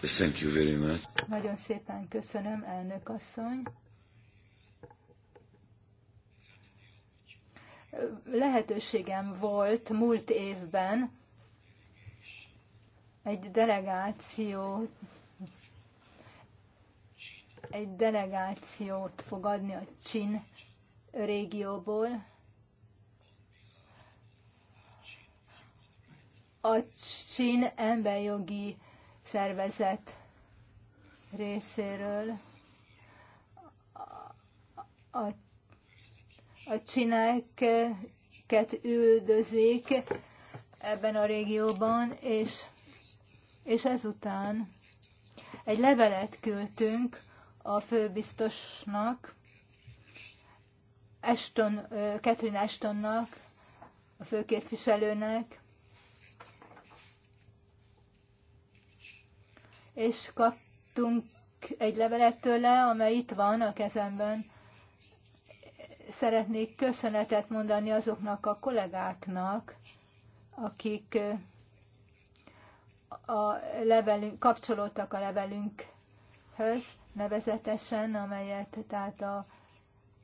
Thank you very much. Nagyon szépen köszönöm, elnök asszony. Lehetőségem volt múlt évben egy delegációt egy delegációt fogadni a Csin régióból. A Csin emberjogi szervezet részéről a, a csinekket üldözik ebben a régióban, és, és ezután egy levelet küldtünk a főbiztosnak, Ashton, Catherine Ashtonnak, a főképviselőnek, és kaptunk egy levelet tőle, amely itt van a kezemben. Szeretnék köszönetet mondani azoknak a kollégáknak, akik a levelünk, kapcsolódtak a levelünkhez ügyhöz, nevezetesen, amelyet tehát a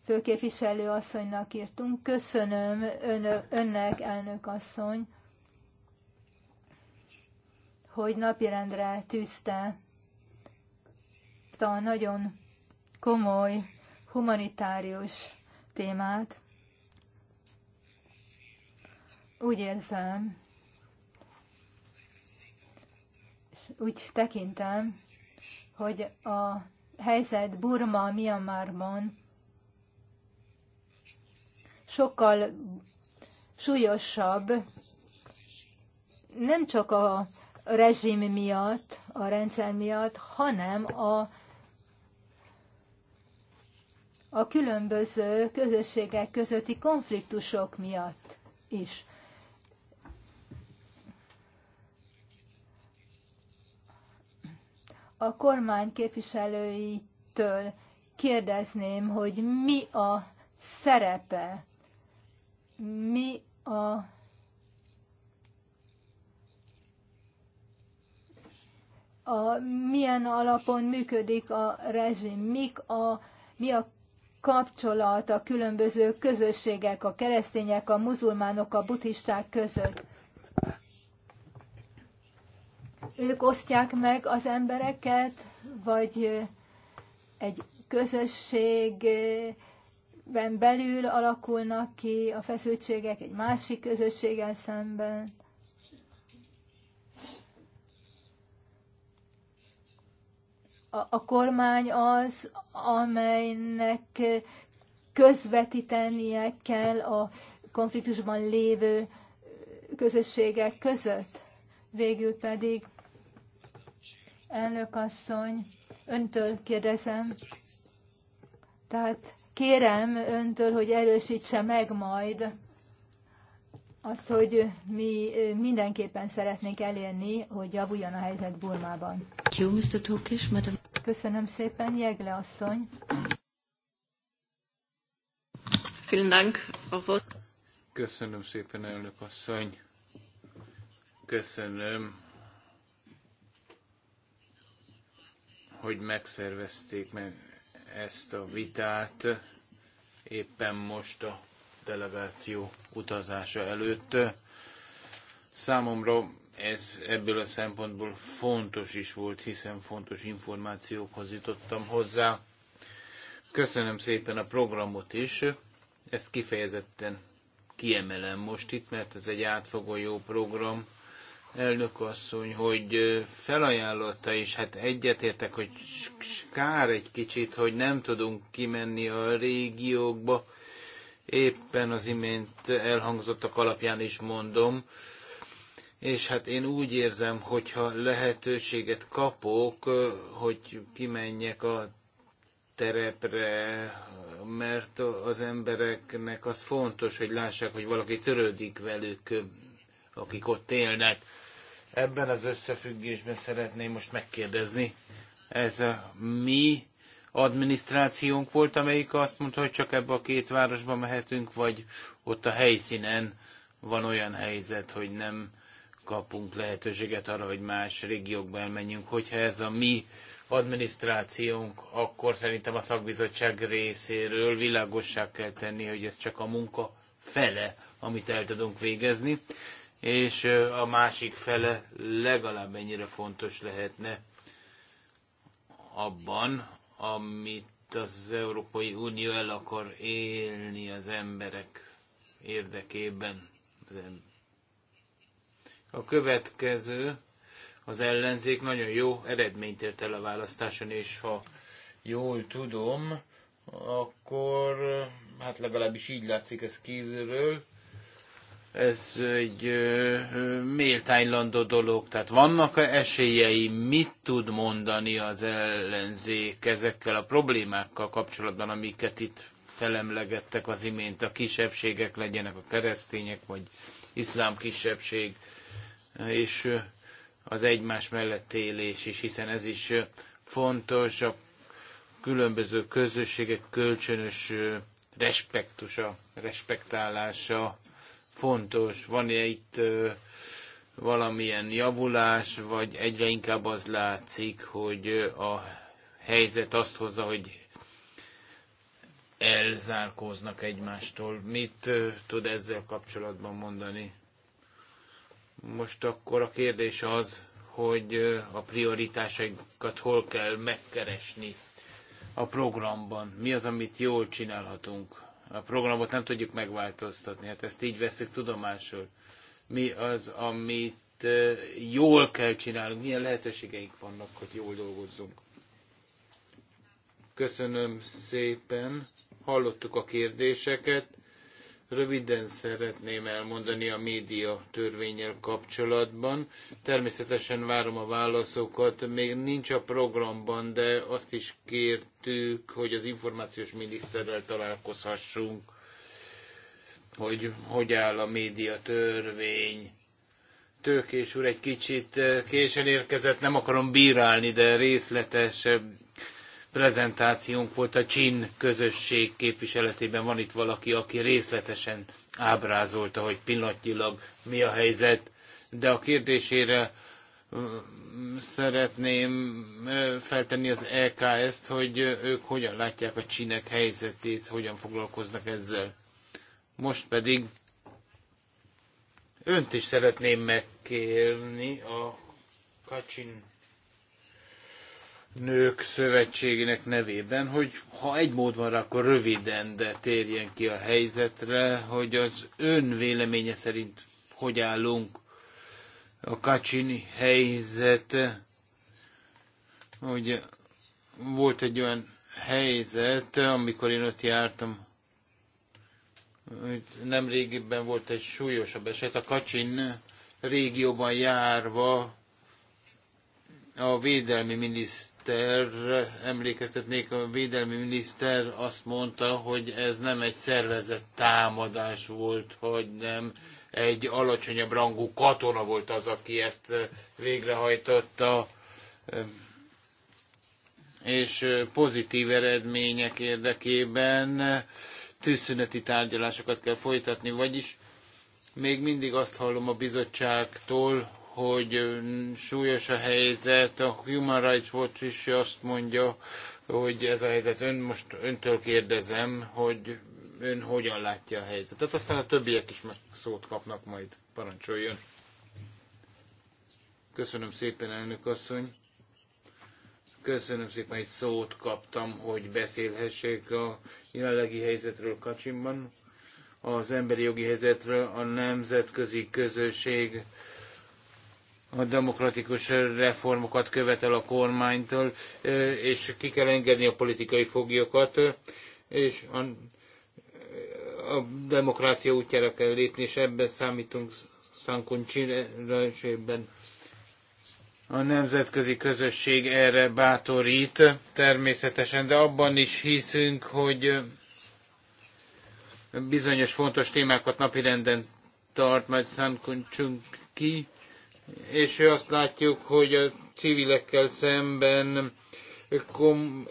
főképviselő asszonynak írtunk. Köszönöm önök önnek, elnök asszony, hogy napirendre tűzte a nagyon komoly humanitárius témát. Úgy érzem, úgy tekintem, hogy a helyzet Burma, Myanmarban sokkal súlyosabb, nem csak a rezsim miatt, a rendszer miatt, hanem a, a különböző közösségek közötti konfliktusok miatt is. a kormány képviselőitől kérdezném, hogy mi a szerepe, mi a a, milyen alapon működik a rezsim, mik a, mi a kapcsolat a különböző közösségek, a keresztények, a muzulmánok, a buddhisták között ők osztják meg az embereket, vagy egy közösségben belül alakulnak ki a feszültségek egy másik közösséggel szemben? a, a kormány az, amelynek közvetítenie kell a konfliktusban lévő közösségek között. Végül pedig Elnök asszony, öntől kérdezem, tehát kérem öntől, hogy erősítse meg majd az, hogy mi mindenképpen szeretnénk elérni, hogy javuljon a helyzet Burmában. Köszönöm szépen, Jegle asszony. Köszönöm szépen, elnök asszony. Köszönöm hogy megszervezték meg ezt a vitát éppen most a delegáció utazása előtt. Számomra ez ebből a szempontból fontos is volt, hiszen fontos információkhoz jutottam hozzá. Köszönöm szépen a programot is, ezt kifejezetten kiemelem most itt, mert ez egy átfogó jó program elnök asszony, hogy felajánlotta, és hát egyetértek, hogy kár egy kicsit, hogy nem tudunk kimenni a régiókba. Éppen az imént elhangzottak alapján is mondom. És hát én úgy érzem, hogyha lehetőséget kapok, hogy kimenjek a terepre, mert az embereknek az fontos, hogy lássák, hogy valaki törődik velük, akik ott élnek. Ebben az összefüggésben szeretném most megkérdezni, ez a mi adminisztrációnk volt, amelyik azt mondta, hogy csak ebbe a két városba mehetünk, vagy ott a helyszínen van olyan helyzet, hogy nem kapunk lehetőséget arra, hogy más régiókba elmenjünk. Hogyha ez a mi adminisztrációnk, akkor szerintem a szakbizottság részéről világosság kell tenni, hogy ez csak a munka fele, amit el tudunk végezni és a másik fele legalább ennyire fontos lehetne abban, amit az Európai Unió el akar élni az emberek érdekében. A következő, az ellenzék nagyon jó eredményt ért el a választáson, és ha jól tudom, akkor hát legalábbis így látszik ez kívülről, ez egy méltánylandó dolog, tehát vannak -e esélyei, mit tud mondani az ellenzék ezekkel a problémákkal kapcsolatban, amiket itt felemlegettek az imént, a kisebbségek legyenek, a keresztények, vagy iszlám kisebbség, és az egymás mellett élés is, hiszen ez is fontos, a különböző közösségek kölcsönös respektusa, respektálása, fontos. Van-e itt valamilyen javulás, vagy egyre inkább az látszik, hogy a helyzet azt hozza, hogy elzárkóznak egymástól. Mit tud ezzel kapcsolatban mondani? Most akkor a kérdés az, hogy a prioritásaikat hol kell megkeresni a programban. Mi az, amit jól csinálhatunk? a programot nem tudjuk megváltoztatni. Hát ezt így veszük tudomásul. Mi az, amit jól kell csinálnunk, milyen lehetőségeink vannak, hogy jól dolgozzunk. Köszönöm szépen. Hallottuk a kérdéseket. Röviden szeretném elmondani a média törvényel kapcsolatban. Természetesen várom a válaszokat, még nincs a programban, de azt is kértük, hogy az információs miniszterrel találkozhassunk, hogy hogy áll a média törvény. Tőkés úr egy kicsit eh, későn érkezett, nem akarom bírálni, de részletesebb prezentációnk volt a Csin közösség képviseletében. Van itt valaki, aki részletesen ábrázolta, hogy pillanatnyilag mi a helyzet, de a kérdésére mm, szeretném feltenni az EKS-t, hogy ők hogyan látják a csinek helyzetét, hogyan foglalkoznak ezzel. Most pedig önt is szeretném megkérni a Kacsin Nők Szövetségének nevében, hogy ha egy mód van rá, akkor röviden, de térjen ki a helyzetre, hogy az ön véleménye szerint hogy állunk a kacsini helyzet, hogy volt egy olyan helyzet, amikor én ott jártam, nem régiben volt egy súlyosabb eset, a Kacsin régióban járva a védelmi miniszter miniszterre emlékeztetnék, a védelmi miniszter azt mondta, hogy ez nem egy szervezett támadás volt, hogy nem egy alacsonyabb rangú katona volt az, aki ezt eh, végrehajtotta, és eh, pozitív eredmények érdekében eh, tűzszüneti tárgyalásokat kell folytatni, vagyis még mindig azt hallom a bizottságtól, hogy súlyos a helyzet. A Human Rights Watch is azt mondja, hogy ez a helyzet. Ön most öntől kérdezem, hogy ön hogyan látja a helyzetet. Aztán a többiek is meg szót kapnak majd. Parancsoljon. Köszönöm szépen, elnök asszony. Köszönöm szépen, hogy szót kaptam, hogy beszélhessék a jelenlegi helyzetről Kacsimban, az emberi jogi helyzetről, a nemzetközi közösség a demokratikus reformokat követel a kormánytól, és ki kell engedni a politikai foglyokat, és a, a demokrácia útjára kell lépni, és ebben számítunk Szankoncsira, és ebben a nemzetközi közösség erre bátorít természetesen, de abban is hiszünk, hogy bizonyos fontos témákat napirenden tart majd Szankoncsunk ki, és azt látjuk, hogy a civilekkel szemben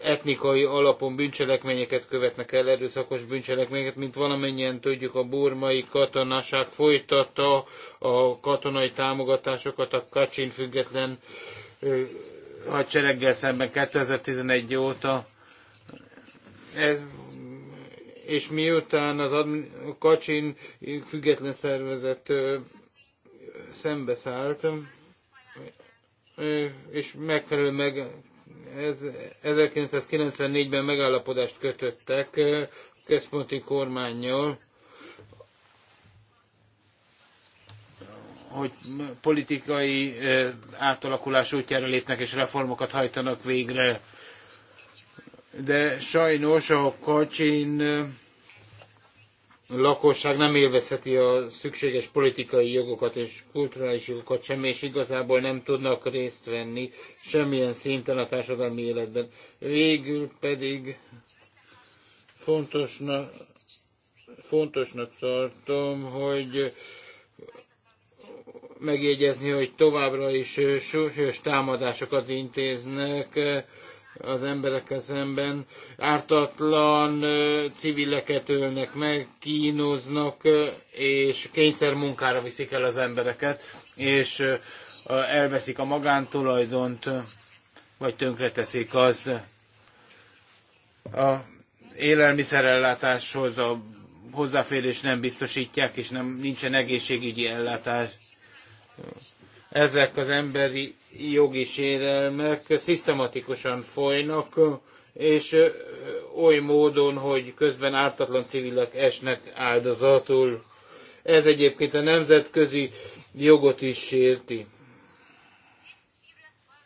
etnikai alapon bűncselekményeket követnek el, erőszakos bűncselekményeket, mint valamennyien tudjuk, a burmai katonaság folytatta a katonai támogatásokat a Kacsin független hadsereggel szemben 2011 óta. Ez, és miután az Kacsin független szervezet szembeszállt, és megfelelő meg, ez, 1994-ben megállapodást kötöttek központi kormányjal, hogy politikai átalakulás útjára lépnek és reformokat hajtanak végre. De sajnos a Kacsin lakosság nem élvezheti a szükséges politikai jogokat és kulturális jogokat sem, és igazából nem tudnak részt venni semmilyen szinten a társadalmi életben. Végül pedig fontosnak, fontosnak tartom, hogy megjegyezni, hogy továbbra is súlyos támadásokat intéznek az emberekkel szemben. Ártatlan civileket ölnek meg, kínoznak, és kényszer munkára viszik el az embereket, és elveszik a magántulajdont, vagy tönkreteszik az a élelmiszerellátáshoz a hozzáférés nem biztosítják, és nem, nincsen egészségügyi ellátás. Ezek az emberi jogi sérelmek szisztematikusan folynak, és oly módon, hogy közben ártatlan civilek esnek áldozatul. Ez egyébként a nemzetközi jogot is sérti.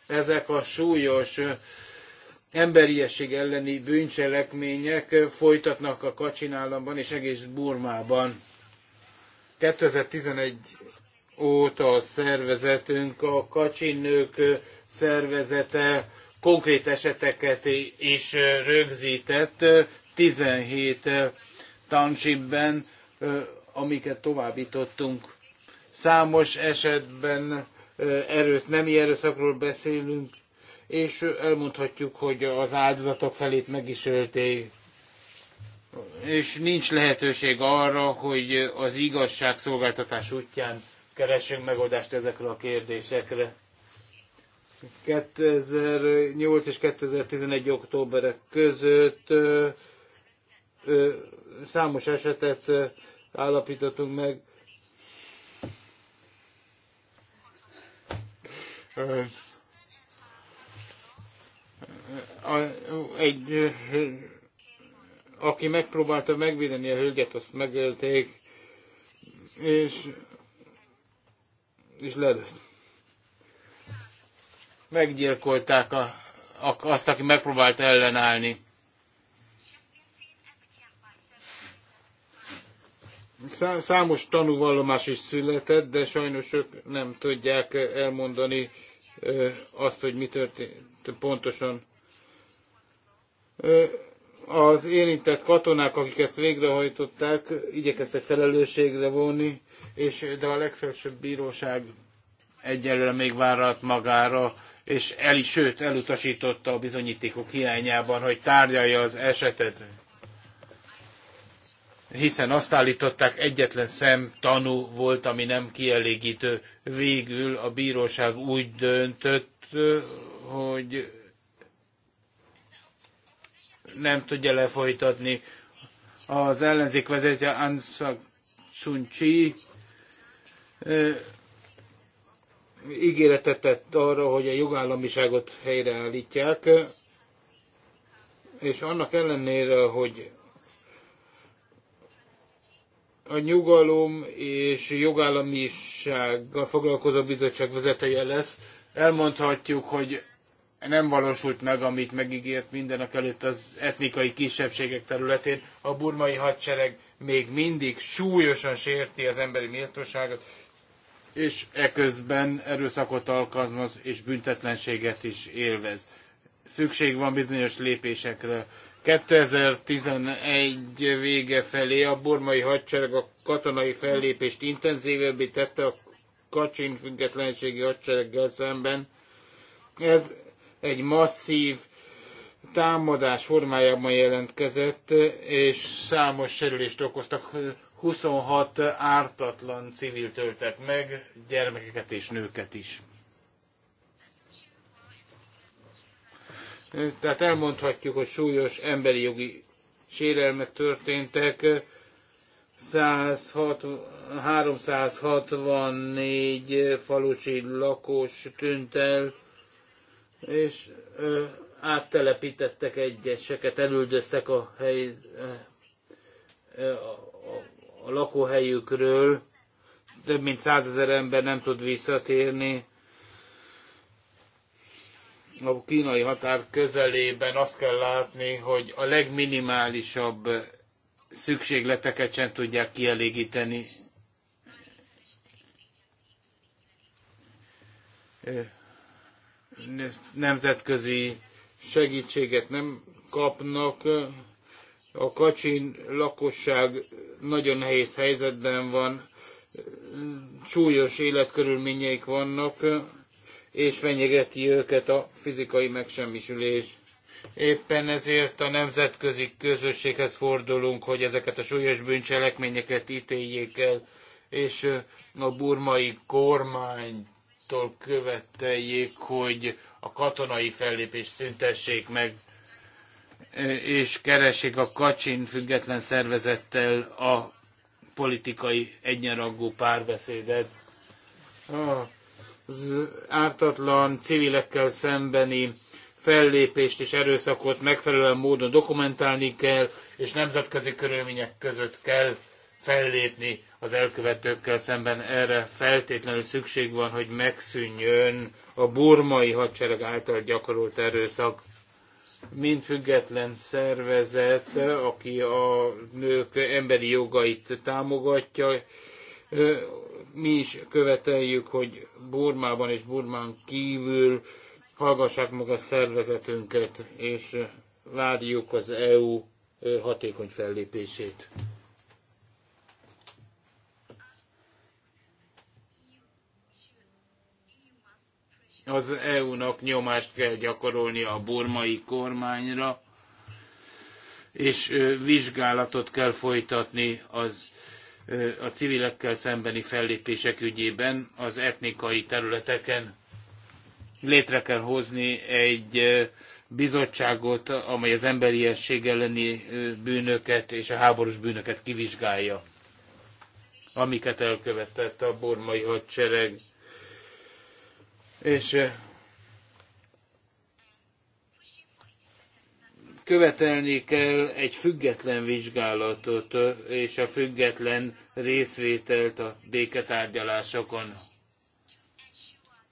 Ezek a súlyos emberiesség elleni bűncselekmények folytatnak a Kacsin államban és egész Burmában. 2011 óta a szervezetünk, a kacsinők szervezete konkrét eseteket is rögzített 17 townshipben, amiket továbbítottunk. Számos esetben erősz, nemi erőszakról beszélünk, és elmondhatjuk, hogy az áldozatok felét meg is ölték. És nincs lehetőség arra, hogy az igazságszolgáltatás útján keressünk megoldást ezekre a kérdésekre. 2008 és 2011 októberek között ö, ö, számos esetet ö, állapítottunk meg. Ö, a, egy, ö, aki megpróbálta megvédeni a hölgyet, azt megölték, és és lelőtt. Meggyilkolták a, a, azt, aki megpróbált ellenállni. Számos tanúvallomás is született, de sajnos ők nem tudják elmondani azt, hogy mi történt pontosan. Az érintett katonák, akik ezt végrehajtották, igyekeztek felelősségre vonni, és, de a legfelsőbb bíróság egyelőre még várat magára, és el, sőt, elutasította a bizonyítékok hiányában, hogy tárgyalja az esetet. Hiszen azt állították, egyetlen szem tanú volt, ami nem kielégítő. Végül a bíróság úgy döntött, hogy nem tudja lefolytatni. Az ellenzék vezetője Aung San ígéretet tett arra, hogy a jogállamiságot helyreállítják, és annak ellenére, hogy a nyugalom és jogállamisággal foglalkozó bizottság vezetője lesz, elmondhatjuk, hogy nem valósult meg, amit megígért mindenek előtt az etnikai kisebbségek területén. A burmai hadsereg még mindig súlyosan sérti az emberi méltóságot, és eközben erőszakot alkalmaz, és büntetlenséget is élvez. Szükség van bizonyos lépésekre. 2011 vége felé a burmai hadsereg a katonai fellépést intenzívebbé tette a Kacsin függetlenségi hadsereggel szemben. Ez egy masszív támadás formájában jelentkezett, és számos sérülést okoztak. 26 ártatlan civil töltek meg, gyermekeket és nőket is. Tehát elmondhatjuk, hogy súlyos emberi jogi sérelmek történtek. 106, 364 falusi lakos tűnt el, és ö, áttelepítettek egyeseket, elüldöztek a, hely, ö, a, a, a lakóhelyükről, több mint százezer ember nem tud visszatérni. A kínai határ közelében azt kell látni, hogy a legminimálisabb szükségleteket sem tudják kielégíteni nemzetközi segítséget nem kapnak. A kacsin lakosság nagyon nehéz helyzetben van, súlyos életkörülményeik vannak, és fenyegeti őket a fizikai megsemmisülés. Éppen ezért a nemzetközi közösséghez fordulunk, hogy ezeket a súlyos bűncselekményeket ítéljék el, és a burmai kormány attól követeljék, hogy a katonai fellépést szüntessék meg, és keresik a Kacsin független szervezettel a politikai egyenrangú párbeszédet. Az ártatlan civilekkel szembeni fellépést és erőszakot megfelelően módon dokumentálni kell, és nemzetközi körülmények között kell fellépni az elkövetőkkel szemben. Erre feltétlenül szükség van, hogy megszűnjön a burmai hadsereg által gyakorolt erőszak. Mind független szervezet, aki a nők emberi jogait támogatja, mi is követeljük, hogy Burmában és Burmán kívül hallgassák meg a szervezetünket, és várjuk az EU hatékony fellépését. Az EU-nak nyomást kell gyakorolnia a burmai kormányra, és vizsgálatot kell folytatni az a civilekkel szembeni fellépések ügyében az etnikai területeken létre kell hozni egy bizottságot, amely az emberiesség elleni bűnöket és a háborús bűnöket kivizsgálja, amiket elkövetett a bormai hadsereg. És eh, követelni kell egy független vizsgálatot eh, és a független részvételt a béketárgyalásokon,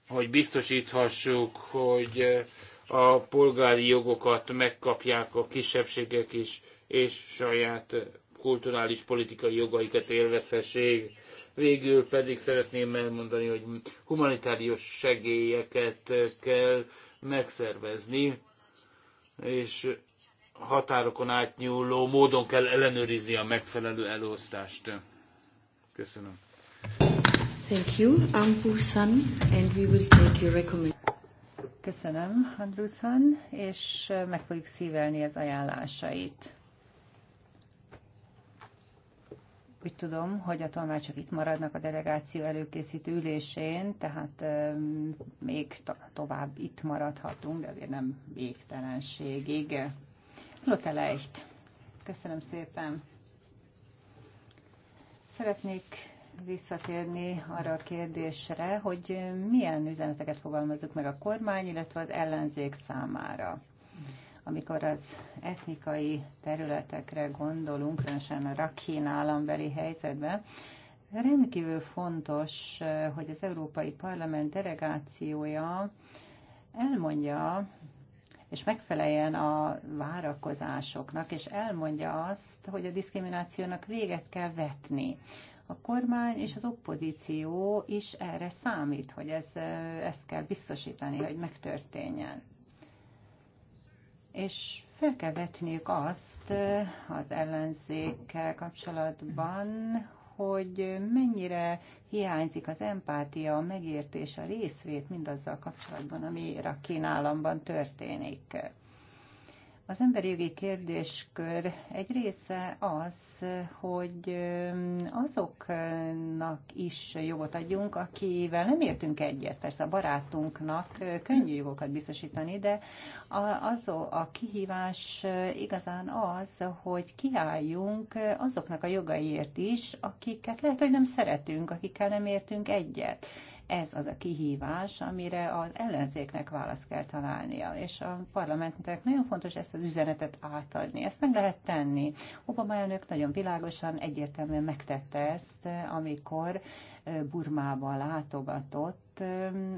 hogy biztosíthassuk, hogy eh, a polgári jogokat megkapják a kisebbségek is, és saját kulturális politikai jogaikat élvezhessék. Végül pedig szeretném elmondani, hogy humanitárius segélyeket kell megszervezni, és határokon átnyúló módon kell ellenőrizni a megfelelő elosztást. Köszönöm. Thank you, and we will take your Köszönöm, Andrusan, és meg fogjuk szívelni az ajánlásait. Úgy tudom, hogy a tolmácsok itt maradnak a delegáció előkészítő ülésén, tehát még to- tovább itt maradhatunk, de azért nem végtelenségig. Lotelejt. Köszönöm szépen. Szeretnék visszatérni arra a kérdésre, hogy milyen üzeneteket fogalmazunk meg a kormány, illetve az ellenzék számára. Amikor az etnikai területekre gondolunk, különösen a Rakhine állambeli helyzetben, rendkívül fontos, eh, hogy az Európai Parlament delegációja elmondja, és megfeleljen a várakozásoknak, és elmondja azt, hogy a diszkriminációnak véget kell vetni. A kormány és az opozíció is erre számít, hogy ez, eh, ezt kell biztosítani, hogy megtörténjen és fel kell vetniük azt eh, az ellenzékkel kapcsolatban, hogy mennyire hiányzik az empátia, a megértés, a részvét mindazzal kapcsolatban, ami a államban történik. Az emberi jogi kérdéskör egy része az, hogy azoknak is jogot adjunk, akivel nem értünk egyet. Persze a barátunknak könnyű jogokat biztosítani, de az a kihívás igazán az, hogy kiálljunk azoknak a jogaiért is, akiket lehet, hogy nem szeretünk, akikkel nem értünk egyet ez az a kihívás, amire az ellenzéknek választ kell találnia, és a parlamentnek nagyon fontos ezt az üzenetet átadni. Ezt meg lehet tenni. Obama elnök nagyon világosan, egyértelműen megtette ezt, amikor Burmába látogatott,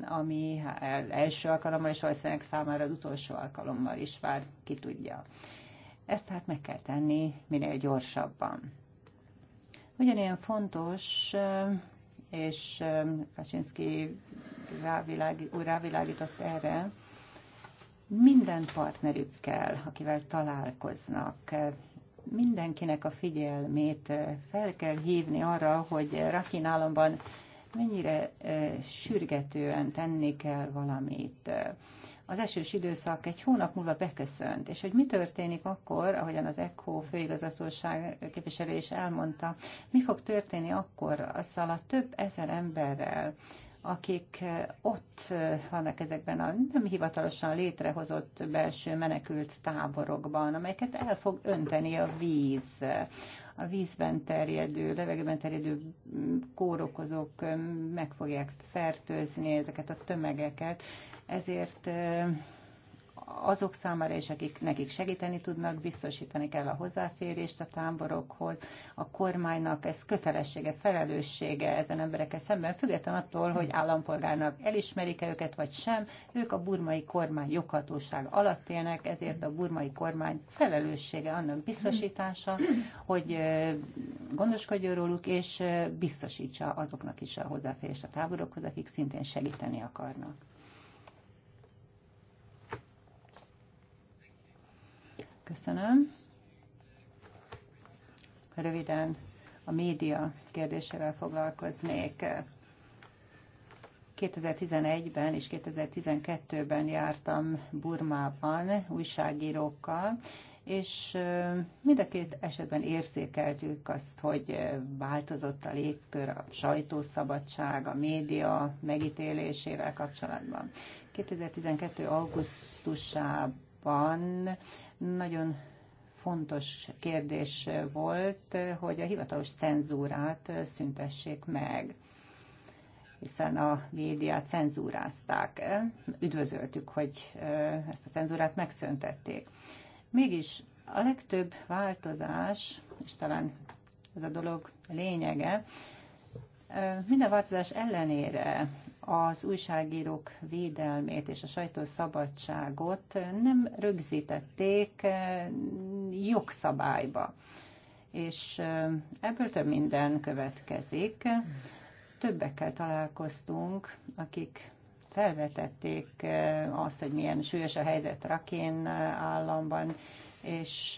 ami első alkalommal és valószínűleg számára az utolsó alkalommal is vár, ki tudja. Ezt tehát meg kell tenni minél gyorsabban. Ugyanilyen fontos és um, Kaczynski rávilági, rávilágított erre, minden partnerükkel, akivel találkoznak, mindenkinek a figyelmét uh, fel kell hívni arra, hogy Rakin államban mennyire uh, sürgetően tenni kell valamit az esős időszak egy hónap múlva beköszönt, és hogy mi történik akkor, ahogyan az ECHO főigazgatóság képviselő is elmondta, mi fog történni akkor azzal a több ezer emberrel, akik eh, ott eh, vannak ezekben a nem hivatalosan létrehozott belső menekült táborokban, amelyeket el fog önteni a víz, a vízben terjedő, levegőben terjedő kórokozók meg fogják fertőzni ezeket a tömegeket, ezért azok számára is, akik nekik segíteni tudnak, biztosítani kell a hozzáférést a táborokhoz. A kormánynak ez kötelessége, felelőssége ezen emberekkel szemben, független attól, hogy állampolgárnak elismerik-e őket vagy sem, ők a burmai kormány joghatóság alatt élnek, ezért a burmai kormány felelőssége annak biztosítása, hogy gondoskodjon róluk, és biztosítsa azoknak is a hozzáférést a táborokhoz, akik szintén segíteni akarnak. Köszönöm. Röviden a média kérdésével foglalkoznék. 2011-ben és 2012-ben jártam Burmában újságírókkal, és mind a két esetben érzékeltük azt, hogy változott a légkör, a sajtószabadság, a média megítélésével kapcsolatban. 2012. augusztusában korábban nagyon fontos kérdés volt, hogy a hivatalos cenzúrát szüntessék meg hiszen a médiát cenzúrázták. Üdvözöltük, hogy ezt a cenzúrát megszöntették. Mégis a legtöbb változás, és talán ez a dolog lényege, minden változás ellenére az újságírók védelmét és a sajtószabadságot nem rögzítették eh, jogszabályba. És eh, ebből több minden következik. Többekkel találkoztunk, akik felvetették eh, azt, hogy milyen súlyos a helyzet Rakén államban, és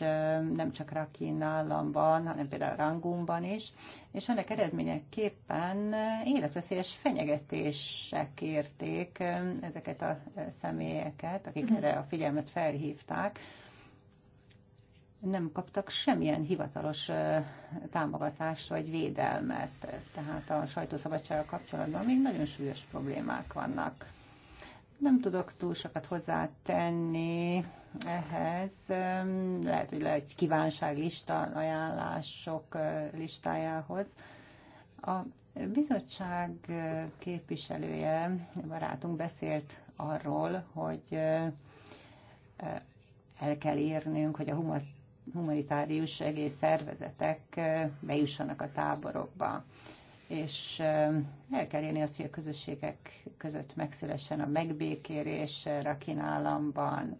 nem csak Rakin államban, hanem például Rangunban is, és ennek eredményeképpen életveszélyes fenyegetések érték ezeket a személyeket, akik mhm. erre a figyelmet felhívták, nem kaptak semmilyen hivatalos támogatást vagy védelmet. Tehát a sajtószabadsággal kapcsolatban még nagyon súlyos problémák vannak. Nem tudok túl sokat hozzátenni ehhez. Lehet, hogy lehet kívánságlista ajánlások listájához. A bizottság képviselője, barátunk beszélt arról, hogy el kell érnünk, hogy a humanitárius segélyszervezetek bejussanak a táborokba és el kell érni azt, hogy a közösségek között megszülessen a megbékérés Rakin államban.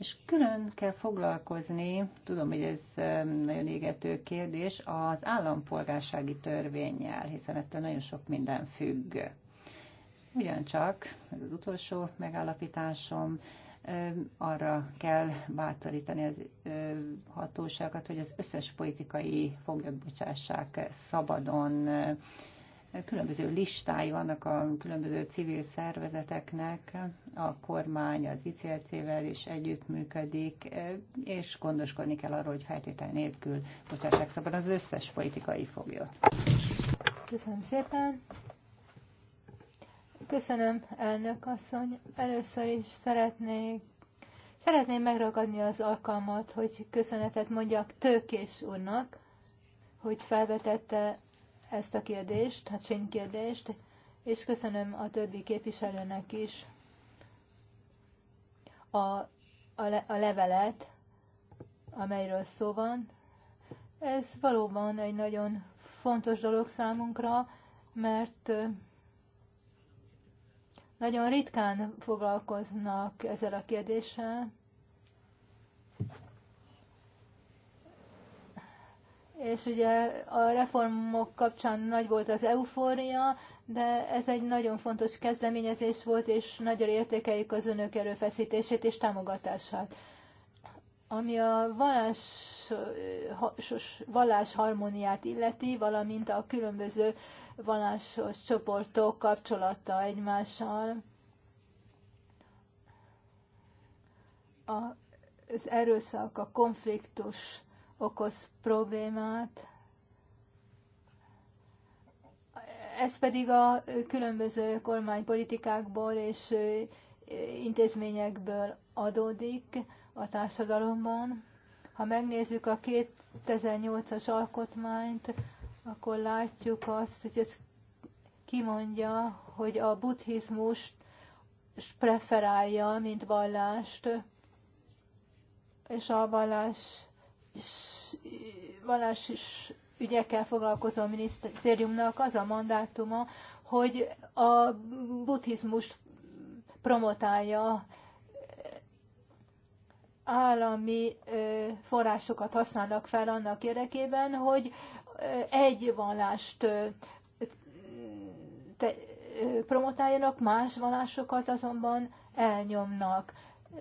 És külön kell foglalkozni, tudom, hogy ez nagyon égető kérdés, az állampolgársági törvényjel, hiszen ettől nagyon sok minden függ. Ugyancsak, ez az utolsó megállapításom, arra kell bátorítani az hatóságokat, hogy az összes politikai foglyot bocsássák szabadon, különböző listái vannak a különböző civil szervezeteknek, a kormány az ICLC-vel is együttműködik, és gondoskodni kell arról, hogy feltétel nélkül bocsássák szabad az összes politikai foglyot. Köszönöm szépen! Köszönöm, elnök asszony! Először is szeretnék Szeretném megragadni az alkalmat, hogy köszönetet mondjak Tőkés úrnak, hogy felvetette ezt a kérdést, a Csény kérdést, és köszönöm a többi képviselőnek is a, a, le, a levelet, amelyről szó van. Ez valóban egy nagyon fontos dolog számunkra, mert nagyon ritkán foglalkoznak ezzel a kérdéssel. és ugye a reformok kapcsán nagy volt az eufória, de ez egy nagyon fontos kezdeményezés volt, és nagyon értékeljük az önök erőfeszítését és támogatását. Ami a vallásos, vallás harmóniát illeti, valamint a különböző vallásos csoportok kapcsolata egymással, a, az erőszak, a konfliktus, okoz problémát, ez pedig a különböző kormánypolitikákból és intézményekből adódik a társadalomban. Ha megnézzük a 2008-as alkotmányt, akkor látjuk azt, hogy ez kimondja, hogy a buddhizmust preferálja, mint vallást, és a vallás is ügyekkel foglalkozó minisztériumnak az a mandátuma, hogy a buddhizmust promotálja, állami forrásokat használnak fel annak érdekében, hogy egy vallást promotáljanak, más vallásokat azonban elnyomnak.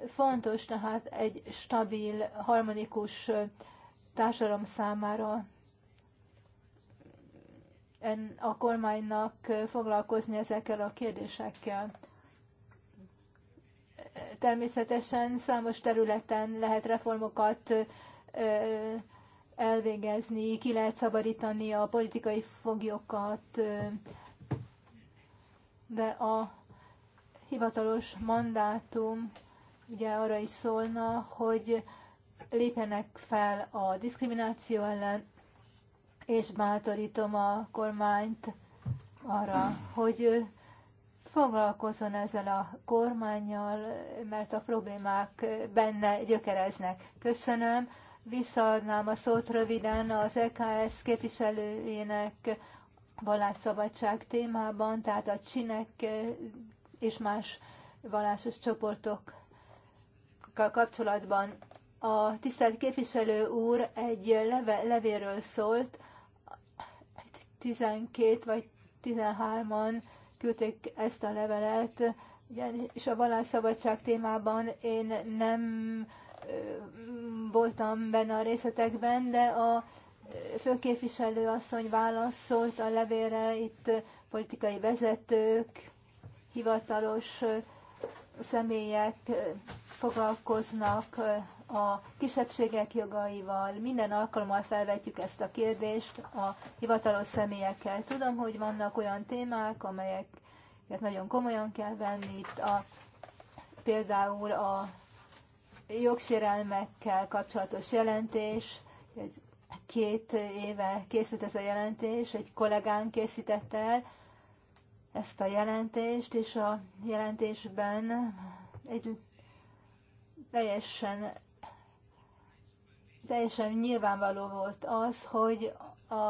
Fontos tehát egy stabil, harmonikus társadalom számára a kormánynak foglalkozni ezekkel a kérdésekkel. Természetesen számos területen lehet reformokat elvégezni, ki lehet szabadítani a politikai foglyokat, de a hivatalos mandátum ugye arra is szólna, hogy lépjenek fel a diszkrimináció ellen, és bátorítom a kormányt arra, hogy foglalkozzon ezzel a kormányjal, mert a problémák benne gyökereznek. Köszönöm. Visszaadnám a szót röviden az EKS képviselőjének vallásszabadság témában, tehát a csinek és más vallásos csoportok kapcsolatban a tisztelt képviselő úr egy leve, levéről szólt, 12 vagy 13-an küldték ezt a levelet, és a vallásszabadság témában én nem voltam benne a részletekben, de a főképviselő asszony válaszolt a levélre, itt politikai vezetők, hivatalos személyek foglalkoznak a kisebbségek jogaival. Minden alkalommal felvetjük ezt a kérdést a hivatalos személyekkel. Tudom, hogy vannak olyan témák, amelyeket nagyon komolyan kell venni. Itt a, például a jogsérelmekkel kapcsolatos jelentés, ez két éve készült ez a jelentés, egy kollégán készítette el, ezt a jelentést, és a jelentésben egy teljesen, teljesen nyilvánvaló volt az, hogy a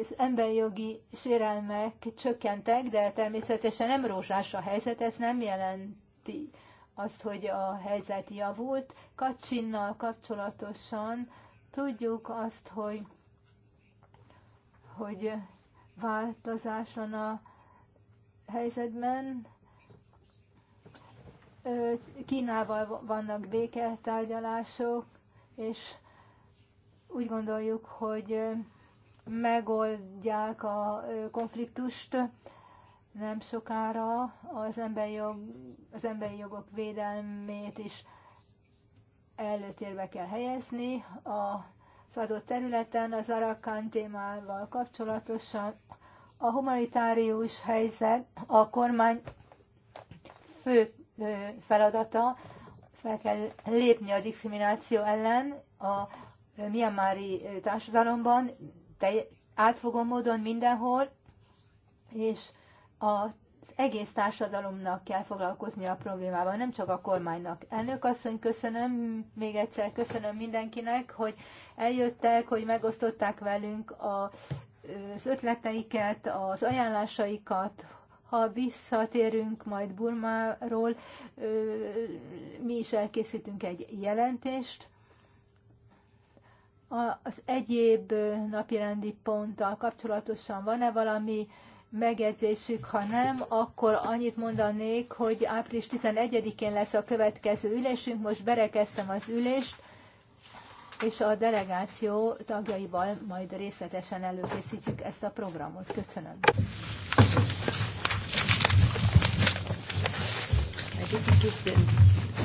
az emberjogi sérelmek csökkentek, de természetesen nem rózsás a helyzet, ez nem jelenti azt, hogy a helyzet javult. Kacsinnal kapcsolatosan tudjuk azt, hogy, hogy változás van a helyzetben. Kínával vannak béketárgyalások, és úgy gondoljuk, hogy megoldják a konfliktust nem sokára az emberi, jog, az emberi jogok védelmét is előtérbe kell helyezni. A az adott területen az Arakán témával kapcsolatosan a humanitárius helyzet a kormány fő feladata, fel kell lépni a diszkrimináció ellen a miamári társadalomban, átfogó módon mindenhol, és az egész társadalomnak kell foglalkozni a problémával, nem csak a kormánynak. Elnök asszony, köszönöm, még egyszer köszönöm mindenkinek, hogy eljöttek, hogy megosztották velünk a az ötleteiket, az ajánlásaikat, ha visszatérünk majd Burmáról, mi is elkészítünk egy jelentést. Az egyéb napirendi ponttal kapcsolatosan van-e valami megjegyzésük, ha nem, akkor annyit mondanék, hogy április 11-én lesz a következő ülésünk, most berekeztem az ülést, és a delegáció tagjaival majd részletesen előkészítjük ezt a programot. Köszönöm. I